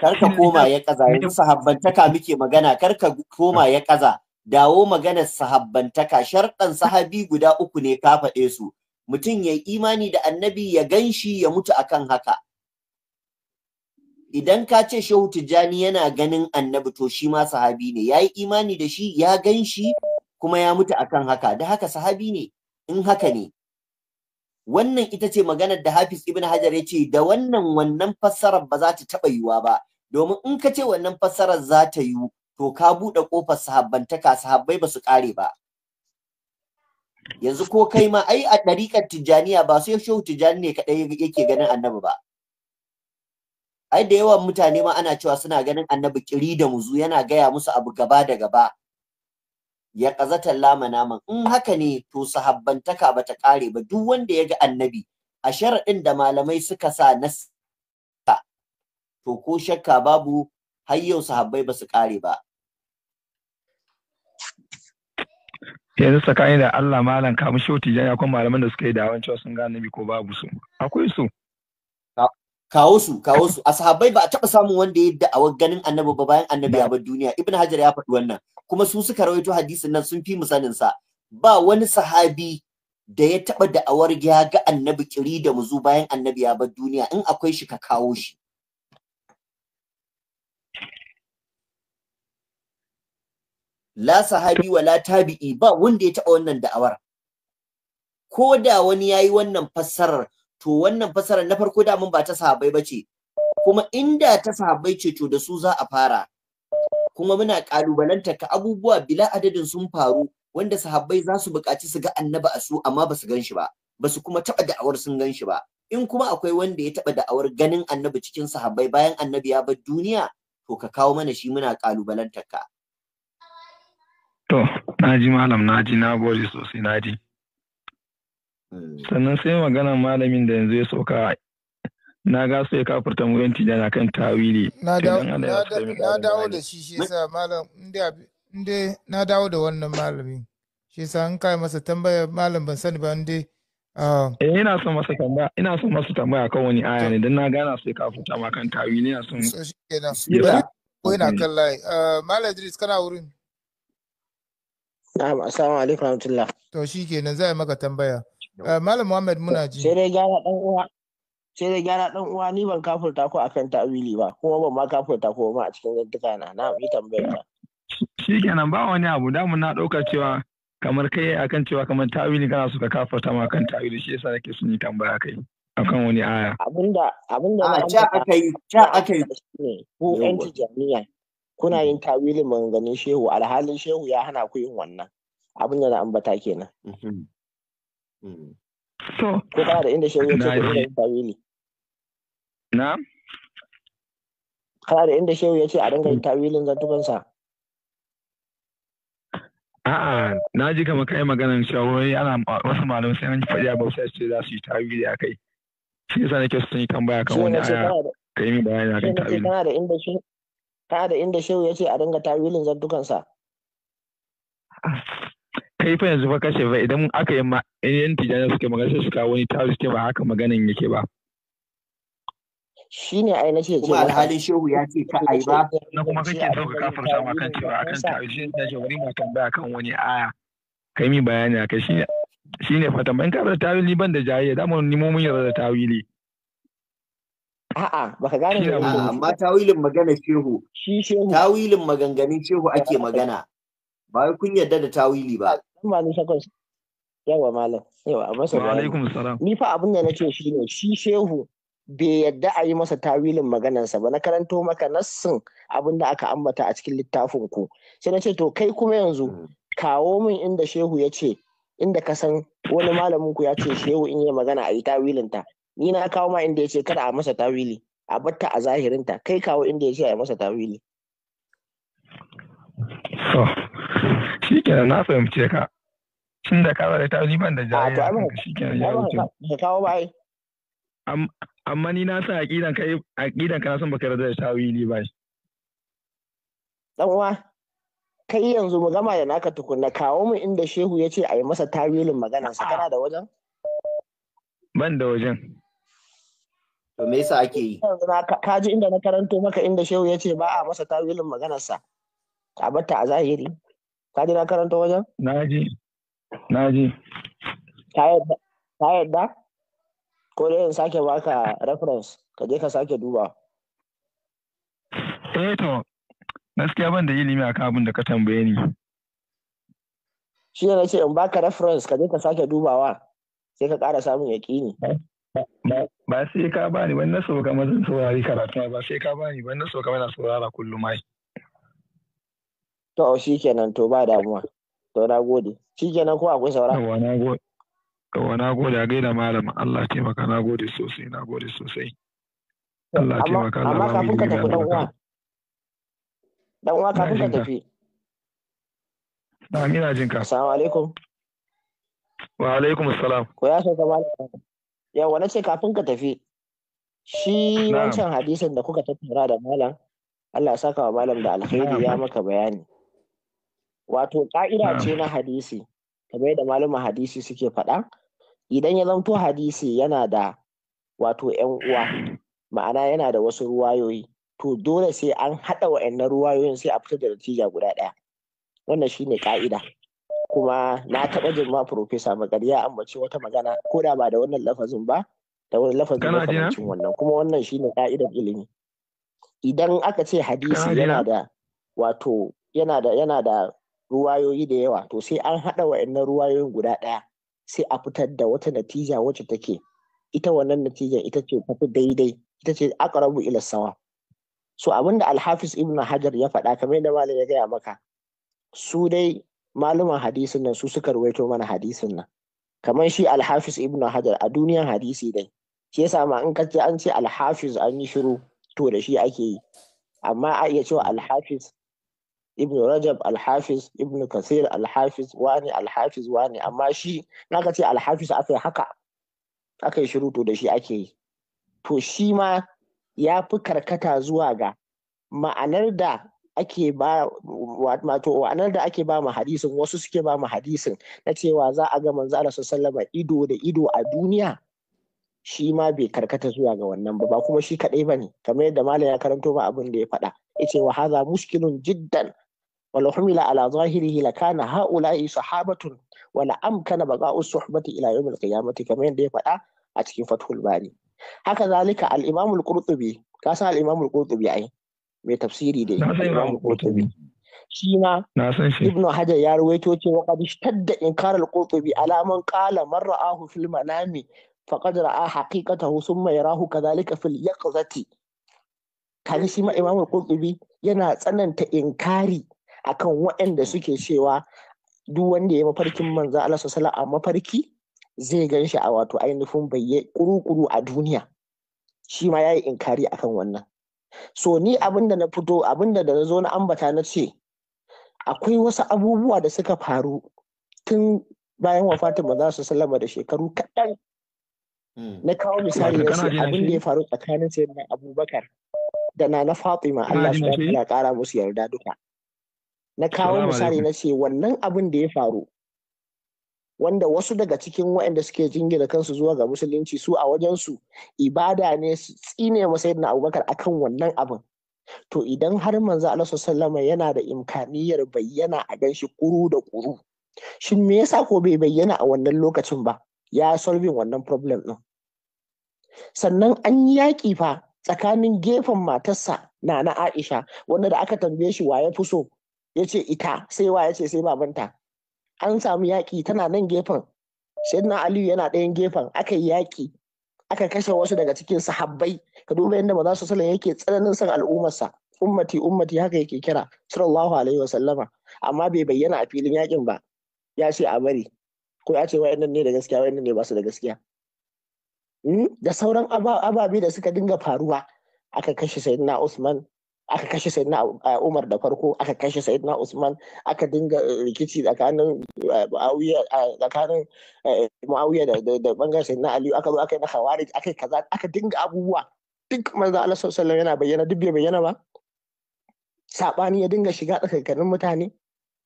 Kar ka koma ya kaza yanzu sahabbantaka muke magana kar ka koma ya kaza dawo maganar sahabbantaka sharɗan sahabi guda uku ne ka faɗe su mutum ya imani da annabi ya ganshi ya mutu akan haka idan ka ce shehu tijjani yana ganin annabi to shi ma sahabi ne ya yi imani da shi ya gan shi kuma ya mutu akan haka da haka sahabi ne in haka ne wannan ita ce maganar da hafiz ibn hajar ya ce da wannan wannan fassarar ba za ta taɓa yiwuwa ba domin in ka ce wannan fassarar za ta yiwu to ka buɗe ƙofar sahabbantaka sahabbai ba su ƙare ba yanzu ko kai ma ai a ɗariƙar tijjaniya ba sai shehu tijjani ne kaɗai yake ganin annabi ba ai da yawan mutane ma ana cewa suna ganin annabi kiri da muzu yana gaya musu abu gaba da gaba ya kazatan lama naman in haka ne to sahabbantaka ta kare ba duk wanda ya ga annabi a sharaɗin da malamai suka sa na to ko shakka babu har yau sahabbai ba su kare ba yanzu tsakanin da Allah malam Kamu shoti kuma malaman da suka yi da cewa sun ga annabi ko babu su akwai su kawo su kawo su ba a taba samun wanda ya da'awa ganin annabi ba bayan annabi ya bar duniya ibnu hajar ya faɗi wannan kuma su suka rawaito hadisin nan sun fi misalin sa ba wani sahabi da ya taba da'awar ya ga annabi kiri da muzu bayan annabi ya bar duniya in akwai shi ka kawo shi la sahabi wala tabi'i ba wanda ya taba wannan da'awar ko da wani ya yi wannan fassarar to wannan fasarar na farko da mun ba ta sahabbai ce. kuma inda ta sahabbai ce to da su za a fara kuma muna kalubalanta ka abubuwa bila adadin sun faru wanda sahabbai za su buƙaci su ga annaba a su amma ba su gan shi ba ba su kuma taɓa da'awar sun gan shi ba in kuma akwai wanda ya taɓa da'awar ganin annabi cikin sahabbai bayan annabi ya bar duniya to ka kawo mana shi muna kalubalantar ka to na ji malam na ji na gode sosai na ji Eh. sannan sai magana malamin da yanzu ya sauka na ga su ya kafurta mu yanti da kan tawili na dawo da shi shi sa malam inda na dawo da wannan malamin shi sa an kai masa tambaya malam ban sani ba inda ah. eh ina son masa tambaya ina son masa tambaya kan wani aya ne dan na gana sai ka futa ma kan tawili ina son so shi kenan ko ina kan layi ah, malam Idris kana wurin na'am assalamu alaikum warahmatullah to shi kenan zai maka tambaya Eh, Malam Muhammad muna ji. Sai dai gyara ɗan uwa. Sai dai gyara ɗan uwa ni ban kafurta ko akan ta'wili ba kuma ban ma kafurta ko ma a cikin zantuka na na yi tambayar Shi kenan ba wani abu da mun na dauka cewa kamar kai akan cewa kamar ta'wili kana suka kafurta ma akan ta'wili shi yasa nake sun yi tambaya kai. akan wani aya. Abinda abinda a ah, ja aka yi ja aka yi ku yan jami'a kuna yin mm. tawilin maganganun shehu alhalin shehu ya hana ku yin wannan abinda na ambata kenan. Mm-hmm. To. Mm. Ko kana da inda shehu ya ce ku dinga yin Na? Kana da inda shehu ya ce a dinga yin tawilin zantukansa? A'a, na ji kamar kai maganar shawarwari ana wasu malamai sai an faɗi a bauta ce za su yi tawili a kai. Shi yasa nake son yi tambaya kan wani aya ka yi min bayani akan tawili. Kana da inda shehu kana da inda shehu ya ce a dinga tawilin zantukansa? Ah. kai fa yanzu fa kashe fa idan aka yi yan tijjani suke magana sai su kawo wani ta suke ba haka maganan yake ba shi ne ai nace ce kuma alhalin shehu ya ce ka ai ba na kuma kake so ka kafirta ma kan cewa akan ta shi ta ce wani mai tambaya kan wani aya kai mi bayani kai shi ne shi ne fatan ban ta wili ban da jahiliya da mun nemo mun yarda da wili. A'a, baka gane ba. Amma tawilin magana shehu. Shi shehu. Tawilin maganganun shehu ake magana. Ba kun yarda da tawili ba. ba ni sakon yawa malam yawa a masa alaikum salam ni fa abin da nace shine shi shehu bai yadda a yi masa tawilin maganarsa ba na karanto maka nassin abin da aka ambata a cikin littafin ku sai na ce to kai kuma yanzu hmm. kawo min inda shehu ya ce inda ka san wani malamin ku ya ce shehu in yi magana a yi tawilin ta ni na kawo ma inda ya kada a masa tawili a batta a zahirin ta kai kawo inda ya a yi masa tawili shi kenan na fahimce ka tun da kawo da ta ni ban da jayayya shi ke ya wuce ka kawo bai. amma ni na sa aqidan kai ka na san baka yarda da tawili ba dan uwa kai yanzu mu gama da naka tukunna kawo mu inda shehu ya ce a yi masa tawilin magana sa kana da wajen ban da wajen to me yasa ake yi Yanzu ka ji inda na karanto maka inda shehu ya ce ba a masa tawilin maganarsa, ka bata a zahiri ka ji na karanto wajen na ji na ji Ta yadda ko dai in sake baka reference ka je ka sake duba eh to gaskiya ban da ilimi akan abin da ka tambaye ni shi ne ce in baka reference ka je ka sake dubawa sai ka ƙara samun yaƙini ba sai ka ni wani na sauka mazan saurari karatu ba sai ka ni wani na sauka mana saurara kullum ai to shi kenan to ba damuwa to na gode shi kenan ko akwai saura yawa na gode yawa na gode a gaida malam Allah taimaka na gode sosai na gode sosai Allah taimaka Allah amma kafin ka tafi dan uwa dan uwa kafin ka tafi na ina jin ka assalamu alaikum wa alaikum assalam ko ya sauka malam yawa ce kafin ka tafi shi wancan hadisin da kuka tattara da malam Allah ya saka wa malam da alkhairi ya maka bayani wato ƙa'ida ce na hadisi kamar yadda malaman hadisi suke faɗa idan ya zamto hadisi yana da wato yan uwa ma'ana yana da wasu ruwayoyi to dole sai an haɗa wa'annan ruwayoyin sai a fitar da natija guda ɗaya wannan shine ƙa'ida kuma na taɓa jin ma profesa magari ya ambaci wata magana ko da ba da wannan lafazin ba da wani lafazin makamancin wannan kuma wannan shine ƙa'idar ilimi idan aka ce hadisi yana da wato yana da yana da ruwayoyi da yawa to sai an haɗa wa'annan ruwayoyin guda ɗaya sai a fitar da wata natija wacce take ita wannan natijan ita ce tafi daidai ita ce aqrabu ila sawa so abinda alhafiz ibn hajar ya faɗa kamar yadda malam ya gaya maka su dai malaman hadisin nan su suka ruwaito mana hadisin nan kamar shi Alhafis ibn hajar a duniyan hadisi dai shi yasa ma in ka ce an ce alhafiz an yi shiru to da shi ake yi amma a iya cewa Alhafis. ibn rajab alhafiz ibn kasir alhafiz wani alhafiz wani amma shi na ce alhafiz aka yi haka aka yi shiruto da shi ake yi to shi ma ya fi karkata zuwa ga ma'anar da ake ba wato ma'anar da ake ba mu hadisin wasu suke ba mu hadisin na cewa za a ga manzo Allah sallama ido da ido a duniya shi ma bai karkata zuwa ga wannan ba ba kuma shi kadai bane kamar yadda malam ya karanto ba abin da ya faɗa yace wa haza mushkilun jiddan ولو حمل على ظاهره لكان هؤلاء صحابة ولا أمكن بقاء الصحبة إلى يوم القيامة كما يندي فدا أتكين فتح الباري هكذلك الإمام القرطبي كاسا الإمام القرطبي أي mai tafsiri da Imam Qurtubi shi ma Ibn Hajar ya ruwaito cewa qad ishtadda inkar al-Qurtubi ala man qala man ra'ahu fil manami faqad ra'a haqiqatahu thumma yarahu kadhalika fil yaqzati kaga shi ma Imam yana tsananta inkari akan waɗanda mm. suke cewa duk wanda ya mafarkin manzo Allah sala a mafarki zai gan shi a wato ainihin bayye kuru-kuru a duniya shi ma yi inkari akan wannan so ni abinda na fito abinda da na zo na ambata na ce akwai wasu abubuwa da suka faru tun bayan wafatin manzo sallallahu sallama da shekaru kaɗan mm. na kawo misali ya ce abin ya faru tsakanin sayyidina Abubakar da na na Fatima Allah shi ya kara musu yarda duka na kawo misali na ce wannan abin da ya faru wanda wasu daga cikin waɗanda suke jingina kansu zuwa ga musulunci su a wajensu ibada ne su tsine masa yadda abubakar akan wannan abin to idan har manzo Allah sallama yana da imkaniyar bayyana a ganshi kuru da kuru shin me yasa ko bai bayyana a wannan lokacin ba ya solving wannan problem din sannan an yaƙi fa tsakanin gefen matarsa na na Aisha wanda da aka tambaye shi wa ya fi so ya ce ita sai wa ya ce sai babanta an samu yaƙi tana nan gefen na aliyu yana ɗayan gefen aka yi yaƙi aka kashe wasu daga cikin sahabbai ka duba yadda maza su sallan yake tsananin son al'ummarsa ummati ummati haka yake kira sallallahu alaihi wa sallama amma bai bayyana a filin yaƙin ba ya ce a bari ko ya ce wa'annan ne da gaskiya wa'annan ne ba su da gaskiya hmm? da sauran ababe da suka dinga faruwa aka kashe sayyidina usman aka kashe sayidina eh, Umar da farko aka kashe sayidina Usman aka dinga eh, rikici tsakanin eh, Muawiya tsakanin Muawiya da da bangaren sayyidina Ali aka zo aka yi na Khawarij aka yi kaza aka dinga abubuwa duk manzo Allah sallallahu alaihi wasallam yana bayyana duk bai bayyana ba sabani ya dinga shiga tsakankanin mutane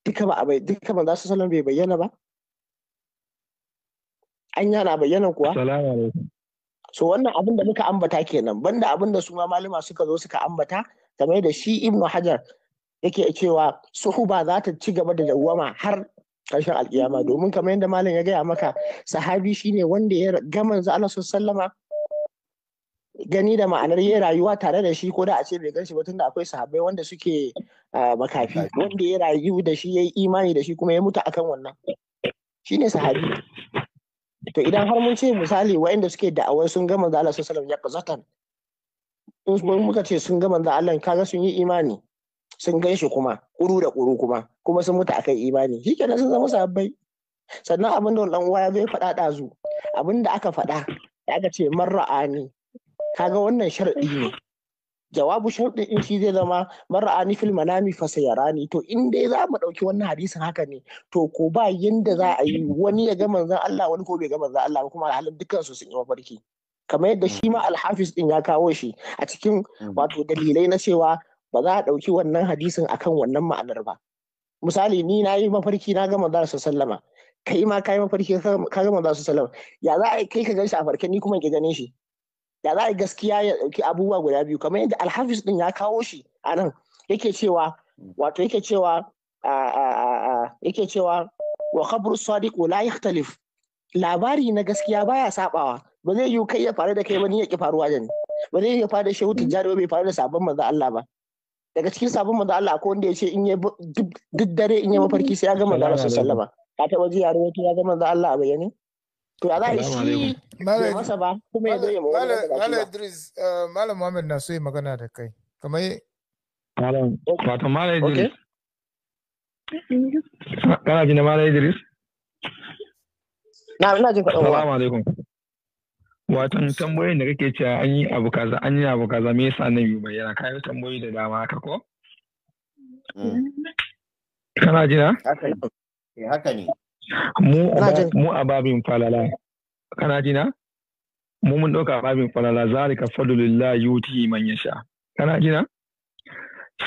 duka ba bai duka manzo sallallahu bai bayyana ba an yana bayyana kuwa assalamu alaikum so wannan abin da muka ambata kenan banda abin da su ma malama suka zo suka ambata kamar da shi ibnu hajar yake cewa suhuba za ta ci gaba da dawwama har karshen alkiyama mm-hmm. domin kamar yadda malam ya gaya maka sahabi shine wanda ya ga manzo Allah sallama gani da ma'anar ya rayuwa tare da shi ko da a ce bai ganshi ba tunda akwai sahabbai wanda suke makafi wanda ya rayu da shi ya yi imani da shi kuma ya mutu akan wannan shine sahabi to idan har mun ce misali wa'inda suke da'awar sun gama manzo Allah sallallahu ya in muka ce sun ga manzo Allah kaga sun yi imani sun gan shi kuma kuru da kuru kuma kuma sun mutu akan imani shi kenan sun zama sahabbai sannan abin da wannan uwa ya zo faɗa ɗazu abin da aka faɗa ya aka ce man kaga wannan sharadi ne jawabu sharɗin in shi zai zama mara'ani ra'ani fil manami fa sayarani to in dai za mu ɗauki wannan hadisin haka ne to ko ba yanda za a yi wani ya ga manzon Allah wani ko bai ga manzon Allah kuma halin dukkan su sun yi mafarki kamar yadda shi ma mm. alhafis din ya kawo shi a cikin mm. wato dalilai na cewa ba za a ɗauki wannan hadisin akan wannan ma'anar ba misali ni na yi mafarki na gama za su sallama kai ma ka yi mafarki ka gama za su sallama ya za a kai ka gan shi a farke ni kuma ki gane shi ya za a gaskiya ya ɗauki abubuwa guda biyu kamar yadda Alhafis din ya kawo shi a nan yake cewa mm. wato yake cewa yake cewa wa khabru sadiq la yakhtalif labari na gaskiya baya sabawa ba zai yiwu kai ya faru da kai ba ni ya ki faruwa da ni ba zai ya faru da shehu ba bai faru da sabon manzo Allah ba daga cikin sabon manzo Allah akwai wanda ya ce in yi duk dare in yi mafarki sai ya gama da Allah sallama ka taba ji yaro wato ya gama da Allah a bayyane to a za a shi masa ba kuma ya zo ya malam Idris eh, malam Muhammad na so yi magana da kai kamar malam wato malam Idris kana ji na malam Idris na ina jin faɗa wa alaikum Watan tambayoyin da kake cewa an yi abu kaza an yi abu kaza me yasa annabi bai bayyana ka yi tambayoyi da dama haka ko? Mm. Kana jina? Haka ne. Eh, mu a babin falala. Kana jina? Mu mun ɗauka a babin falala zalika fadlullah yuti man yasha. Kana jina?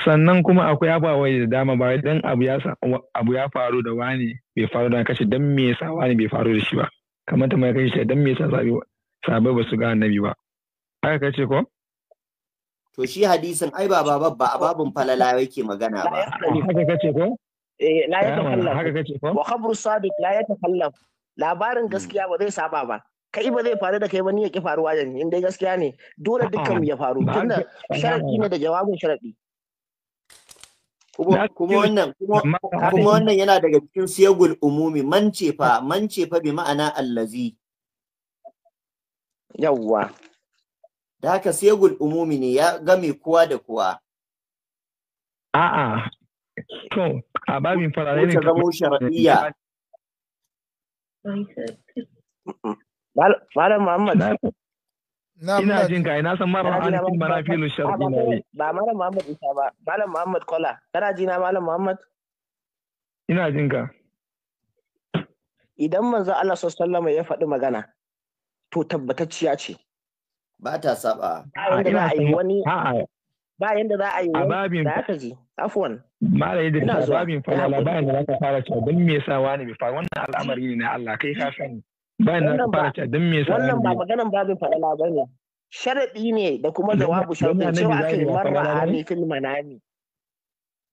Sannan kuma akwai abawai da dama ba dan abu ya abu ya faru da wani bai faru da kashi dan me yasa wani bai faru da shi ba. Kamar ta mai kace dan me yasa sahabbai ba su ga annabi ba haka kace ko to shi hadisin ai ba ba ba a babun falala yake magana ba haka kace ko eh la ah, ya takallaf haka kace ko wa khabru sabiq la ya labarin hmm. gaskiya ba zai saba ba kai ba zai faru da kai ba ni ya ki faruwa da ni in dai gaskiya ne dole ah, dukkan ya faru tunda sharadi ne da jawabin sharadi kuma wannan kuma wannan yana daga cikin siyagul umumi man ce man fa bi ma'ana allazi yawwa da haka segul umumi ne ya game kowa da kowa a'a to a babin farare ne zamo shar'iyya Malam Muhammad ina jin ka ina san marar alifin marafilu shar'i na yi ba malam Muhammad Isa ba malam Muhammad Kola kana ji na malam Muhammad ina jin ka idan manzo Allah sallallahu alaihi ya faɗi magana to tabbatacciya ce ba ta saba Ba yadda za a yi wani da za a yi wani da mala yadda ta babin falala bayan da za ka fara cewa don me yasa wani bai fara wannan al'amari ne na Allah kai ka sani bayan da za ka fara cewa don me yasa wannan ba maganan babin falala bane sharadi ne da kuma jawabu sharadi cewa aka yi marra ani fil manami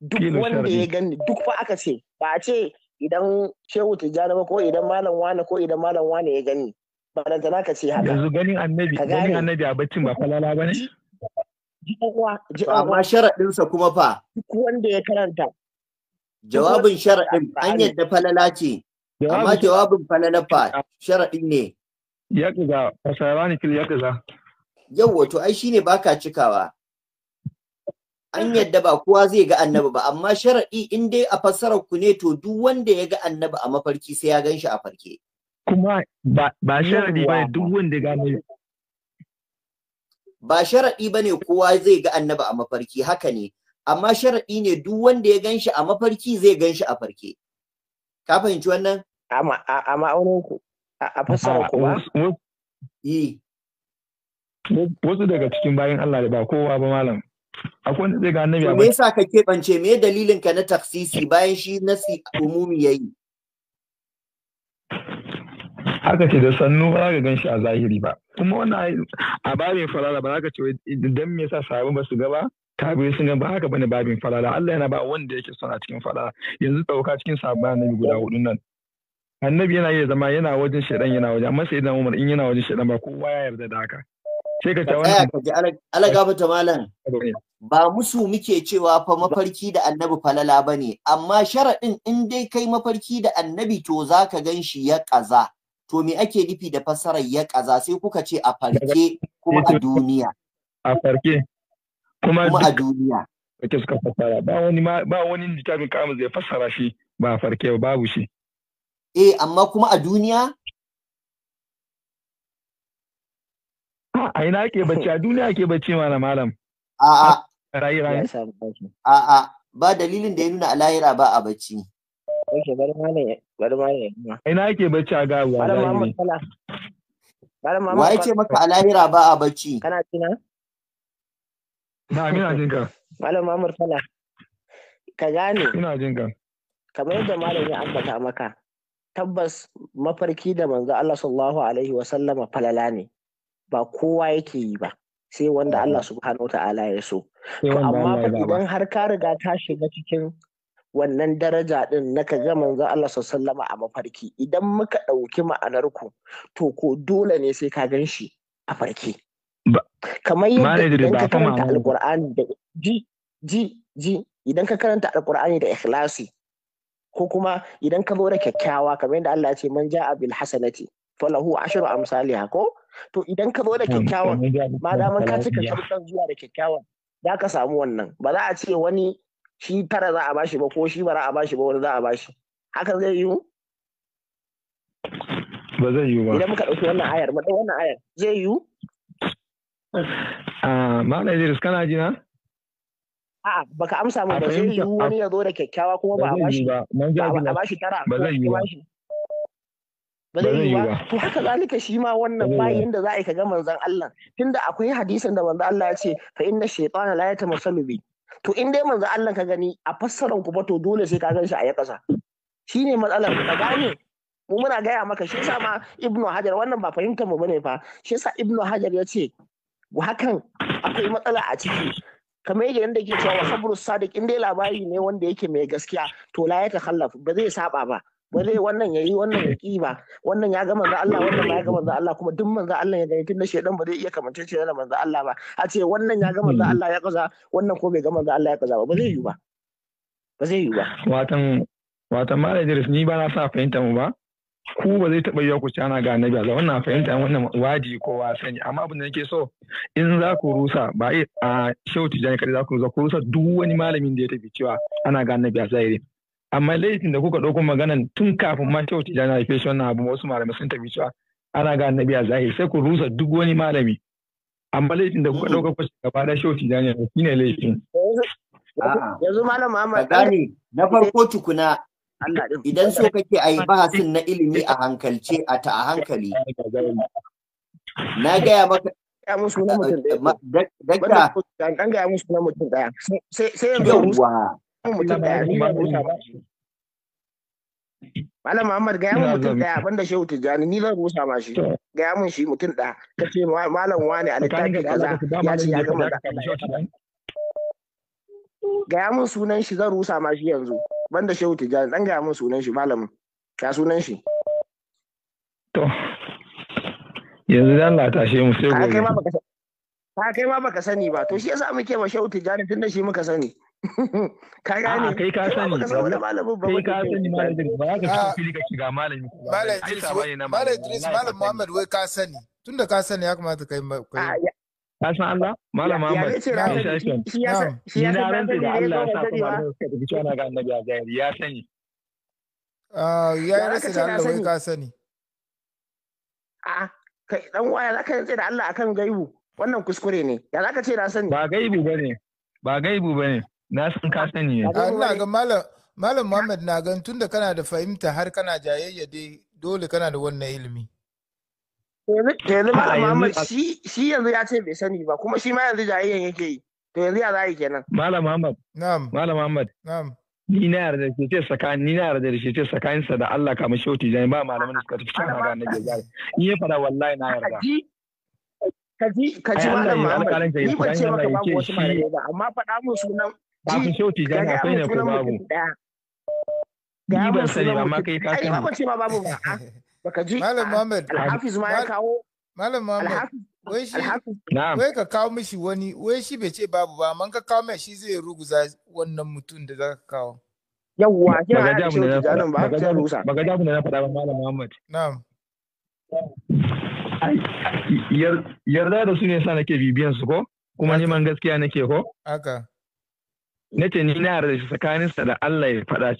duk wanda ya gani duk fa aka ce ba a ce idan shehu tijjani ba ko idan malam wane ko idan malam wane ya gani barantana ka ce haka yanzu ganin annabi ganin annabi a baccin ba falala ba ne? amma sharaɗinsa kuma fa duk wanda ya karanta jawabin sharaɗin an yadda falala ce amma jawabin falala fa sharaɗin ne ya fasara ne kil ya ƙiza. Yau wato ai shine baka cikawa an yadda ba kowa zai ga annabi ba amma sharaɗi in dai a fasarar ku ne to duk wanda ya ga annabi a mafarki sai ya gan shi a farke kuma ba sharaɗi ba duk wanda ga mai ba sharaɗi ba ne kowa zai ga annaba a mafarki haka ne amma sharaɗi ne duk wanda ya ganshi a mafarki zai ganshi a farke ka fahimci wannan amma a ma'aunin ku a fassara kuma eh. wasu daga cikin bayan Allah da ba kowa ba malam akwai wanda zai ga annabi a me yasa ka keɓance me dalilin ka na taksisi bayan shi nasi umumi yayi haka ce da sannu ba za ka gan shi a zahiri ba kuma wannan a babin falala ba za ka ce idan me yasa sahabu ba su gaba ba kabiru sun gan ba haka bane babin falala Allah yana ba wanda yake son a cikin falala yanzu dauka cikin na annabi guda hudu nan annabi yana iya zama yana wajen shaidan yana wajen amma sai idan Umar in yana wajen shaidan ba kowa ya yarda da haka sai ka tawa ka ji ala gafata malam ba musu muke cewa fa mafarki da annabi falala bane amma sharadin in dai kai mafarki da annabi to zaka gan shi ya kaza to me ake nufi da fassarar ya kaza sai kuka ce a farke kuma a duniya a farke kuma a duniya Wake suka fassara ba wani ba wani littafin kamun zai fassara shi ba a farke ba babu shi eh amma kuma a duniya a ina ake bacci a duniya ake bacci malam malam a a rayi rayi a a ba dalilin da ya nuna a lahira ba a bacci Okay, bari ma ne, bari ma ne. Ina yake bacci a ga ba. Bari ma kala. Bari ma. Wai ce maka a lahira ba a bacci. Kana tina? Na ina jin ka. Malam Mamur kala. Ka gane. Ina jin ka. Kamar yadda malam ya ambata maka. Tabbas mafarki da manzo Allah sallallahu alaihi wa sallama falala ne. Ba kowa yake yi ba. Sai wanda Allah subhanahu wa ta'ala ya so. To amma idan har ka riga ka shiga cikin wannan daraja din na ka ga manzo Allah sallama a mafarki idan muka ɗauki ma'anar ku to ko dole ne sai ka gan shi a farki kamar yadda ka karanta alqur'ani da ji ji ji idan ka karanta alqur'ani da ikhlasi ko kuma idan ka zo da kyakkyawa kamar yadda Allah ya ce man ja'a bil hasanati falahu ashru amsalha ko to idan ka zo da ma da ka cika sharuɗan zuwa da kyakkyawa za ka samu wannan ba za a ce wani shi tara za a bashi ba ko shi ba za a bashi ba wani za a bashi hakan zai yiwu ba zai yiwu ba idan muka ɗauki wannan ayar mu wannan ayar zai yiwu a ah, Idris kana riska na? A'a baka amsa mu ba zai yiwu wani ya zo da kyakkyawa kuma ba a bashi ba a bashi tara ba zai yiwu ba ba zai yiwu ba to haka zalika shi ma wannan ba yanda za a yi ka ga manzon Allah tunda akwai hadisin da manzon Allah ya ce fa inna shaytana la yatamassalu bi to in dai manzo Allah ka gani a fassaran ku ba to dole sai ka ganshi a ya kasa shine matsalar ka gane mu muna gaya maka shi yasa ma Ibnu Hajar wannan ba fahimtar mu bane fa shi yasa Ibnu Hajar ya ce hakan akwai matsala a ciki kamar yadda yadda ke cewa sabru sadiq in dai labari ne wanda yake mai gaskiya to la ya takhallaf ba zai saba ba wale wannan yayi wannan ya ki ba wannan ya ga manzo Allah wannan ba ya ga manzo Allah kuma duk manzo Allah ya gani tunda dan ba zai iya kamance shi da manzo Allah ba a ce wannan ya ga manzo hmm. Allah ya kaza wannan ko bai ga manzo Allah ya kaza ba ba zai yi ba ba zai yi ba watan watan malam Idris ni ba na sa fahimta mu ba ku ba zai taɓa yi ku ana ga annabi Allah wannan fahimta wannan waji ko sani amma abin da nake so in za ku rusa ba a shehu tijani kada za ku rusa ku rusa duk wani malamin da ya tafi cewa ana ga annabi a zahiri amma laifin da kuka ɗauko maganan tun kafin ma kyauti da na haife shi wannan abu wasu malamai sun tafi cewa ana ga annabi a zahiri sai ku rusa duk wani malami amma laifin da kuka ɗauka kwashe gaba da shoti da ne shi ne laifin. yanzu malam Muhammad gane na farko tukuna idan so kake a yi bahasin na ilimi a hankalce a ta a hankali na gaya maka gaya musu na mutum Dakta. gaya musu na mutum daya Sai yanzu. mutum daya ni Malam Muhammad gaya mun mutum daya abinda Shehu Tijjani ni zan rusa ma shi gaya mun shi mutum daya kace malam wani a littafi kaza ya ce ya gama da gaya mun sunan shi zan rusa ma shi yanzu banda Shehu Tijjani dan gaya mun sunan shi malam Ka sunan shi to yanzu dan la mu sai gobe ka kai ma baka sani ba to shi yasa muke ma Shehu Tijjani tunda shi muka sani kai gani kai ka sani kai ka sani malamin ba ka ka ah. fili ka shiga malami malamin Idris malamin Muhammad wai ka sani tunda ka sani ya kamata kai ah, ka san Allah malam Muhammad ya shi ya san shi ya san da Allah ya sa ku malamin ka tafi cewa ga annabi a jahili ya sani ah ya yi rasa da Allah wai ka sani a kai dan waya zaka yi da Allah akan gaibu wannan kuskure ne ya zaka ce na sani ba gaibu bane ba gaibu bane na san ka sani ah, ina ga malam malam Muhammad na gan tunda kana da fahimta har kana jayayya dai dole kana da wannan ilimi yanzu malam Muhammad shi yanzu ya ce bai sani ba kuma shi ma yanzu jayayyan yake yi to yanzu ya zai kenan malam Muhammad na'am malam Muhammad na'am ni na yarda da ce tsakanin ni na yarda da shi ce sa da Allah kamar shauti jani ba malamin da suka tafi cikin hada na jajjal ni ya fara wallahi na yarda kaji kaji malam Muhammad ni ba ce maka babu wasu malamai ba amma faɗa mun sunan Kafin shauti jan sai ne ko babu. Ni ban sani ba ma kai ka sani. Ai ba ce ma babu ba. Ah, baka ji. Malam ah, Muhammad. Alhafiz ma ya kawo. Malam Muhammad. Wai shi wai ka kawo mishi wani wai shi bai ce babu ba amma ka kawo mai shi zai ruguza wannan mutum da zaka kawo. Yawwa ya kina da shauti jan ba ka rusa. Baka ji abin da na fada ba Malam Muhammad. Na'am. yarda da su ne sa nake bibiyan su ko kuma neman gaskiya nake ko haka na ce ni na yarda shi tsakaninsa da Allah ya faɗa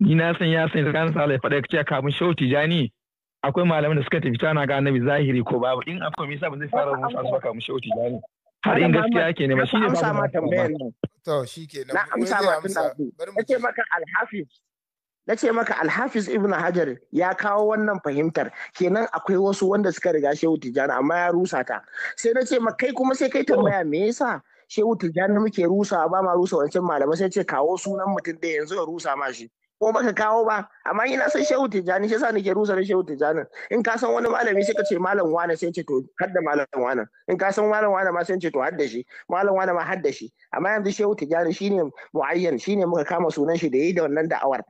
ni na san ya san tsakaninsa Allah ya faɗa ya ce kafin shau jani akwai malaman da suka tafi tana ga annabi zahiri ko babu in afko me yasa ba zai fara rubuta su kafin shau jani har in gaskiya ke nema shi ne babu ma tambayar mu na amsa ma tun da nace maka alhafiz ce maka alhafiz ibn hajar ya kawo wannan fahimtar kenan akwai wasu wanda suka riga shehu tijani amma ya rusa ta sai na ce maka kai kuma sai kai tambaya me yasa shehu tijjani muke rusa ba ma rusa wancan malamai sai ce kawo sunan mutum da yanzu ya rusa ma shi ko baka kawo ba amma ina san shehu tijjani shi yasa nake rusa na shehu tijjani in ka san wani malami sai ka ce malam wane sai ce to hadda malam wane in ka san malam wane ma sai ce to hadda shi malam wane ma hadda shi amma yanzu shehu tijjani shine muayyan ne muka kama sunan shi da yi da wannan da'awar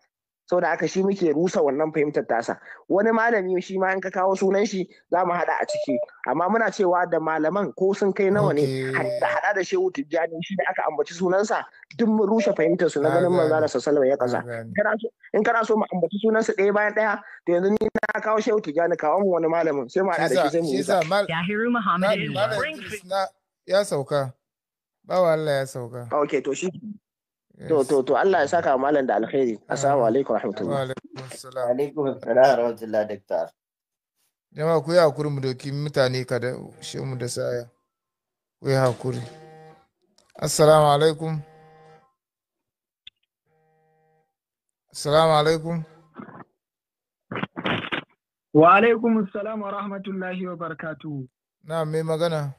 sau da aka shi muke rusa wannan fahimtar tasa wani malami shi ma in ka kawo sunan shi za mu haɗa a ciki amma muna cewa da malaman ko sun kai nawa ne da haɗa da shehu tijjani shi da aka ambaci sunansa duk mu rushe fahimtar su na ganin manzo da sallallahu ya kasa in kana so mu ambaci sunansa ɗaya bayan ɗaya to yanzu ni na kawo shehu tijjani kawo mu wani malamin sai mu haɗa da shi sai mu yi ya sauka bawa Allah ya sauka okay to shi To to to Allah ya saka malam da alkhairi. Assalamu alaikum rahmatullahi. Wa alaikum assalam. alaikum assalam rahmatullahi doctor Jama'a ku ya hakuri mu doki mutane kada shi mu da saya. Ku ya hakuri. Assalamu alaikum. Assalamu alaikum. Wa alaikum assalam wa rahmatullahi wa barakatuhu. Na mai magana.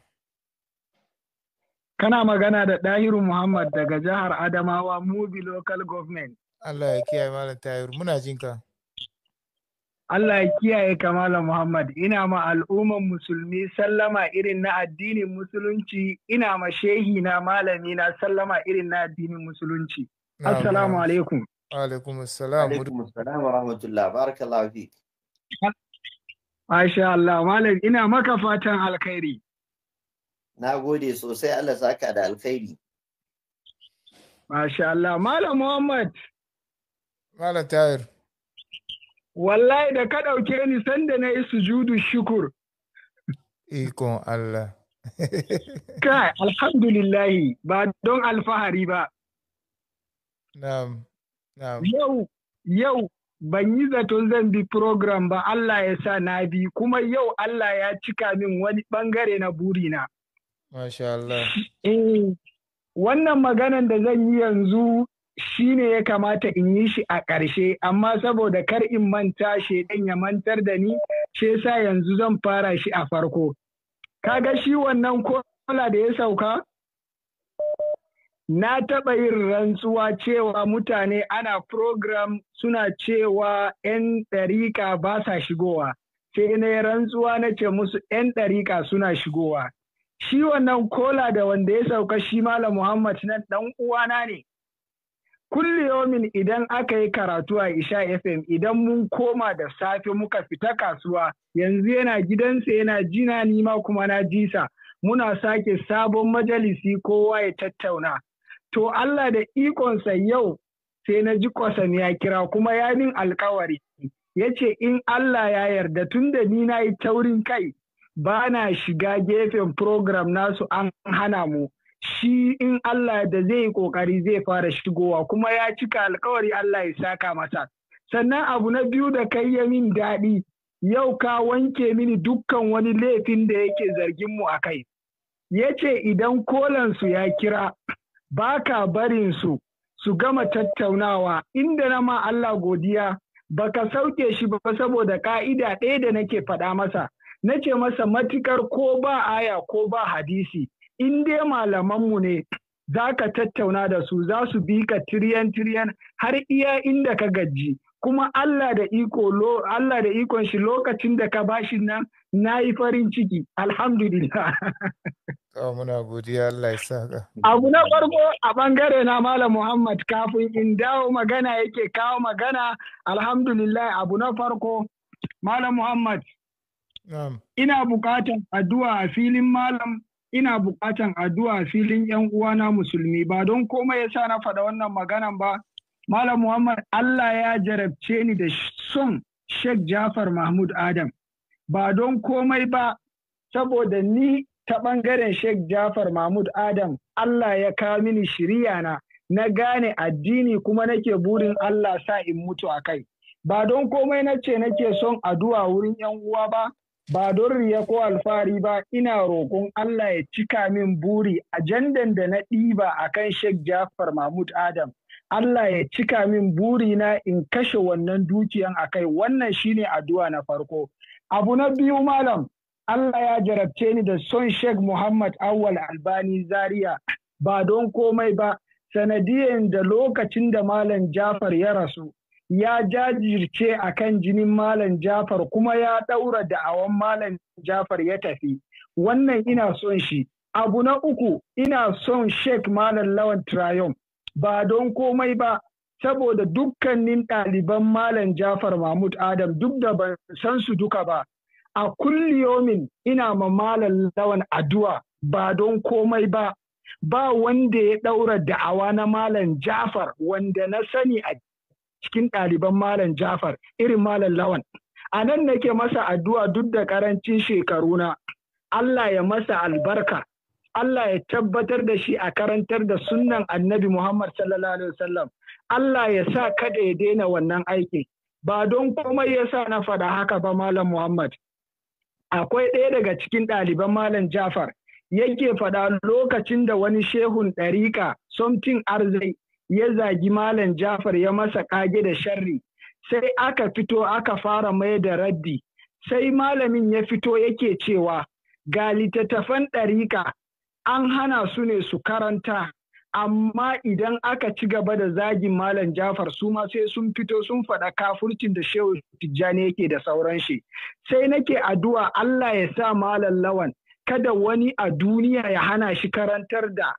Kana magana da Dahiru Muhammad daga jihar Adamawa Mubi Local Government. Allah ya kiyaye Malam Tahiru, muna jinka. Allah ya kiyaye Kamala Muhammad, ina ma al'umman musulmi sallama irin na addinin musulunci, ina ma shehi na malami na sallama irin na addinin musulunci. Assalamu alaikum. Alaikum assalam. Alaikum assalam wa rahmatullah. Barakallahu fi. Masha Allah, malam ina maka fatan alkhairi. Na gode sosai Allah saka da alkhairi. Masha Allah, Malam Muhammad. Malam Tahir. Wallahi da ka ɗauke ni sanda na yi sujudu shukur. Ikon Allah. Kai, alhamdulillahi ba don alfahari ba. Na'am, na'am. Yau, yau ban yi zaton zan bi program ba Allah ya sa na bi kuma yau Allah ya cika min wani bangare na burina. Masha Allah. Eh, wannan maganan da zan yi yanzu shi ne ya kamata in yi shi a ƙarshe, amma saboda kar in manta shaidan ya mantar da ni, shi sa yanzu zan fara shi a farko. Ka ga shi wannan kola da ya sauka? Na taɓa yin rantsuwa cewa mutane ana program suna cewa ‘yan ɗariƙa ba sa shigowa, sai na rantsuwa na ce musu ‘yan ɗariƙa suna shigowa. shi wannan kola da wanda ya sauka shi malam Muhammad nan dan uwana ne kulli yomin idan aka yi karatu a Isha FM idan mun koma da safe muka fita kasuwa yanzu yana gidansa yana jina nima kuma na jisa muna sake sabon majalisi kowa ya tattauna to Allah da ikonsa yau sai na ji kwasan ya kira kuma ya min alkawari yace in Allah ya yarda tun da ni na yi taurin kai ba na shiga gefen program nasu an hana mu shi in Allah da zai yi kokari zai fara shigowa kuma ya cika alkawari Allah ya saka masa sannan abu na biyu da kai ya min daɗi yau ka wanke mini dukkan wani laifin da yake zargin mu akai. kai ya ce idan kolansu ya kira ba ka barin su su gama tattaunawa inda na ma Allah godiya baka sauke shi ba saboda ka'ida ɗaya da nake faɗa masa na ce masa matukar ko ba aya ko ba hadisi in dai malamanmu ne za ka tattauna da su za su bi ka tiriyan tiriyan har iya inda ka gaji kuma Allah da iko Allah da ikon shi lokacin da ka bashi nan na yi farin ciki alhamdulillah oh, muna godiya Allah ya saka abu na farko a bangare na malam Muhammad kafin in dawo magana yake kawo magana alhamdulillah abu na farko malam Muhammad Ina buƙatan addu'a a filin malam, ina buƙatan addu'a a filin ‘yan uwana musulmi ba don komai sa na faɗa wannan maganan ba. Malam Muhammad Allah ya jarabce ni da son Sheikh Jafar Mahmud Adam. Ba don komai ba, saboda ni ta ɓangaren Sheikh Jafar Mahmud Adam Allah ya kawo mini shiriya na, na gane addini kuma nake burin Allah sa in mutu a kai. Ba don komai na ce nake son addu'a wurin ‘yan uwa ba, ba don riya ko alfahari ba ina roƙon Allah ya cika min buri ajandan da na ɗiba a kan Sheikh Jafar Mahmud Adam. Allah ya cika min buri na in kashe wannan dukiyan a kai wannan shine addu'a na farko. Abu na biyu malam Allah ya jarabce ni da son Sheikh Muhammad Awal Albani Zaria ba don komai ba sanadiyan da lokacin da malam Jafar ya rasu ya jajirce a kan jinin Malam Jafar kuma ya ɗaura da'awan Malam Jafar ya tafi. Wannan ina son shi. Abu na uku ina son Sheikh Malam Lawan Trayon ba don komai ba saboda dukkanin ɗaliban Malam Jafar Mahmud Adam duk da ban san su duka ba. A kulliyomin ina ma Malam Lawan addu'a ba don komai ba. Ba wanda ya ɗaura da'awa na Malam Jafar wanda na sani a cikin ɗaliban Malam Jafar irin Malam Lawan. A nan nake masa addu'a duk da ƙarancin shekaruna, Allah ya masa albarka, Allah ya tabbatar da shi a karantar da sunnan annabi Muhammad sallallahu Alaihi wasallam. Allah ya sa kada ya daina wannan aiki. Ba don komai ya sa na faɗa haka ba Malam Muhammad. Akwai ɗaya daga cikin ɗaliban Malam Jafar, yake faɗa lokacin da wani shehun ɗariƙa something arzai ya zagi Malam Jafar ya masa kage da sharri, sai aka fito aka fara mai da raddi, sai malamin ya fito yake cewa ga littattafan ɗarika an hana su ne su karanta, amma idan aka ci gaba da zagin Malam Jafar su ma sai sun fito sun faɗa kafurcin da Shehu Tijjani yake da sauran shi. Sai nake addu'a Allah ya sa Malam Lawan kada wani a duniya ya hana shi karantar da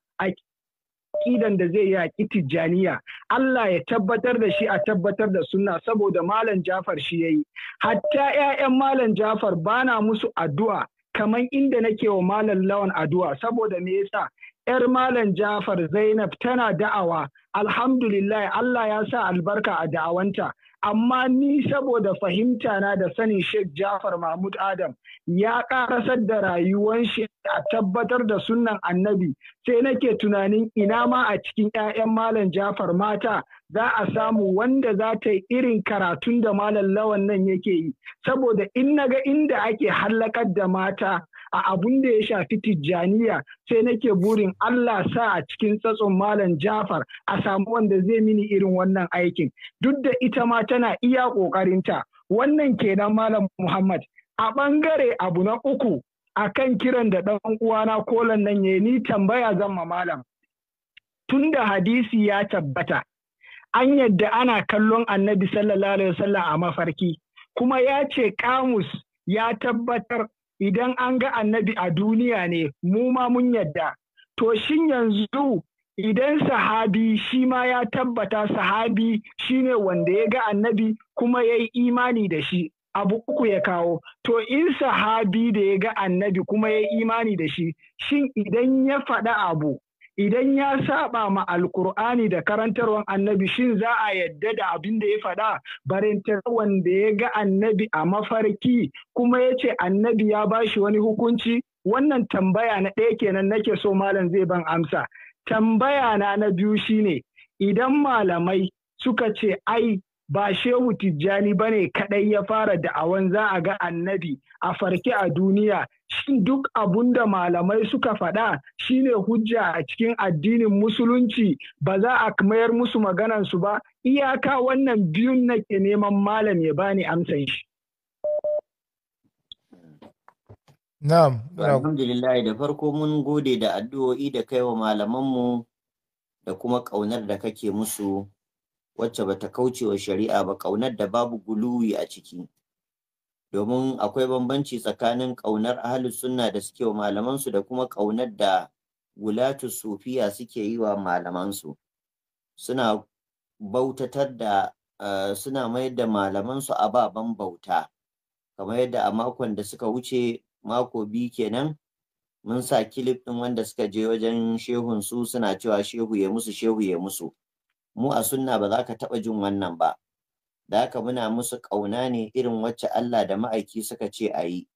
aƙidan da zai yaƙi tijjaniya Allah ya tabbatar da shi a tabbatar da sunna saboda malam Jafar shi yayi hatta 'ya'yan malam Jafar bana musu addu'a kamar inda nake wa malam lawan addu'a saboda me yasa ‘yar Malam Jafar Zainab tana da'awa, alhamdulillah Allah ya sa albarka a da'awanta, amma ni saboda fahimta na da sanin Sheikh Jafar Mahmud Adam ya karasar da rayuwan shi a tabbatar da sunnan annabi sai nake tunanin ina ma a cikin 'ya'yan Malam Jafar mata za a samu wanda za ta yi irin karatun da Malam Lawan nan yake yi saboda in naga inda ake hallakar da mata a abun da ya shafi tijjaniya sai nake burin Allah sa a cikin tsatson malam Jafar a samu wanda zai mini irin wannan aikin duk da ita ma tana iya ta. wannan kenan malam Muhammad a ɓangare abu na uku a kan kiran da ɗan uwana kolan nan ya ni tambaya zan ma malam tunda hadisi ya tabbata an yadda ana kallon annabi sallallahu alaihi wasallam a mafarki kuma ya ce kamus ya tabbatar idan an ga annabi a duniya ne mu ma mun yadda to shin yanzu idan sahabi shi ma ya tabbata sahabi shine wanda ya ga annabi kuma ya yi imani da shi abu uku ya kawo to in sahabi da ya ga annabi kuma ya yi imani da shi shin idan ya faɗa abu idan ya saba ma alkur'ani da karantarwan annabi shin za a yadda da abin da ya faɗa barintar wanda ya ga annabi a mafarki kuma ya ce annabi ya ba shi wani hukunci wannan tambaya na ɗaya kenan nake so malam zai ban amsa tambaya na na biyu shine idan malamai suka ce ai ba shehu tijjani ba ne kaɗai ya fara da'awan za a ga annabi a farke a duniya shin duk abun da malamai suka faɗa shine hujja a cikin addinin musulunci ba za a mayar musu maganansu ba iyaka wannan biyun nake neman malam ya bani amsan shi Na'am. Alhamdulillah da farko mun gode da addu'o'i da kai wa malamanmu da kuma ƙaunar da kake musu wacce bata wa shari'a ba ƙaunar da babu guluwi a ciki domin akwai bambanci tsakanin ƙaunar ahalus sunna da suke wa malamansu da kuma ƙaunar da wulatu sufiya suke yi wa malamansu suna bautatar da eh, suna mayar da malamansu a baban bauta kamar yadda a makon da suka wuce mako biyu kenan mun sa kilif ɗin wanda suka je wajen shehun su suna cewa shehu ya musu shehu ya musu mu a sunna ba za ka taɓa jin wannan ba da haka muna musu ƙauna ne irin wacce Allah da ma'aiki suka ce a yi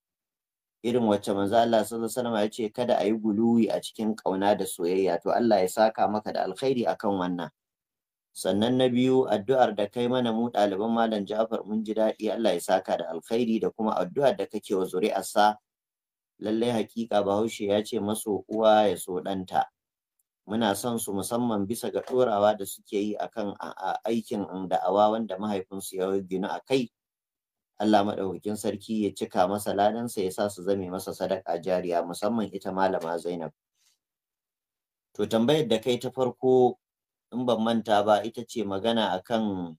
irin wacce manzo Allah sallallahu alaihi ya ce kada a yi guluwi a cikin ƙauna da soyayya to Allah ya saka maka da alkhairi a kan wannan sannan na biyu addu'ar da kai mana mu ɗaliban malam Ja'far mun ji daɗi Allah ya saka da alkhairi da kuma addu'ar da kake wa zuri'arsa lallai hakika Bahaushe ya ce maso uwa ya so ɗanta muna son su musamman bisa ga ɗorawa da suke yi akan aikin da'awa wanda mahaifinsu ya gina a kai Allah maɗaukakin sarki ya cika masa ladansa ya sa su zame masa sadaka jariya musamman ita malama Zainab to tambayar da kai ta farko in ban manta ba ita ce magana akan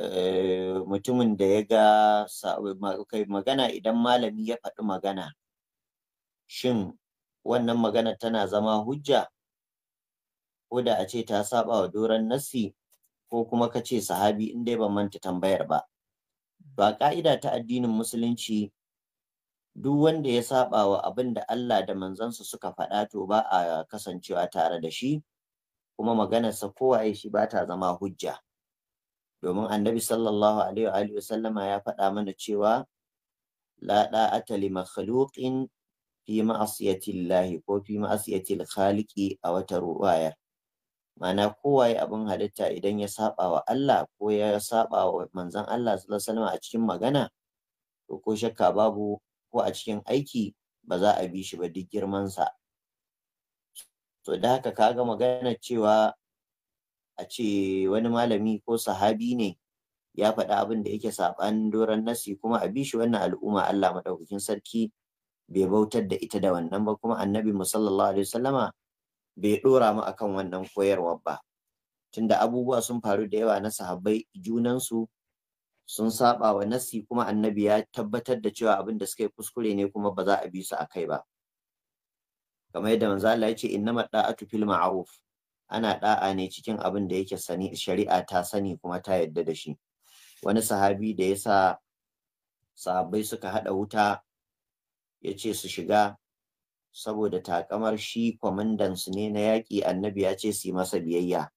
eh, mutumin da ya ga magana idan malami ya faɗi magana shin wannan magana tana zama hujja ko da a ce ta saba wa doron nassi ko kuma ka ce sahabi in dai ban manta tambayar ba Ba ƙa'ida ka'ida ta addinin musulunci duk wanda ya saba wa abin da Allah da manzansa suka faɗa to ba a kasancewa tare da shi kuma maganarsa kowaye shi ba ta zama hujja domin annabi sallallahu alaihi wa sallama ya faɗa mana cewa la da'ata li makhluqin fi ma'asiyati Allah ko fi al a wata ruwayar ma'ana kowa kowaye abin halitta idan ya saba wa Allah ko ya saba wa manzon Allah sallallahu alaihi a cikin magana to ko shakka babu ko a cikin aiki ba za a bi shi ba duk girman sa to da haka kaga magana cewa a ce wani malami ko sahabi ne ya faɗa abin da yake saɓanin doron nasi kuma a bi shi wannan al'umma Allah madaukakin sarki bai bautar da ita da wannan ba kuma annabi mu alaihi wasallama bai ɗora mu akan wannan koyarwar ba tunda abubuwa sun faru da yawa na sahabbai junansu sun saba wa nasi kuma annabi ya tabbatar da cewa abin da suka yi kuskure ne kuma ba za a bi su a kai ba kamar yadda manzo Allah ya ce innama da'atu fil ma'ruf ana da'a ne cikin abin da yake sani shari'a ta sani kuma ta yadda da shi wani sahabi da yasa sahabbai suka hada wuta ya ce su shiga saboda takamar shi kwamandan su ne na yaƙi annabi ya ce su yi masa biyayya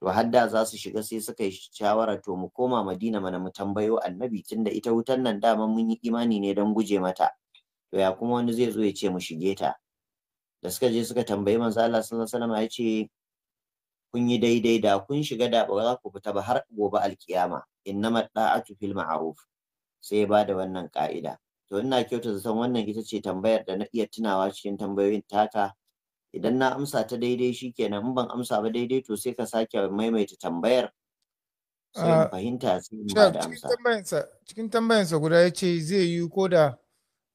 to hadda za su shiga sai suka yi shawara to mu koma madina mana mu tambayo annabi tunda ita wutan nan dama mun yi imani ne don guje mata to ya kuma wani zai zo ya ce mu shige ta da suka je suka tambayi manzo Allah sallallahu alaihi wasallam ya ce kun yi daidai da kun shiga da ba za ku fita ba har gobe alkiyama innama da'atu fil ma'ruf sai ba da wannan ka'ida to ina kyauta zaton wannan ita ce tambayar da na iya tunawa cikin tambayoyin taka idan na amsa ta daidai shikenan in ban amsa ba daidai to sai ka sake maimaita tambayar ah, fahimta sai ba da amsa cikin tambayarsa guda ya ce zai yi ko da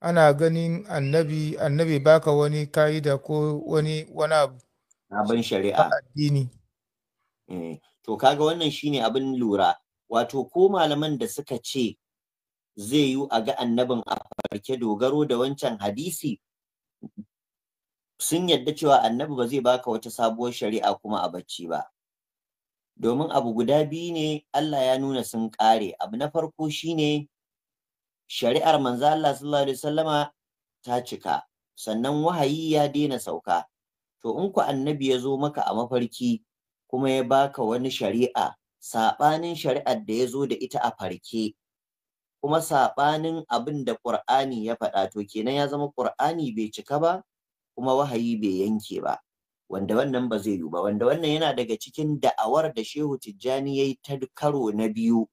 ana ganin annabi annabi baka wani ka'ida ko wani wani abu shari'a addini eh, to kaga wannan shine abin lura wato ko malaman da suka ce zai yi a ga annabin a farke dogaro da wancan hadisi sun yadda cewa annabi ba zai baka wata sabuwar shari'a kuma a bacci ba domin abu guda biyu ne Allah ya nuna sun ƙare abu na farko shine shari'ar manzo Allah sallallahu alaihi wasallama ta cika sannan wahayi ya daina sauka to in ku annabi ya zo maka a mafarki kuma ya baka wani shari'a saɓanin shari'ar da ya zo da ita a farke kuma saɓanin abin da ƙur'ani ya faɗa to kenan ya zama ƙur'ani bai cika ba kuma wahayi bai yanke ba wanda wannan ba zai yi ba wanda wannan yana daga cikin da'awar da shehu tijjani ya ta karo na biyu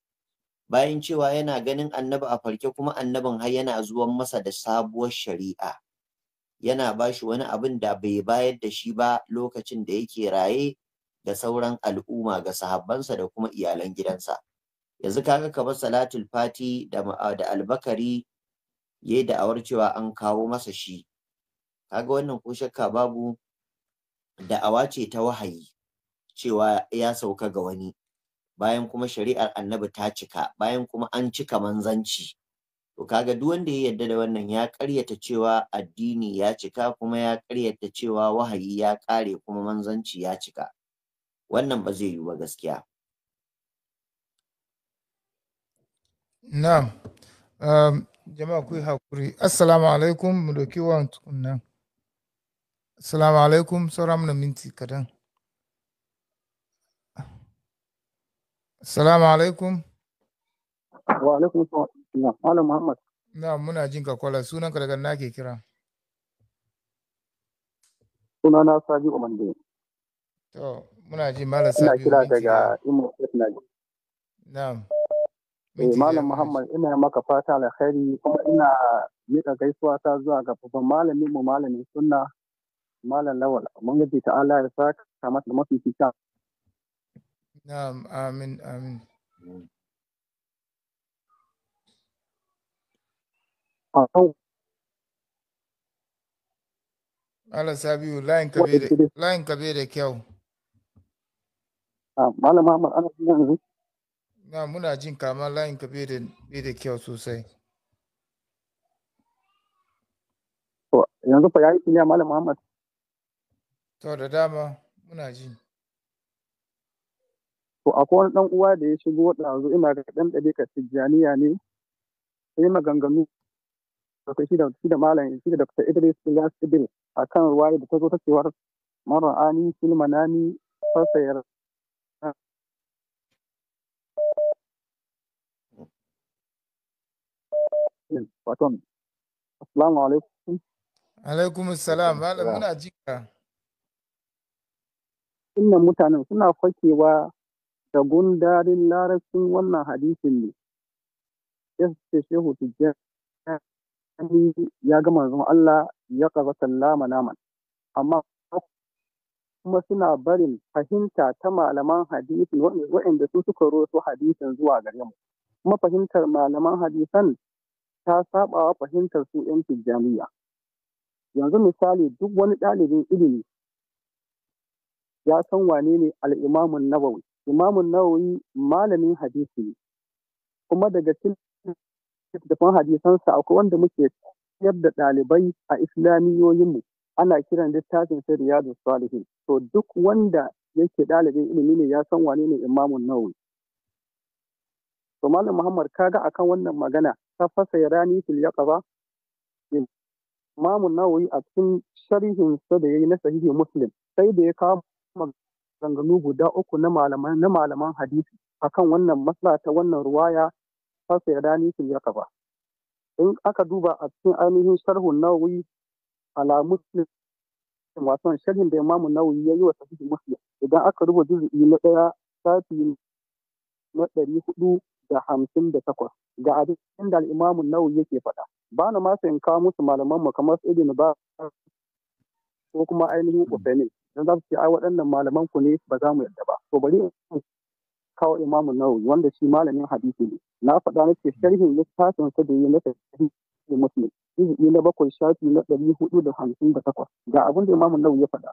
bayan cewa yana ganin annabi a farke kuma annabin har yana zuwan masa da sabuwar shari'a yana ba shi wani abin da bai bayar da shi ba lokacin da yake raye da sauran al'umma ga sahabbansa da kuma iyalan gidansa yanzu kaga kamar salatul fati da ah, da albakari yayi da'awar cewa an kawo masa shi kaga wannan ko shakka babu da'awace ce ta wahayi cewa ya sauka ga wani bayan kuma shari'ar annabi ta cika bayan kuma an cika manzanci to kaga duk wanda ya yadda da wannan ya karyata cewa addini ya cika kuma ya karyata cewa wahayi ya kare kuma manzanci ya cika wannan ba zai yiwu ba gaskiya Na'am. Um, jama'a ku yi hakuri. Assalamu alaikum mu doki wa tukunnan. Assalamu alaikum saura mana minti kadan. Assalamu alaikum. Wa alaikum salam. Malam Muhammad. Na muna jin ka kwala sunan ka daga na ke kira. Suna na Sabi Umande. To muna ji Malam Sabi. Ina kira daga Imo State Na'am. Eh, malam Muhammad ina maka fata alkhairi kuma ina miƙa gaisuwa ta zuwa ga babban malami mu malamin sunna malam lawal mun gaji ta Allah ya saka masa mafi fita. Na'am amin amin. Allah Sabiu layin kabe da kyau. Malam Muhammad ana yanzu. na muna jin kama layin ka bai da kyau sosai yanzu fa yayi kiliya malam muhammad to da dama muna ji to akwai wani dan uwa da ya shigo ɗazu ina ga dan ɗabi ka tijjaniya ne sai maganganu da shi da shi da malam shi da dr idris ilyas idris akan ruwa da ta zo ta cewar mara ani silmanani fasayar Waton. Assalamu alaikum. Alaikum assalam. Malam muna jika. Innan mutanen suna fakewa da gundarin larabcin wannan hadisin ne. Ya ce Shehu Tijjani ya ga manzon Allah ya kaza sallama naman. Amma kuma suna barin fahimta ta malaman hadisi waɗanda su suka roso hadisin zuwa gare mu. Kuma fahimtar malaman hadisan ta saɓawa fahimtar su 'yan jami'a. yanzu misali duk wani ɗalibin ilimi ya san wane ne al'imamun nawawi imamun nawawi malamin hadisi ne kuma daga cikin hadisansa akwai wanda muke koyar da ɗalibai a islamiyoyinmu ana kiran littafin sai riyadu salihin to duk wanda yake ɗalibin ilimi ne ya san wane ne imamun nawawi to malam muhammad kaga akan wannan magana Ta fasa rani fil yaqaba Imam Nawawi a cikin sharhin sa da yi na sahihin Muslim sai da ya kama maganganu guda uku na malaman na malaman hadisi akan wannan masla ta wannan ruwaya rani fil ƙaba in aka duba a cikin ainihin sharhun Nawawi ala Muslim wasan sharhin da Imam Nawawi yi wa sahihin Muslim idan aka rubuta juz'i na ɗaya, sati na ɗari hudu da hamsin da takwas ga abin da al'imamun nawawi yake faɗa ba na masu sayin kawo musu malaman mu kamar su ibn ba ko kuma ainihin usaini dan za su ce ai waɗannan malaman ku ne ba za mu yarda ba to bari in kawo imamun nawawi wanda shi malamin hadisi ne na faɗa na ce sharhin littafin sa da yi na sahihi muslim ɗi na bakwai shafi na ɗari hudu da hamsin da takwas ga abin da imamun nawawi ya faɗa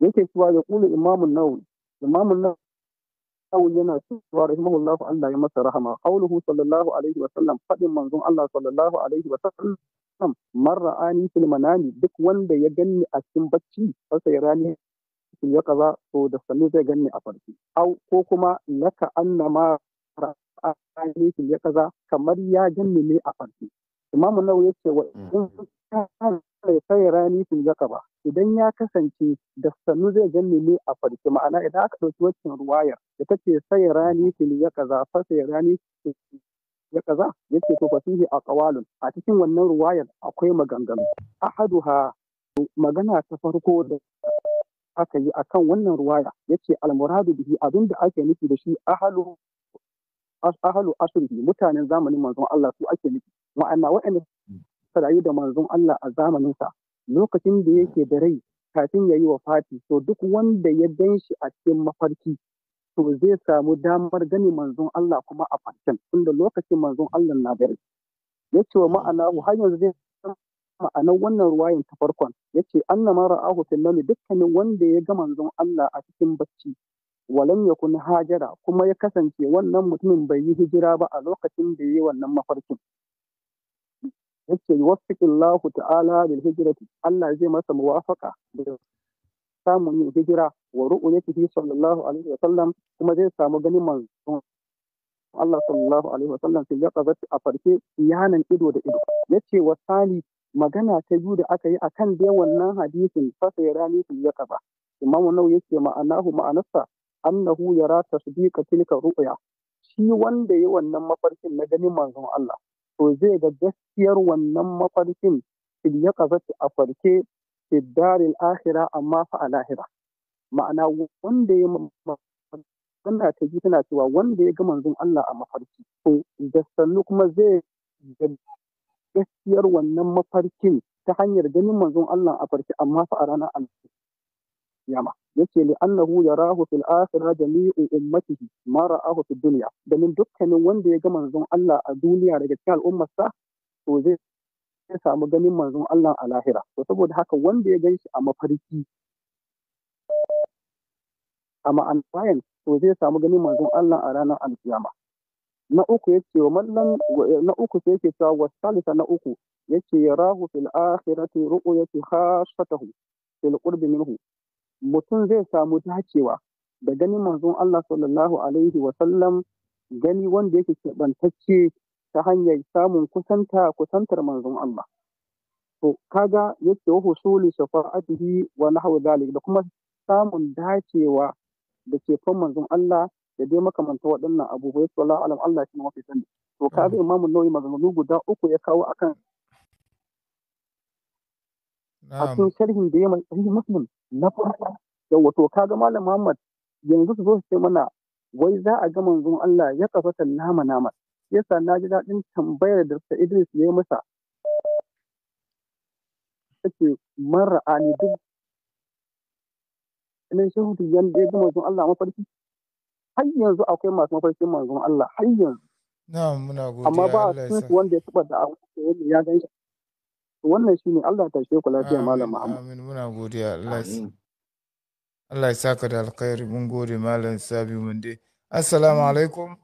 yake cewa ya kula imamun nawawi imamun nawawi أو ينا سوى رحمه الله أن لا يمس رحمه قوله صلى الله عليه وسلم قد منظوم الله صلى الله عليه وسلم مر آني في المنام دك وند يجني أسكن بكي فسيراني في يقظة تو دستني زي جني أفرسي أو كوكما لك أنما رآني في اليقظة كمر يا جني لي أفرسي إمام النووي يقول وإن كان سيراني في اليقظة idan ya kasance da sannu zai ganni nemi a farki ma'ana idan aka ɗauki waccan ruwayar da ta ce sai rani fili ya kaza fa sai rani ya kaza yake to fasihi a kawalun a cikin wannan ruwayar akwai maganganu ahaduha magana ta farko da aka yi akan wannan ruwaya yace almuradu bihi abin da ake nufi da shi ahalu ahalu asrihi mutanen zamanin manzon Allah su ake nufi ma'ana waɗanda rayu da manzon Allah a zamaninsa lokacin da yake da rai kafin ya yi wa fati to duk wanda ya gan shi a cikin mafarki to zai samu damar gani manzon Allah kuma a farcen tunda lokacin manzon Allah na da rai ya ce wa ma'ana har yanzu zai ma'anar wannan ruwayin ta farkon ya ce annama ra'ahu fil laili dukkanin wanda ya ga manzon Allah a cikin bacci walam kun hajara kuma ya kasance wannan mutumin bai yi hijira ba a lokacin da yayi wannan mafarkin yake lahu ta'ala lil hijrati Allah zai masa muwafaqa da samun yin hijira wa fi sallallahu alaihi wa sallam kuma zai samu ganin manzon Allah sallallahu alaihi wa sallam sai ya zata a farke yanan ido da ido yace wa sali magana ta biyu da aka yi akan dai wannan hadisin fasa sai rani su ya kaza imamu nau yake ma'anahu ma'anarsa annahu yara tasdiqa tilka ru'ya shi wanda ya wannan mafarkin na ganin manzon Allah to zai ga gaskiyar wannan mafarkin fil ya a farke fiddarin ahira amma fa a lahira ma'ana wanda ya suna ta ji tana cewa wanda ya ga manzon Allah a mafarki to da sannu kuma zai gaskiyar wannan mafarkin ta hanyar ganin manzon Allah a farki amma fa a ranar kiyama yake li annahu yarahu fil akhirah jami'u ummatihi ma ra'ahu fid dunya domin dukkanin wanda ya ga manzon Allah a duniya daga cikin al'ummarsa to zai samu ganin manzon Allah a lahira to saboda haka wanda ya ganshi a mafarki a ma'an bayan to zai samu ganin manzon Allah a ranar alkiyama na uku yace wa mallan na uku sai yake cewa wasalisa na uku yace yarahu fil akhirati ru'yatu khashatahu fil qurbi minhu mutum zai samu dacewa da ganin manzon Allah sallallahu alaihi wa sallam gani wanda yake keɓantacce ta hanyar samun kusanta kusantar manzon Allah to kaga yake wa husuli shafa'atihi wa nahwu zalik da kuma samun dacewa da ceton manzon Allah da dai makamanta waɗannan abubuwa sallallahu al'am Allah shi mafi sani to kaga imamu nauyi maganganu guda uku ya kawo akan Na'am. a cikin sharhin da ya mai muslim na farko yawa to kaga malam Muhammad yanzu su zo su ce mana wai za a ga manzon Allah ya kasata nama nama yasa na ji daɗin tambayar da Dr. Idris ya yi masa take mara ani duk nan shehu yanda ya ga manzon Allah mafarki har yanzu akwai masu mafarkin manzon Allah har yanzu amma ba su wanda ya taba da ya gan shi wannan shi ne Allah ta ku lafiya malam Muhammad amin muna godiya Allah ya saka da alkhairi mun gode malam Sabi dai. assalamu alaikum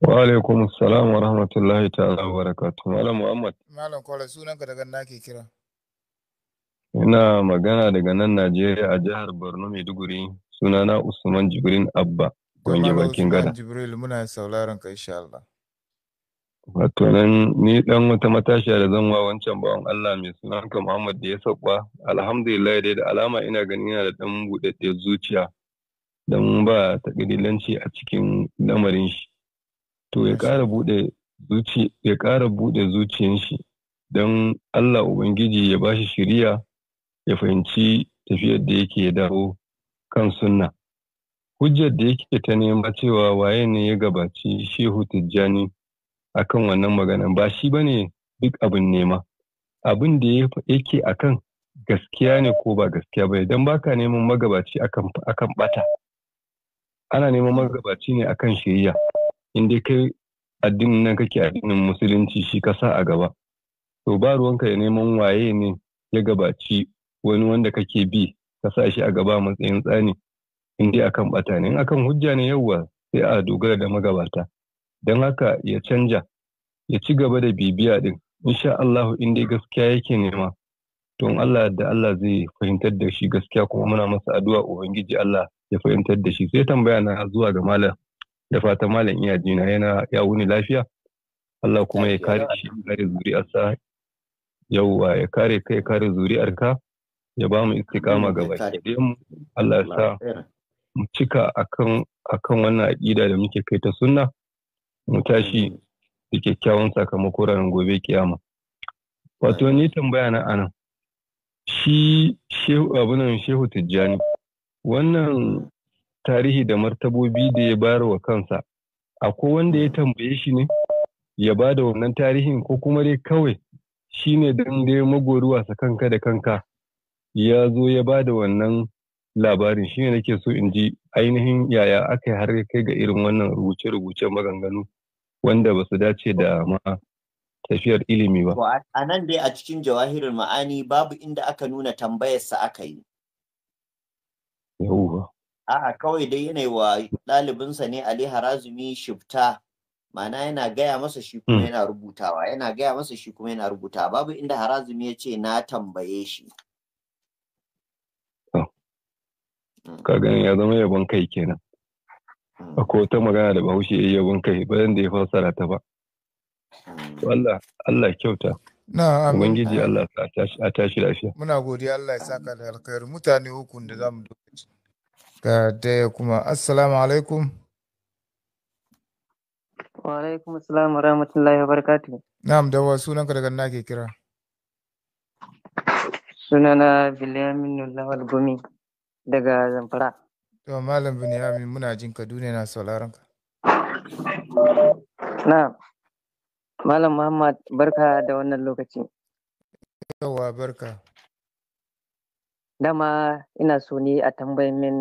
wa alaikum assalam wa rahmatullahi ta'ala wa barakatuh malam Muhammad malam sunan ka daga nake kira ina magana daga nan Najeriya a jihar Borno Maiduguri sunana Usman Jibrin Abba Gwangi bakin gada Jibril muna sauraron ka insha Allah Wato nan ni dan wata matashiya da zan wa wancan bawan Allah mai suna ka Muhammad da ya sauka alhamdulillah dai da alama ina ganin yana da dan buɗaɗɗe zuciya dan ba takadilanci a cikin lamarin shi to ya kara buɗe zuci ya kara bude shi dan Allah ubangiji ya bashi shiriya ya fahimci tafiyar da yake dawo kan sunna hujjar da yake ta nema cewa waye ne ya gabaci Shehu Tijjani akan wannan maganan ba shi bane duk abin nema abin da yake akan gaskiya ne ko ba gaskiya ba idan baka neman magabaci akan bata ana neman magabaci ne akan shari'a in dai kai addinin nan kake addinin musulunci shi kasa a gaba to ba ruwanka ya neman waye ne ya gabaci wani wanda kake bi ka sa shi a gaba matsayin tsani in dai akan bata ne in akan hujja ne yauwa sai a dogara da magabata don haka ya canja ya ci gaba da bibiya din insha Allah in dai gaskiya yake nema to Allah da Allah zai fahimtar da shi gaskiya kuma muna masa addu'a ubangiji Allah ya fahimtar da shi sai tambaya na zuwa ga malam da fata malam iya jina yana ya wuni lafiya Allah kuma ya kare shi kare zuri'arsa yauwa ya kare kai kare zuri'arka ya ba mu istiqama gaba mu Allah ya sa mu cika akan akan wannan aqida da muke kai ta sunna mu tashi da kyakkyawan sakamako ranar gobe kiyama wato ni tambaya na anan shi shehu abunan shehu tijjani wannan tarihi da martabobi da ya bayar wa kansa akwai wanda ya tambaye shi ne ya ba da wannan tarihin ko kuma dai kawai shi ne don dai magoruwa wasa kanka da kanka ya zo ya ba da wannan labarin shi ne nake so in ji ainihin yaya aka yi har kai ga irin wannan rubuce-rubucen maganganu wanda ba su dace da ma tafiyar ilimi ba. A nan dai a cikin jawahirin ma'ani babu inda aka nuna tambayarsa aka yi. A'a kawai dai yanayi wa ɗalibinsa ne Ali Harazumi shifta ma'ana yana gaya masa shi kuma hmm. yana rubutawa yana gaya masa shi kuma yana rubutawa babu inda Harazumi ya ce na tambaye shi. ka gani ya zama yabon kai kenan hmm. akwai wata magana da bahaushe ya yabon kai bayan da ya fassara ta ba hmm. Allah Allah kyauta na amin ubangiji Allah a tashi lafiya muna godiya Allah ya saka da alkhairi mutane uku da zamu dokaci ga daya kuma assalamu alaikum wa alaikum assalam wa rahmatullahi wa barakatuh na'am da wa sunanka daga na kira sunana bilamin Lawal Gumi daga zamfara to malam binyamin muna jin kaduna na sauraron ka na malam muhammad barka da wannan lokaci yawa barka dama ina so ne a tambayin min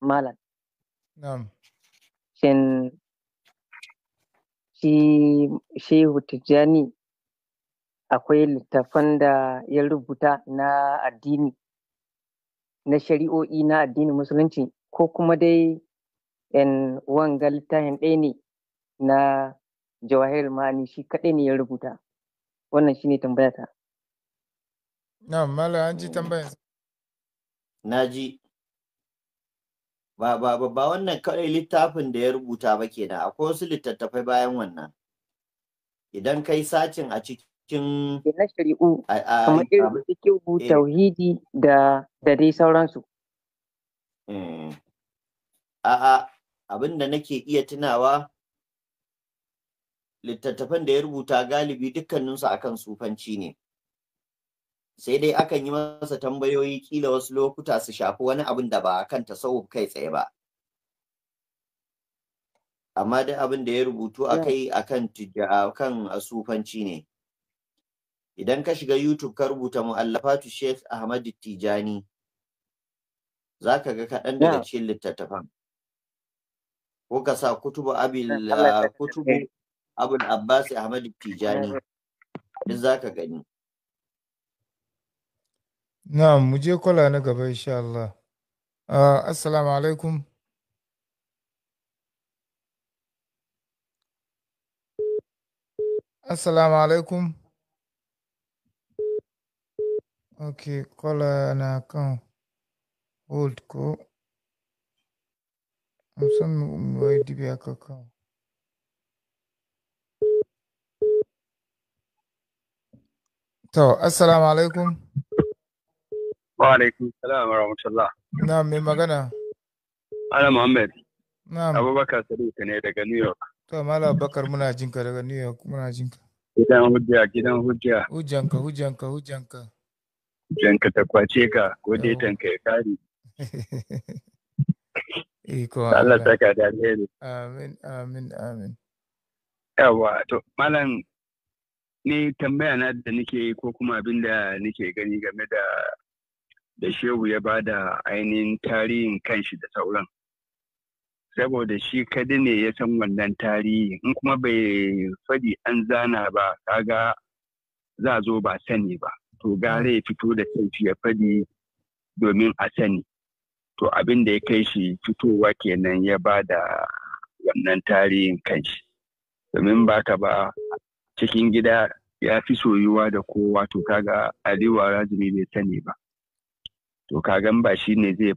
malam na'am shin shi shehu tijjani akwai littafan da ya rubuta na addini na shari'o'i na addinin musulunci ko kuma dai in wanga littafin ɗaya ne na jawahir ma'ani shi kaɗai ne ya rubuta wannan shi tambaya ta na mala an ji tambayar na ji ba ba ba wannan kaɗai littafin da ya rubuta ba kenan akwai wasu littattafai bayan wannan idan kai sacin a ciki cikin na shari'u kamar irin fikihu eh. tauhidi da da dai sauransu a'a eh. abin da nake iya tunawa littattafan da ya rubuta galibi dukkaninsu akan sufanci ne sai dai akan yi masa tambayoyi kila wasu lokuta su shafi wani abin da ba kan tasawuf kai tsaye ba amma duk abin da ya rubutu akai akan akan asufanci ne idan ka shiga YouTube ka rubuta mu'allafatu Sheikh Ahmad Tijani za ka ga kaɗan daga cikin littattafan. Ko ka sa kutubu abil ah, kutubu abul Abbas Ahmad Tijani duk za ka gani. Na'am, mu je kwala na gaba insha Allah. Ah, assalamu alaikum. Assalamu alaikum. Ok, kola na kan hold ko musamman mai dibi aka kan to assalamu alaikum wa alaikum salam wa rahmatullah na mai magana ana muhammad na abubakar sadiq ne daga new york to mala abubakar muna jinka daga new york muna jinka gidan hujja gidan hujja hujjanka hujjanka hujjanka janka ta kwace ka ko daitan ka ya kare Allah saka da alheri amin amin amin yawa to malam ni tambaya na da nake ko kuma abin da nake gani game da da shehu ya ba da ainihin tarihin kanshi da sauran saboda shi kadi ne ya san wannan tarihi in kuma bai faɗi an zana ba kaga za zo ba sani ba to gare mm. ya fito da kai ya faɗi domin a sani to abin da ya kai shi fitowa kenan ya ba da wannan tarihin shi domin baka ba cikin gida ya fi soyuwa da kowa to kaga aliwa razumi bai sani ba to kagan ba shi ne zai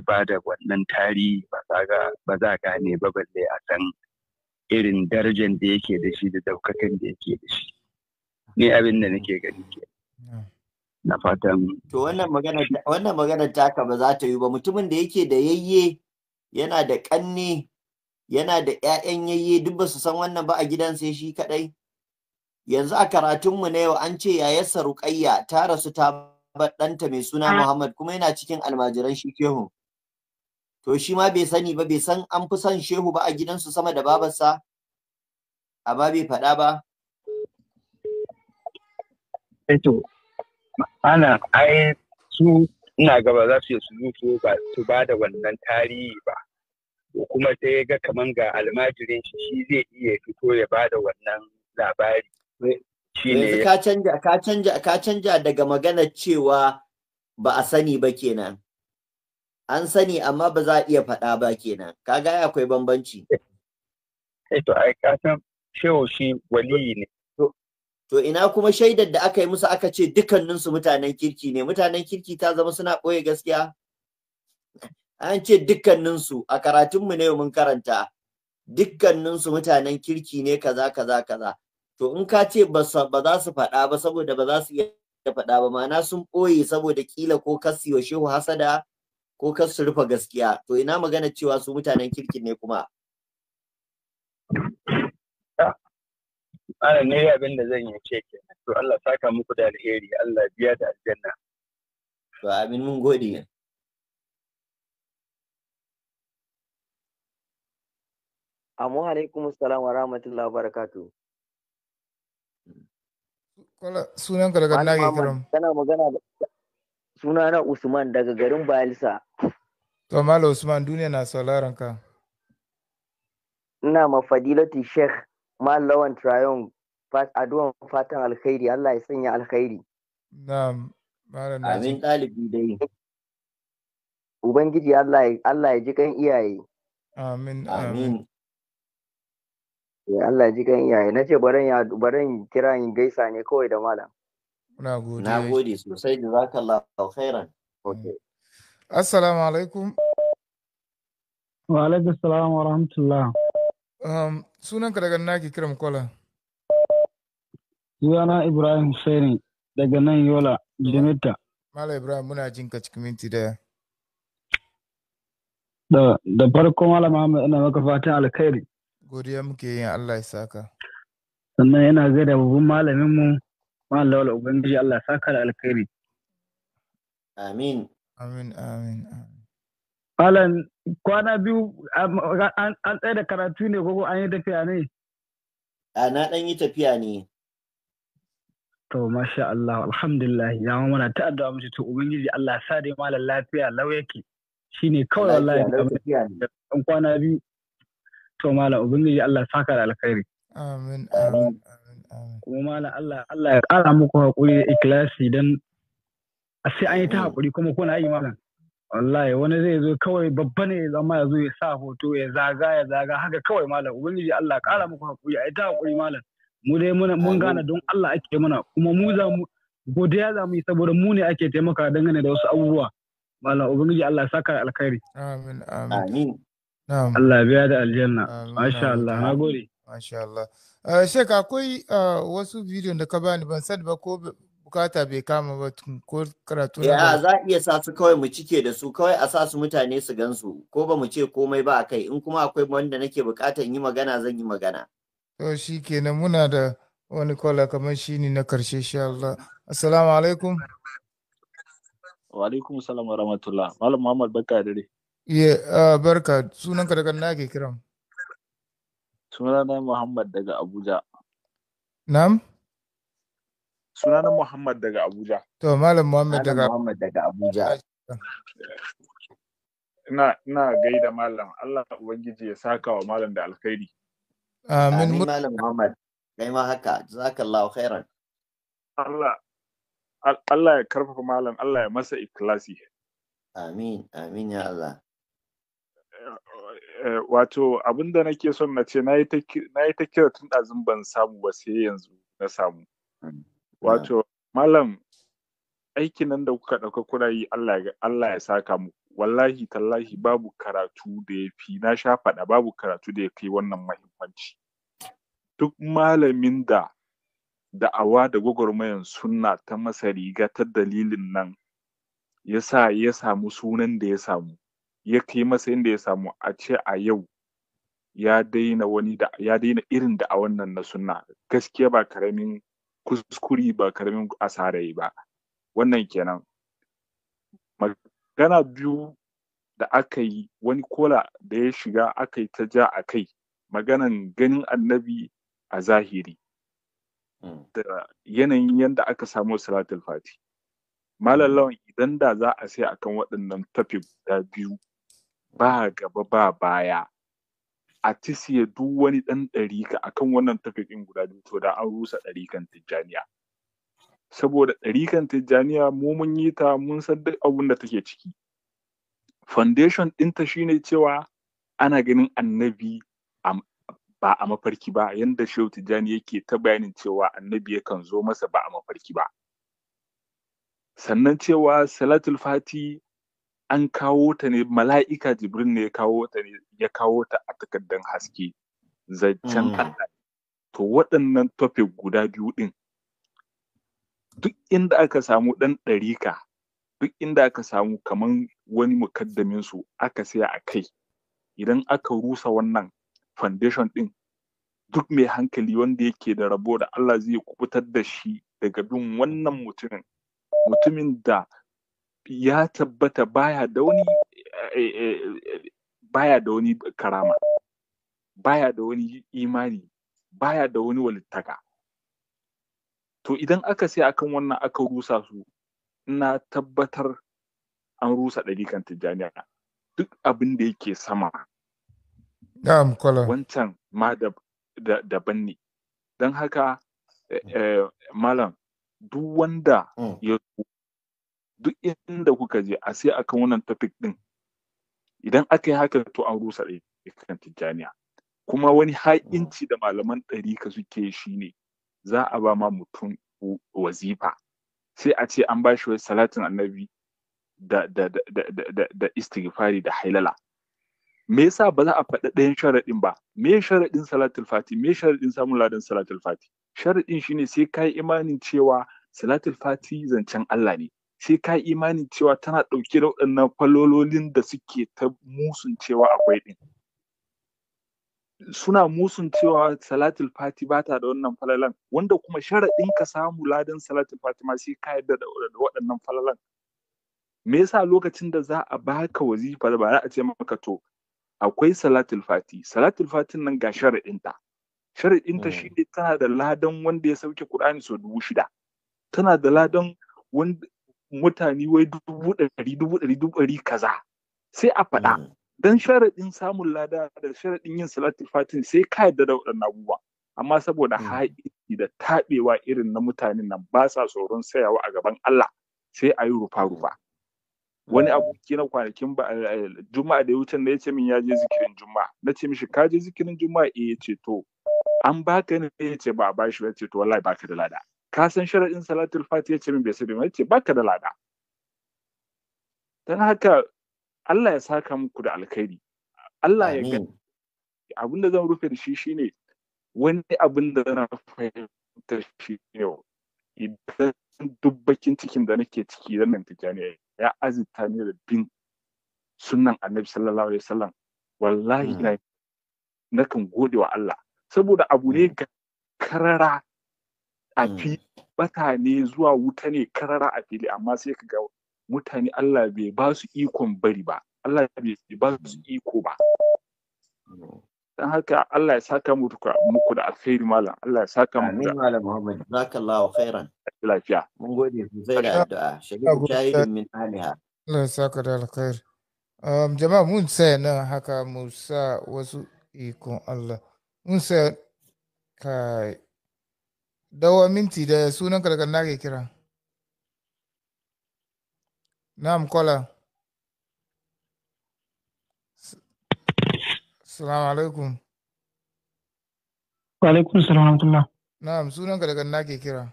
ba da wannan tarihi ba kaga ba za gane ba balle a san irin darajar da yake da shi da daukakan da yake da shi ni abin da nake gani kenan na fatan to wannan magana wannan magana taka ba za ta yi ba mutumin da yake da yayye yana da kanne yana da ƴaƴan yayye duk ba su san wannan ba a gidan sai shi kadai yanzu a karatunmu na yau an ce yayarsa ruqayya ta rasu ta bar 'danta mai suna ah. Muhammad kuma yana cikin almajiran shi kehu to shi ma bai sani ba bai san an fi son shehu ba a gidansu sama da babarsa a ba bai faɗa ba Eh to ana ai su ina gaba za su yi su zuwa ba su ba da wannan tarihi ba ko kuma sai ya ga kaman ga almajirin shi shi zai iya fito ya ba da wannan labari yanzu ka canja ka canja ka canja daga magana cewa ba a sani ba kenan an sani amma ba za a iya faɗa ba kenan kaga akwai bambanci eh to ai ka san shi waliyi ne to ina kuma shaidar da aka yi musu aka ce dukkaninsu mutanen kirki ne mutanen kirki ta zama suna ɓoye gaskiya an ce dukkaninsu a karatunmu ne mun karanta dukkaninsu mutanen kirki ne kaza kaza kaza to in ka ce ba za su faɗa ba saboda ba za su iya faɗa ba ma'ana sun ɓoye saboda kila ko kasiyo shehu hasada ko kasu su rufe gaskiya to ina magana cewa su mutanen kirki ne kuma ana ne abin da zan yi ce to Allah saka muku da alheri Allah biya da aljanna to amin mun gode Amu alaikum assalam wa rahmatullahi wa barakatu. Kwala sunan ka daga nage kiran. Kana magana da suna na Usman daga garin Bayelsa. To Malam Usman duniya na sauraron ka. Ina ma Fadilatu Sheikh Mallawan Trayon addu'an fatan alkhairi Allah ya sanya alkhairi. Na'am. Amin ɗalibi dai. Ubangiji Allah ya ji kan iyaye. Amin. Amin. Ya Allah ji kan iyaye. Na ce baran ya baran kira in gaisa ne kawai da malam. Na gode. Na gode sosai jazakallahu khairan. Okay. Assalamu alaikum. Wa alaikum salam wa rahmatullah. Um, sunanka daga naki ake kiran kola sunana ibrahim Hussaini daga nan yola jimita mala ibrahim muna jin ka cikin minti daya da da farko mala muhammad ina maka fatan alkhairi godiya muke yin allah ya saka sannan yana gaida babban malaminmu Mala Wala lawal ubangiji allah saka da alkhairi amin amin amin amin Alan, kwana biyu an tsaye da karatu ne ko an yi tafiya ne? A na ɗan yi tafiya ne. To masha Allah alhamdulillah ya ma mana ta addu'a mace to ubangiji Allah sa dai malam lafiya lau yake ne kawai wallahi Ɗan kwana biyu to malam ubangiji Allah ka da alkhairi. Amin amin amin. Kuma malam Allah Allah ya ƙara muku haƙuri da ikilasi a sai an yi ta haƙuri kuma kuna yi malam. wallahi wani zai zo kawai babba ne zama ya zo ya sa hoto ya zaga ya zaga haka kawai malam ubangiji Allah kara muku hakuri ai ta hakuri malam mu dai mun gane don Allah ake muna kuma mu za mu godiya za mu yi saboda mu ne ake taimaka dangane da wasu abubuwa malam ubangiji Allah saka alkhairi amin amin Allah biya da aljanna masha Allah nagode masha Allah sheikh akwai eh, wasu bidiyon da ka bani ban sani ba ko bukata bai kama ba ko karatu ya za a iya sa su kawai mu cike da su kawai a sa su mutane su gansu ko ba mu ce komai ba a kai in kuma akwai wanda nake bukatan yi magana zan yi magana to shi kenan muna da wani kola kamar shi ne na karshe shi Allah assalamu alaikum wa alaikum salam wa rahmatullah malam muhammad barka dare ye uh, barka sunanka daga na ke kiran sunana muhammad daga abuja na'am sunana Muhammad daga Abuja. To Malam Muhammad daga Abuja. Ina gai gaida Malam Allah Ubangiji ya saka wa Malam da alkhairi. Amin Malam Muhammad. Kai ma haka jazakallahu khairan. Allah Allah ya karfafa Malam Allah ya masa ikilasi. Amin amin ya Allah. Eh, eh, wato abinda nake son na ce na yi ta kira tun ɗazin ban samu ba sai yanzu na samu. Hmm. Wato, Malam, aikin nan da kuka ɗauka kuna yi Allah ya saka mu. Wallahi, tallahi babu karatu da ya fi, na sha faɗa babu karatu da ya kai wannan mahimmanci. Duk malamin da da'awa da gwagwarmayan suna ta masa riga ta dalilin nan ya sa ya samu sunan da ya samu, ya kai masa inda ya samu a ce a yau ya daina wani da ya daina irin da a wannan na sunna gaskiya ba karamin kuskuri ba karamin asara yi ba wannan kenan magana biyu da aka yi wani kola da ya shiga aka yi ta ja a kai maganan ganin annabi a zahiri hmm. da yanayin yadda aka samu salatul fati malam hmm. lawan idan da za a sai akan waɗannan tafi guda biyu ba gaba ba baya artist siya duk wani ɗan ɗarika kan wannan tafiƙin guda biyu to da an rusa ɗarikan tijjaniya saboda ɗarikan tijjaniya mu mun yi ta mun san duk abin da take ciki foundation ɗinta shine cewa ana ganin annabi ba a mafarki ba yanda shehu tijjani yake ta bayanin cewa annabi yakan zo masa ba a mafarki ba sannan cewa salatul fati an kawo ta ne mala'ika jibril ne ya kawo ta ne ya kawo ta a takardan haske zancen hmm. Allah to waɗannan topic guda biyu ɗin duk inda aka samu ɗan ɗarika duk inda aka samu kaman wani mukaddamin su aka saya a kai idan aka rusa wannan foundation ɗin duk mai hankali wanda yake da rabo da Allah zai kubutar da shi daga bin wannan mutumin mutumin da ya tabbata baya da wani eh, eh, eh, baya da wani karama baya da wani imani baya da wani walittaka to idan aka sai akan wannan aka rusa su ina tabbatar an rusa ɗarikan tijjaniya duk abin da yake sama wancan ma daban ne don haka malam duk wanda mm. ya duk inda kuka je a sai akan wannan topic din idan aka yi haka to an rusa kan tijjaniya kuma wani ha'inci da malaman ɗari ka suke shi ne za a ba ma mutum wazifa sai a ce an bashi shi wai salatin annabi da da da da da istighfari da hailala me yasa ba za a faɗa ɗayan sharaɗin ba me sharaɗin salatul fati me sharaɗin samun ladan salatul fati sharaɗin shine sai kai imanin cewa salatul fati zancen Allah ne sai ka imani cewa tana ɗauke da waɗannan kwalololin da suke ta musun cewa akwai ɗin suna musun cewa salatul fati ba ta da wannan falalan wanda kuma sharaɗin ka samu ladan salatul fati ma sai ka yarda da waɗannan falalan me yasa lokacin da za a baka wazifa ba za a ce maka to akwai salatul fati salatul fatin nan ga sharaɗinta sharaɗinta mm. shi ne tana da ladan wanda ya sauke Kur'ani sau dubu shida tana da ladan wanda mutane wai dubu ɗari dubu ɗari dubu ɗari kaza sai a faɗa mm. don sharaɗin samun lada da sharaɗin yin salati fatin sai ka yadda da waɗannan abubuwa amma saboda mm. haƙi da taɓewa irin na mutanen nan ba sa tsoron sayawa a gaban Allah sai a yi rufa-rufa wani mm. aboki na kwanakin eh, juma'a da ya wuce na ya ce min ya je zikirin juma'a na ce mishi ka je zikirin juma'a eh ya to an baka ne ya ce ba a bashi ya ce to wallahi baka da lada ka san sharaɗin salatul fati ya ce min bai sani ba ce baka da lada Don haka Allah ya saka muku da alkhairi Allah ya gani. abin da zan rufe da shi shine wani abin da zan fahimta shi ne idan dubbakin cikin da nake ciki idan nan tijani ya azita ne da bin sunnan annabi sallallahu alaihi wasallam wallahi hmm. na kan gode wa Allah saboda abu ne hmm. ga karara a mm. fi mutane zuwa wuta ne karara a fili amma sai ka ga mutane Allah bai ba su ikon bari ba Allah bai ba su iko ba dan haka Allah ya saka muku muku da alkhairi malam Allah ya saka mu amin malam Muhammad jazakallahu khairan lafiya mun gode sosai da addu'a shaidu shahidin min aliha Allah ya saka da alkhairi um, jama'a mun sai nan haka mu sa wasu ikon Allah mun sai kai dawa minti da sunan daga na ke kira na'am kola salamu alaikum wa alaikum salam na'am sunan daga na ke kira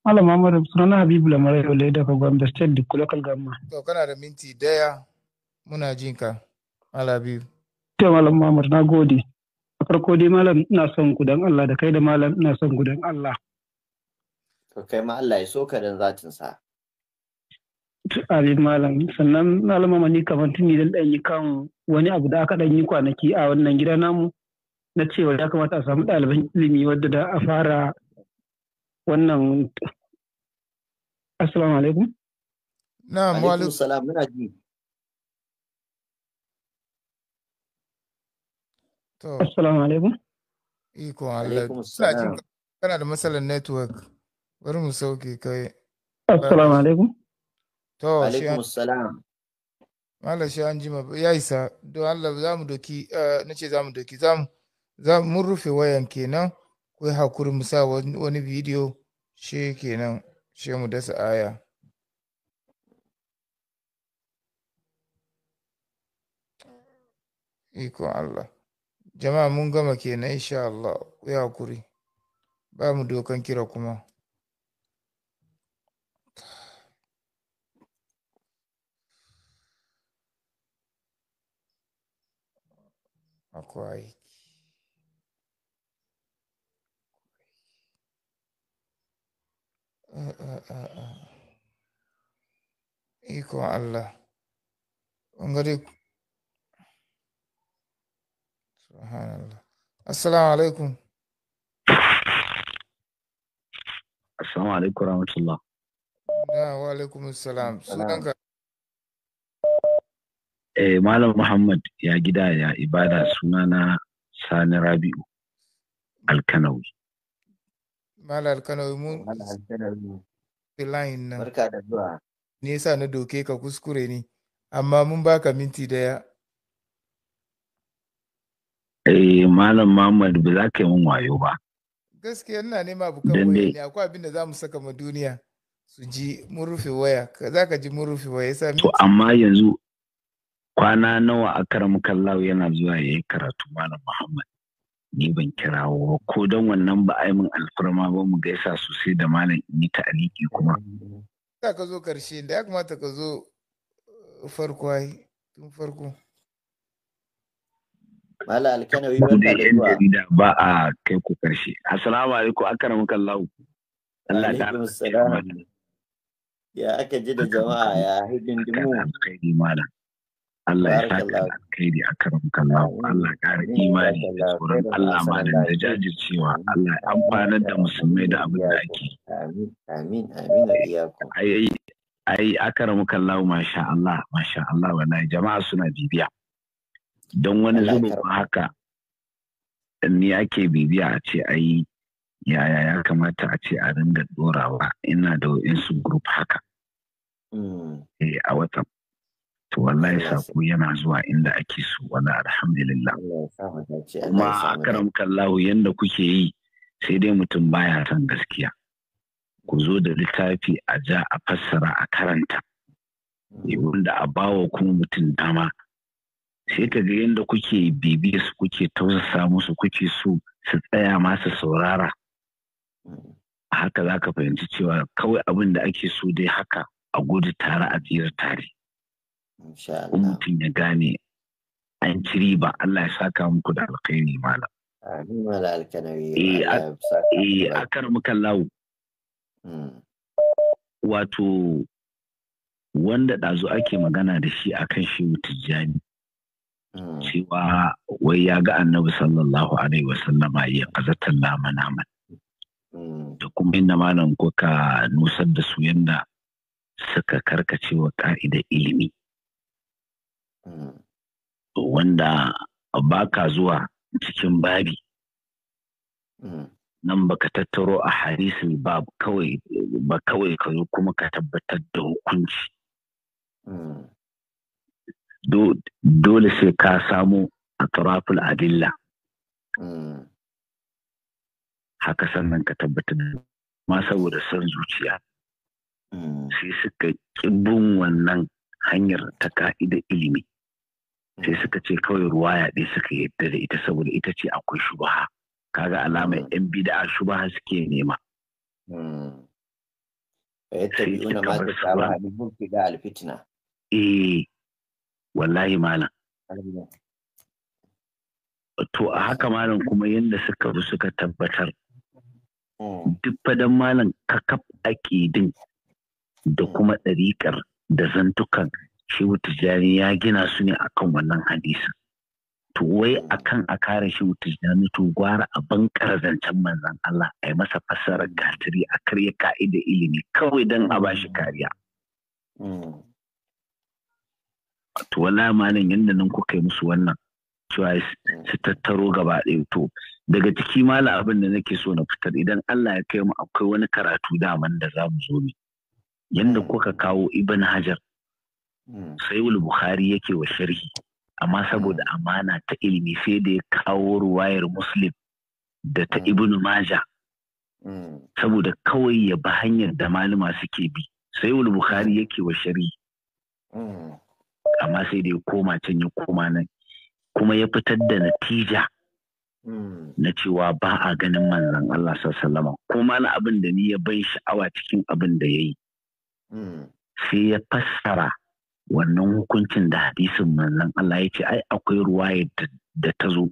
Malam Muhammad sunana Habibu Lamarai Ole daga Gombe State da Local Government. To kana da minti daya muna jinka. ka. Malam Habibu. To Malam Muhammad na gode. farko dai malam ina son ku dan Allah da kai da malam ina son ku dan Allah to kai ma Allah ya so ka dan zatin sa Amin malam sannan malama mani kamar tuni dan dan yi kan wani abu da aka dan yi kwanaki a wannan gida namu na cewa ya kamata a samu ɗaliban ilimi wadda da a fara wannan assalamu alaikum na'am wa alaikum salam muna ji To. Assalamu alaikum. Iko Allah. Kana da matsalar network. Bari mu sauke kai. Assalamu alaikum. To, alaikum assalam. Mala shi an jima ya isa don Allah za mu doki eh, na ce za mu doki za mu rufe wayan kenan ku yi hakuri mu sa wani bidiyo shi kenan shi mu dasa aya. Iko Allah. jama'a mun gama kenan insha Allah ku ya hakuri ba mu dokan kira kuma akwai eh, eh, eh, ikon Allah. Ungari assalamu eh, malam muhammad ya gida ya ibada sunana sani rabi'u alkanawi malam alkanawi mun line nan barka da zuwa nesa na doke ka kuskure ni amma mun baka minti daya eh malam Muhammad ba za ka yi mun wayo ba gaskiya ina nema bukan waya ne akwai abin da za mu saka ma duniya su ji mun rufe waya za ka ji mun rufe waya yasa to amma yanzu kwana nawa a karam kallawo yana zuwa ya yi karatu malam Muhammad ni ban kirawo ba ko don wannan ba ai mun alfarma ba mu gaisa sosai da malam in yi aliki kuma za ka zo karshe da ya kamata ka zo eh, farko ai tun farko Mala alkanawi barka da zuwa. Ba a kai ku karshe. Assalamu alaikum akaramuka Allah. Allah ta Ya aka ji da jama'a ya hidindimu. Alkhairi malam. Allah ya saka alkhairi akaramuka Allah. Allah ƙara imani da tsoron Allah malam da jajircewa. Allah ya amfanar da musulmai da abin da ake. Amin amin amin a iyaku. Ai ai akaramuka Allah masha Allah masha Allah wallahi jama'a suna bibiya. don wani zuba haka ni ake bibiya a ce a yi. yaya ya kamata a ce a ringa dorawa ina da su group haka hmm. eh, a watan to wallahi saƙo yana zuwa inda ake so wala alhamdulillah kuma a karam kallahu yanda kuke yi sai dai mutum baya son gaskiya ku zo da littafi a ja a fassara a karanta hmm. wanda a bawa kuma mutum dama sai ka ga yadda kuke bibiya su kuke tausasa musu kuke so su tsaya masu saurara haka za ka fahimci cewa kawai abin da ake so dai haka a gudu tare a tsira tare mutum ya gane an ciri ba Allah ya saka muku da alkhairi malam eh kan muka lawo wato wanda ɗazu ake magana da shi a akan shehu tijjani Mm. cewa wai ya ga annabi sallallahu alaihi wasallama ya kazatan nama naman mm. da kuma inda malam kuka nusar da su yadda suka karkace wa ka'idar ilimi mm. wanda baka zuwa cikin babi nan baka tattaro a hadisin ba kawai ka kuma ka tabbatar da hukunci dole sai ka samu atraful adilla hmm. haka sannan ka tabbatar da ma saboda son zuciya hmm. sai suka bin wannan hanyar ta ka'ida ilimi sai hmm. suka ce kawai ruwa ɗaya suka yadda da ita saboda ita ce akwai shubaha kaga alama yan bida'a shubaha suke nema eh wallahi malam to a haka malam kuma yadda suka bi suka tabbatar oh. duk fadan malam kakaf aƙidin da kuma ɗariƙar da zantukan shehu tijjani ya gina su ne akan wannan hadisin to wai oh. akan a kare shehu tijjani to gwara a bankar zancen manzan Allah a yi masa fassarar gatari a karya ka'ida ilimi kawai don a bashi oh. kariya to wala malam yadda nan kuka yi musu wannan su mm. su tattaro gaba ɗaya to daga ciki malam abin da nake so na fitar idan Allah ya kai mu akwai wani karatu daman da za mu zo ne Yadda mm. kuka kawo ibn hajar mm. sai bukhari yake wa sharhi amma saboda amana ta ilimi sai da ya kawo ruwayar muslim da ta ibn maja saboda kawai ya bi hanyar da malama suke bi sai bukhari yake wa sharhi amma sai da ya koma can ya koma nan kuma ya fitar da natija hmm. na cewa ba a ganin Manzan Allah sallallahu sallama kuma na abin da ni ya ban sha'awa cikin abin da yayi hmm. sai ya fassara wannan hukuncin da hadisin manzon Allah ya ce ai akwai ruwaya da ta zo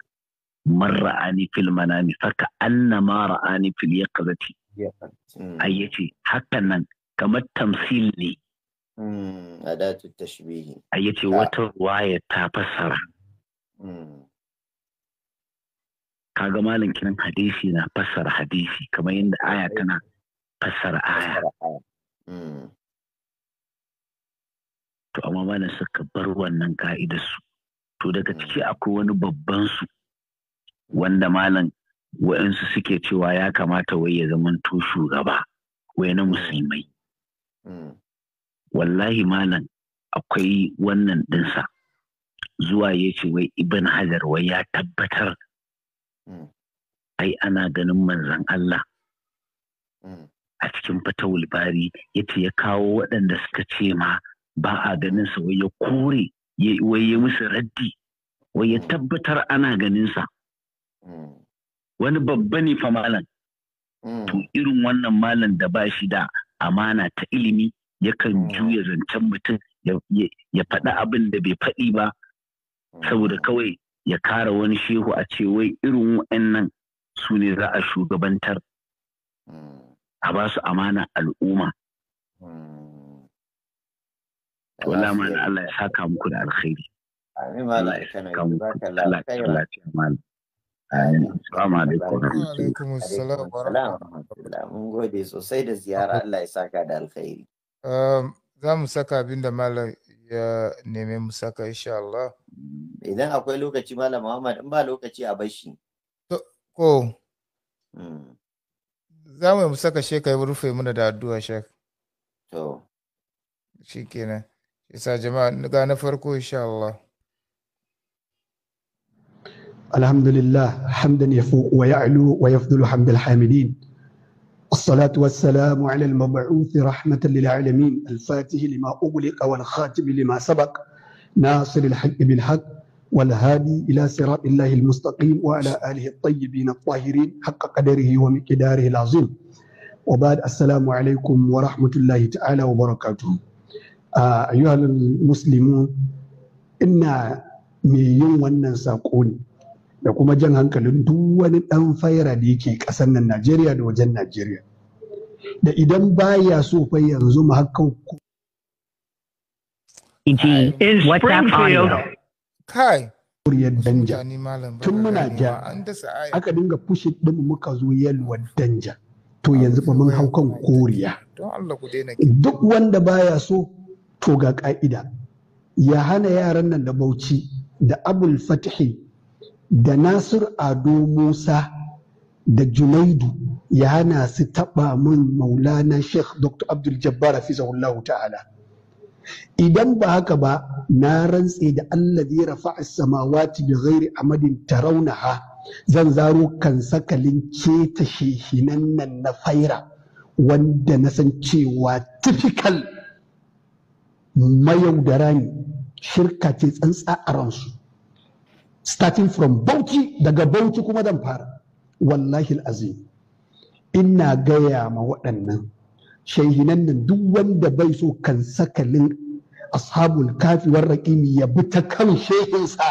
man ra'ani fil manami faka annama ra'ani fil yaqzati hmm. ai yace hakan nan kamar tamsil ne Hmm, adatu tashbihi yace wata waya ta fassara hmm. kaga malam kiran hadisi na fassara hadisi kamar yadda aya tana fassara aya hmm. to amma malin suka bar wannan ka'idar to daga ciki akwai wani babban su wanda malam wa'insu suke cewa ya kamata wai ya zama to shugaba wai na musulmai wallahi malam akwai wannan ɗinsa zuwa ya ce wai ibn hajar wai ya tabbatar hmm. ai ana ganin manzan Allah hmm. a cikin fatawul bari ya ce ya kawo waɗanda suka ce ma ba a ganin sa wai ya kore wai ya musu raddi wai ya hmm. tabbatar ana ganin sa wani babba ne fa malam to irin wannan malam da ba shi da amana ta ilimi yakan mm. juya zancen mutum ya faɗi abin da bai faɗi ba mm. saboda kawai ya kara wani shehu a ce wai irin nan su ne za a shugabantar mm. a ba su amana al'umma wala mana Allah ya saka muku da alkhairi amin ya ikana yanzu zaka lafiya mala Assalamu alaikum. Mun gode sosai da ziyara Allah ya saka da alkhairi. za mu saka abin da malam ya neme mu saka insha Allah. Idan akwai lokaci malam Muhammad in ba lokaci a bashi. Ko. Hmm. Za mu saka kai rufe muna da addu'a shek. To. Shi kenan. Isa jama'a ga na farko insha Allah. Alhamdulillah, الحمد لله wa يفوق ويعلو ويفضل حمد hamidin. الصلاة والسلام على المبعوث رحمة للعالمين الفاتح لما أغلق والخاتم لما سبق ناصر الحق بالحق والهادي إلى صراط الله المستقيم وعلى آله الطيبين الطاهرين حق قدره ومقداره العظيم وبعد السلام عليكم ورحمة الله تعالى وبركاته آه أيها المسلمون إن من يوم قولي da kuma jan hankalin duk wani ɗan fayara da yake ƙasar nan Najeriya da wajen Najeriya. Da idan baya so fa yanzu mu haka ku. Kai. Kuriyar danja. Tun muna ja aka dinga fushi ɗin muka zo yalwar danja. To yanzu ba mun hau kan koriya. Duk wanda baya so to ga ka'ida. Ya hana yaran nan da bauchi da abul fatihi da Nasir Ado Musa da Junaidu ya hana su taɓa min maulana Sheikh Dr. Abdul Jabbar ta'ala. Idan ba haka ba na rantse da Allah zai rafa samawati bi ghairi amadin tarawnaha zan zaro kan sakalin keta shehinan nan na faira wanda na san cewa typical mayaudara ne shirka ce tsantsa a ransu starting from Bauchi daga Bauchi kuma zan fara wallahi azim ina gaya ma waɗannan shehinan nan duk wanda bai so kan sakalin ashabul kafi war ya bi ta kan shehinsa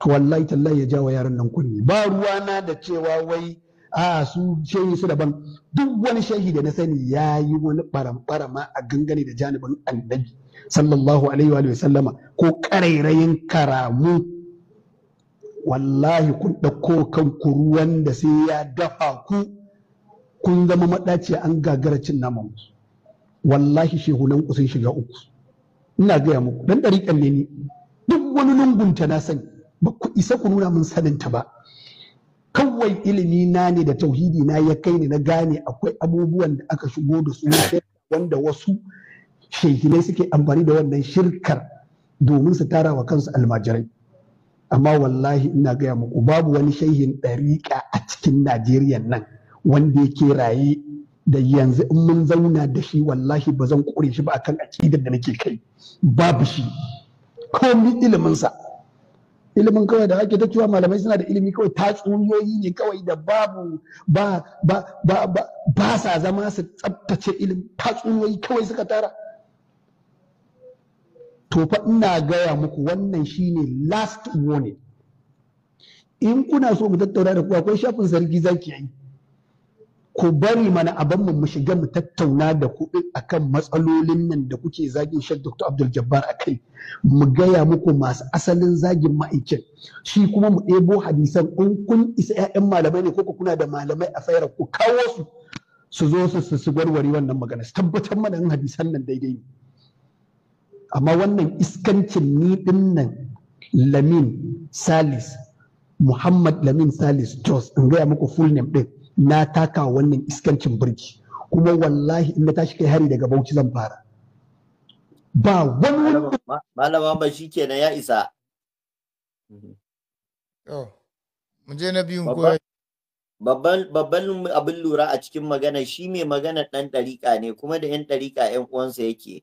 to wallahi tallahi ya wa yaran nan kunni ba ruwana da cewa wai a su shehi su daban duk wani shehi da na sani ya yi wani barambarama a gangane da janibin annabi sallallahu alaihi wa sallama ko karairayin karamu wallahi kun ɗauko kanku ruwan da sai ya dafa ku kun zama maɗaci an gagara cin naman wallahi shehunan ku sun shiga uku ina gaya muku dan ɗariƙan ne ni duk wani lungunta na sani ba ku isa ku nuna min saninta ba kawai ilimi na ne da tauhidi na ya kai ni na gane akwai abubuwan da aka shigo da su wanda wasu shehinai suke amfani da wannan shirkar domin su tara wa kansu almajirai amma wallahi ina gaya muku babu wani shaihin ɗariƙa a cikin najeriya nan wanda yake raye da yanzu in mun zauna da shi wallahi ba zan kore shi ba akan aƙidar da nake kai babu shi komi iliminsa ilimin kawai da ake ta cewa malamai suna da ilimi kawai ta tatsuniyoyi ne kawai da babu ba sa zama su tsabtace ilimi tatsuniyoyi kawai suka tara to fa ina gaya muku wannan shine last warning in kuna so mu tattauna da ku akwai shafin sarki zaki yi ku bari mana abanmu mu shiga mu tattauna da ku akan matsalolin nan da kuke zagin Sheikh Dr. Abdul Jabbar akai mu gaya muku masu asalin zagin ma'aikin shi kuma mu ɗebo hadisan in kun isa ƴaƴan malamai ne ko kuna da malamai a fayar ku kawo su su zo su su warware wannan magana su tabbatar mana in hadisan nan daidai ne amma wannan iskancin ni dinnan lamin salis muhammad lamin salis jos in gaya muku full name din na taka wannan iskancin birki kuma wallahi in na tashi kai hari daga bauchi zan fara ba wani malama ba shi kenan ya isa mun je na biyun koyi babban abin lura a cikin magana shi mai magana ɗan ɗariƙa ne kuma da 'yan ɗariƙa 'yan uwansa yake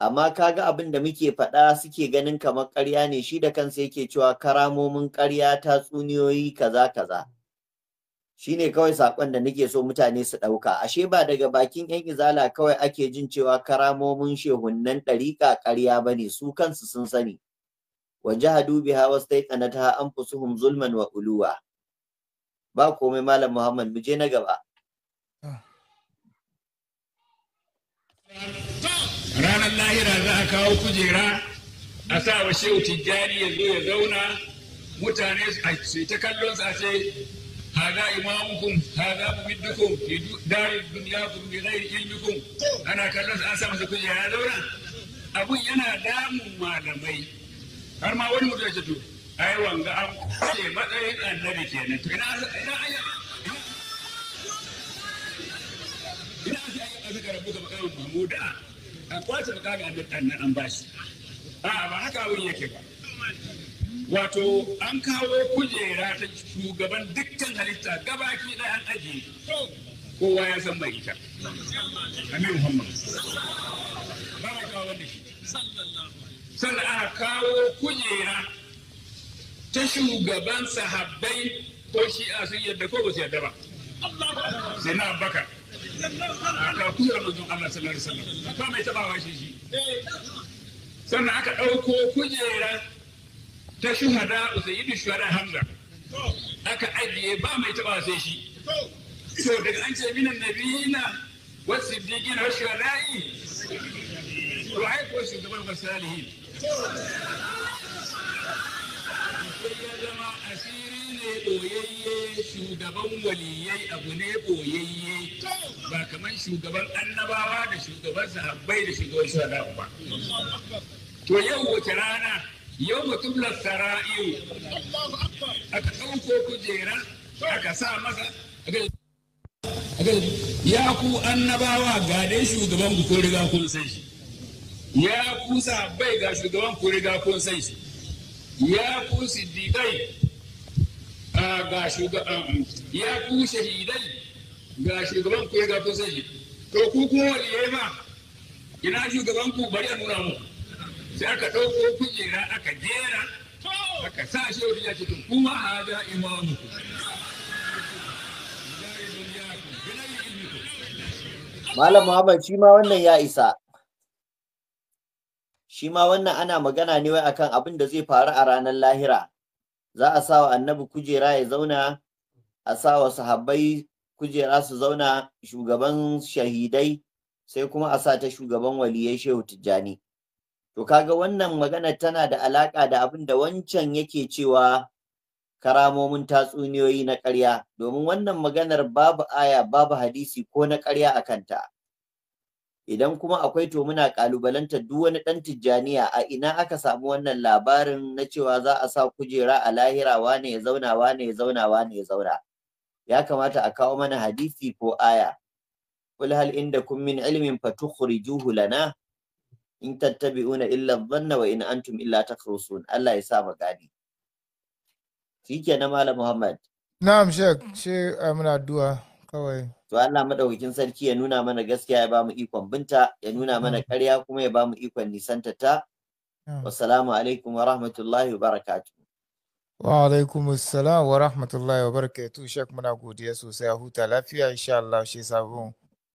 amma kaga abin da muke faɗa suke ganin kamar ƙarya ne shi da kansa yake cewa karamomin ƙarya ta tsuniyoyi kaza kaza Shi ne kawai saƙon da nake so mutane su ɗauka ashe ba daga bakin yan izala kawai ake jin cewa karamomin shehunnan ɗariƙa ƙarya ba ne su kansu sun sani wa ta an fi suhun zulman wa uluwa ba komai malam muhammad mu je na gaba ah. ranar lahira za a kawo kujera a sa wa shehu tijjani ya zo ya zauna mutane su ta kallon sa ce haza imamukum haza mumiddukum fi darin dunya kun bi ghairi ilmikum ana kallon sa an sa masa kujera ya zauna abun yana damun malamai har ma wani mutum ya ce to ai wanga an ce matsayin annabi kenan to ina ina aya ina mahmuda a kwace ba kaga abin ɗan a ba haka abin yake ba wato an kawo kujera ta shugaban dukkan halitta gabaki ɗaya an ajiye kowa ya san mai ita amin muhammad ba ma kawo wanda shi sannan a kawo kujera ta shugaban sahabbai ko shi a sun yadda ko ba su yadda ba sai na abubakar rakuyar manzon Allah sallallahu alaihi wasallam ba mai taba washe shi sannan aka ɗauko kujera ta shuhada usayyidu shuhada hamza aka ajiye ba mai taba sai shi so daga an ce minan nabiyina wasu siddiqina wa shuhada'i Wa ai ko shugaban wa salihin ya zama asiri ne ɓoyayye shugaban waliyai abu ne ɓoyayye ba kamar shugaban annabawa da shugaban sahabbai da shugaban sadaku ba to yau wace rana yau mutum na iyo aka ɗauko kujera aka sa masa ya ku annabawa ga dai shugaban ku kun riga kun san shi ya ku sahabbai ga shugaban ku riga kun san shi ya ku siddiƙai ga shugaban ya ku shahidai ga shugaban ku ya gato sai to ku kuma yi ba ina shugaban ku bari a nuna mu sai aka ɗauko kujera aka jera aka sa shi wani ya cikin kuma hada imamu Malam Muhammad shi ma wannan ya isa shi ma wannan ana magana ne wai akan abin da zai faru a ranar lahira za a sa wa annabi kujera ya zauna a sa wa sahabbai kujera su zauna shugaban shahidai sai kuma a sa ta shugaban waliyai shehu tijjani to kaga wannan magana tana da alaka da abin da wancan yake cewa karamomin tatsuniyoyi na ƙarya domin wannan maganar babu aya babu hadisi ko na ƙarya a kanta idan kuma akwai to muna kalubalanta duk wani ɗan tijjaniya a ina aka samu wannan labarin na cewa za a sa kujera a lahira wane ya zauna wane ya zauna wane ya zauna ya kamata a kawo mana hadisi ko aya kul hal kun min ilmin fatukhrijuhu lana in tattabi'una illa dhanna wa in antum illa takhrusun Allah ya sa mu gani na malam Muhammad na'am she muna addu'a kawai to Allah madaukakin sarki ya nuna mana gaskiya ya ba mu ikon binta ya nuna mana ƙarya kuma ya ba mu ikon nisanta ta wassalamu alaikum wa rahmatullahi wa barakatuh Wa alaikum wa rahmatullahi wa barakatuh shek muna godiya sosai a huta lafiya insha Allah shi sabon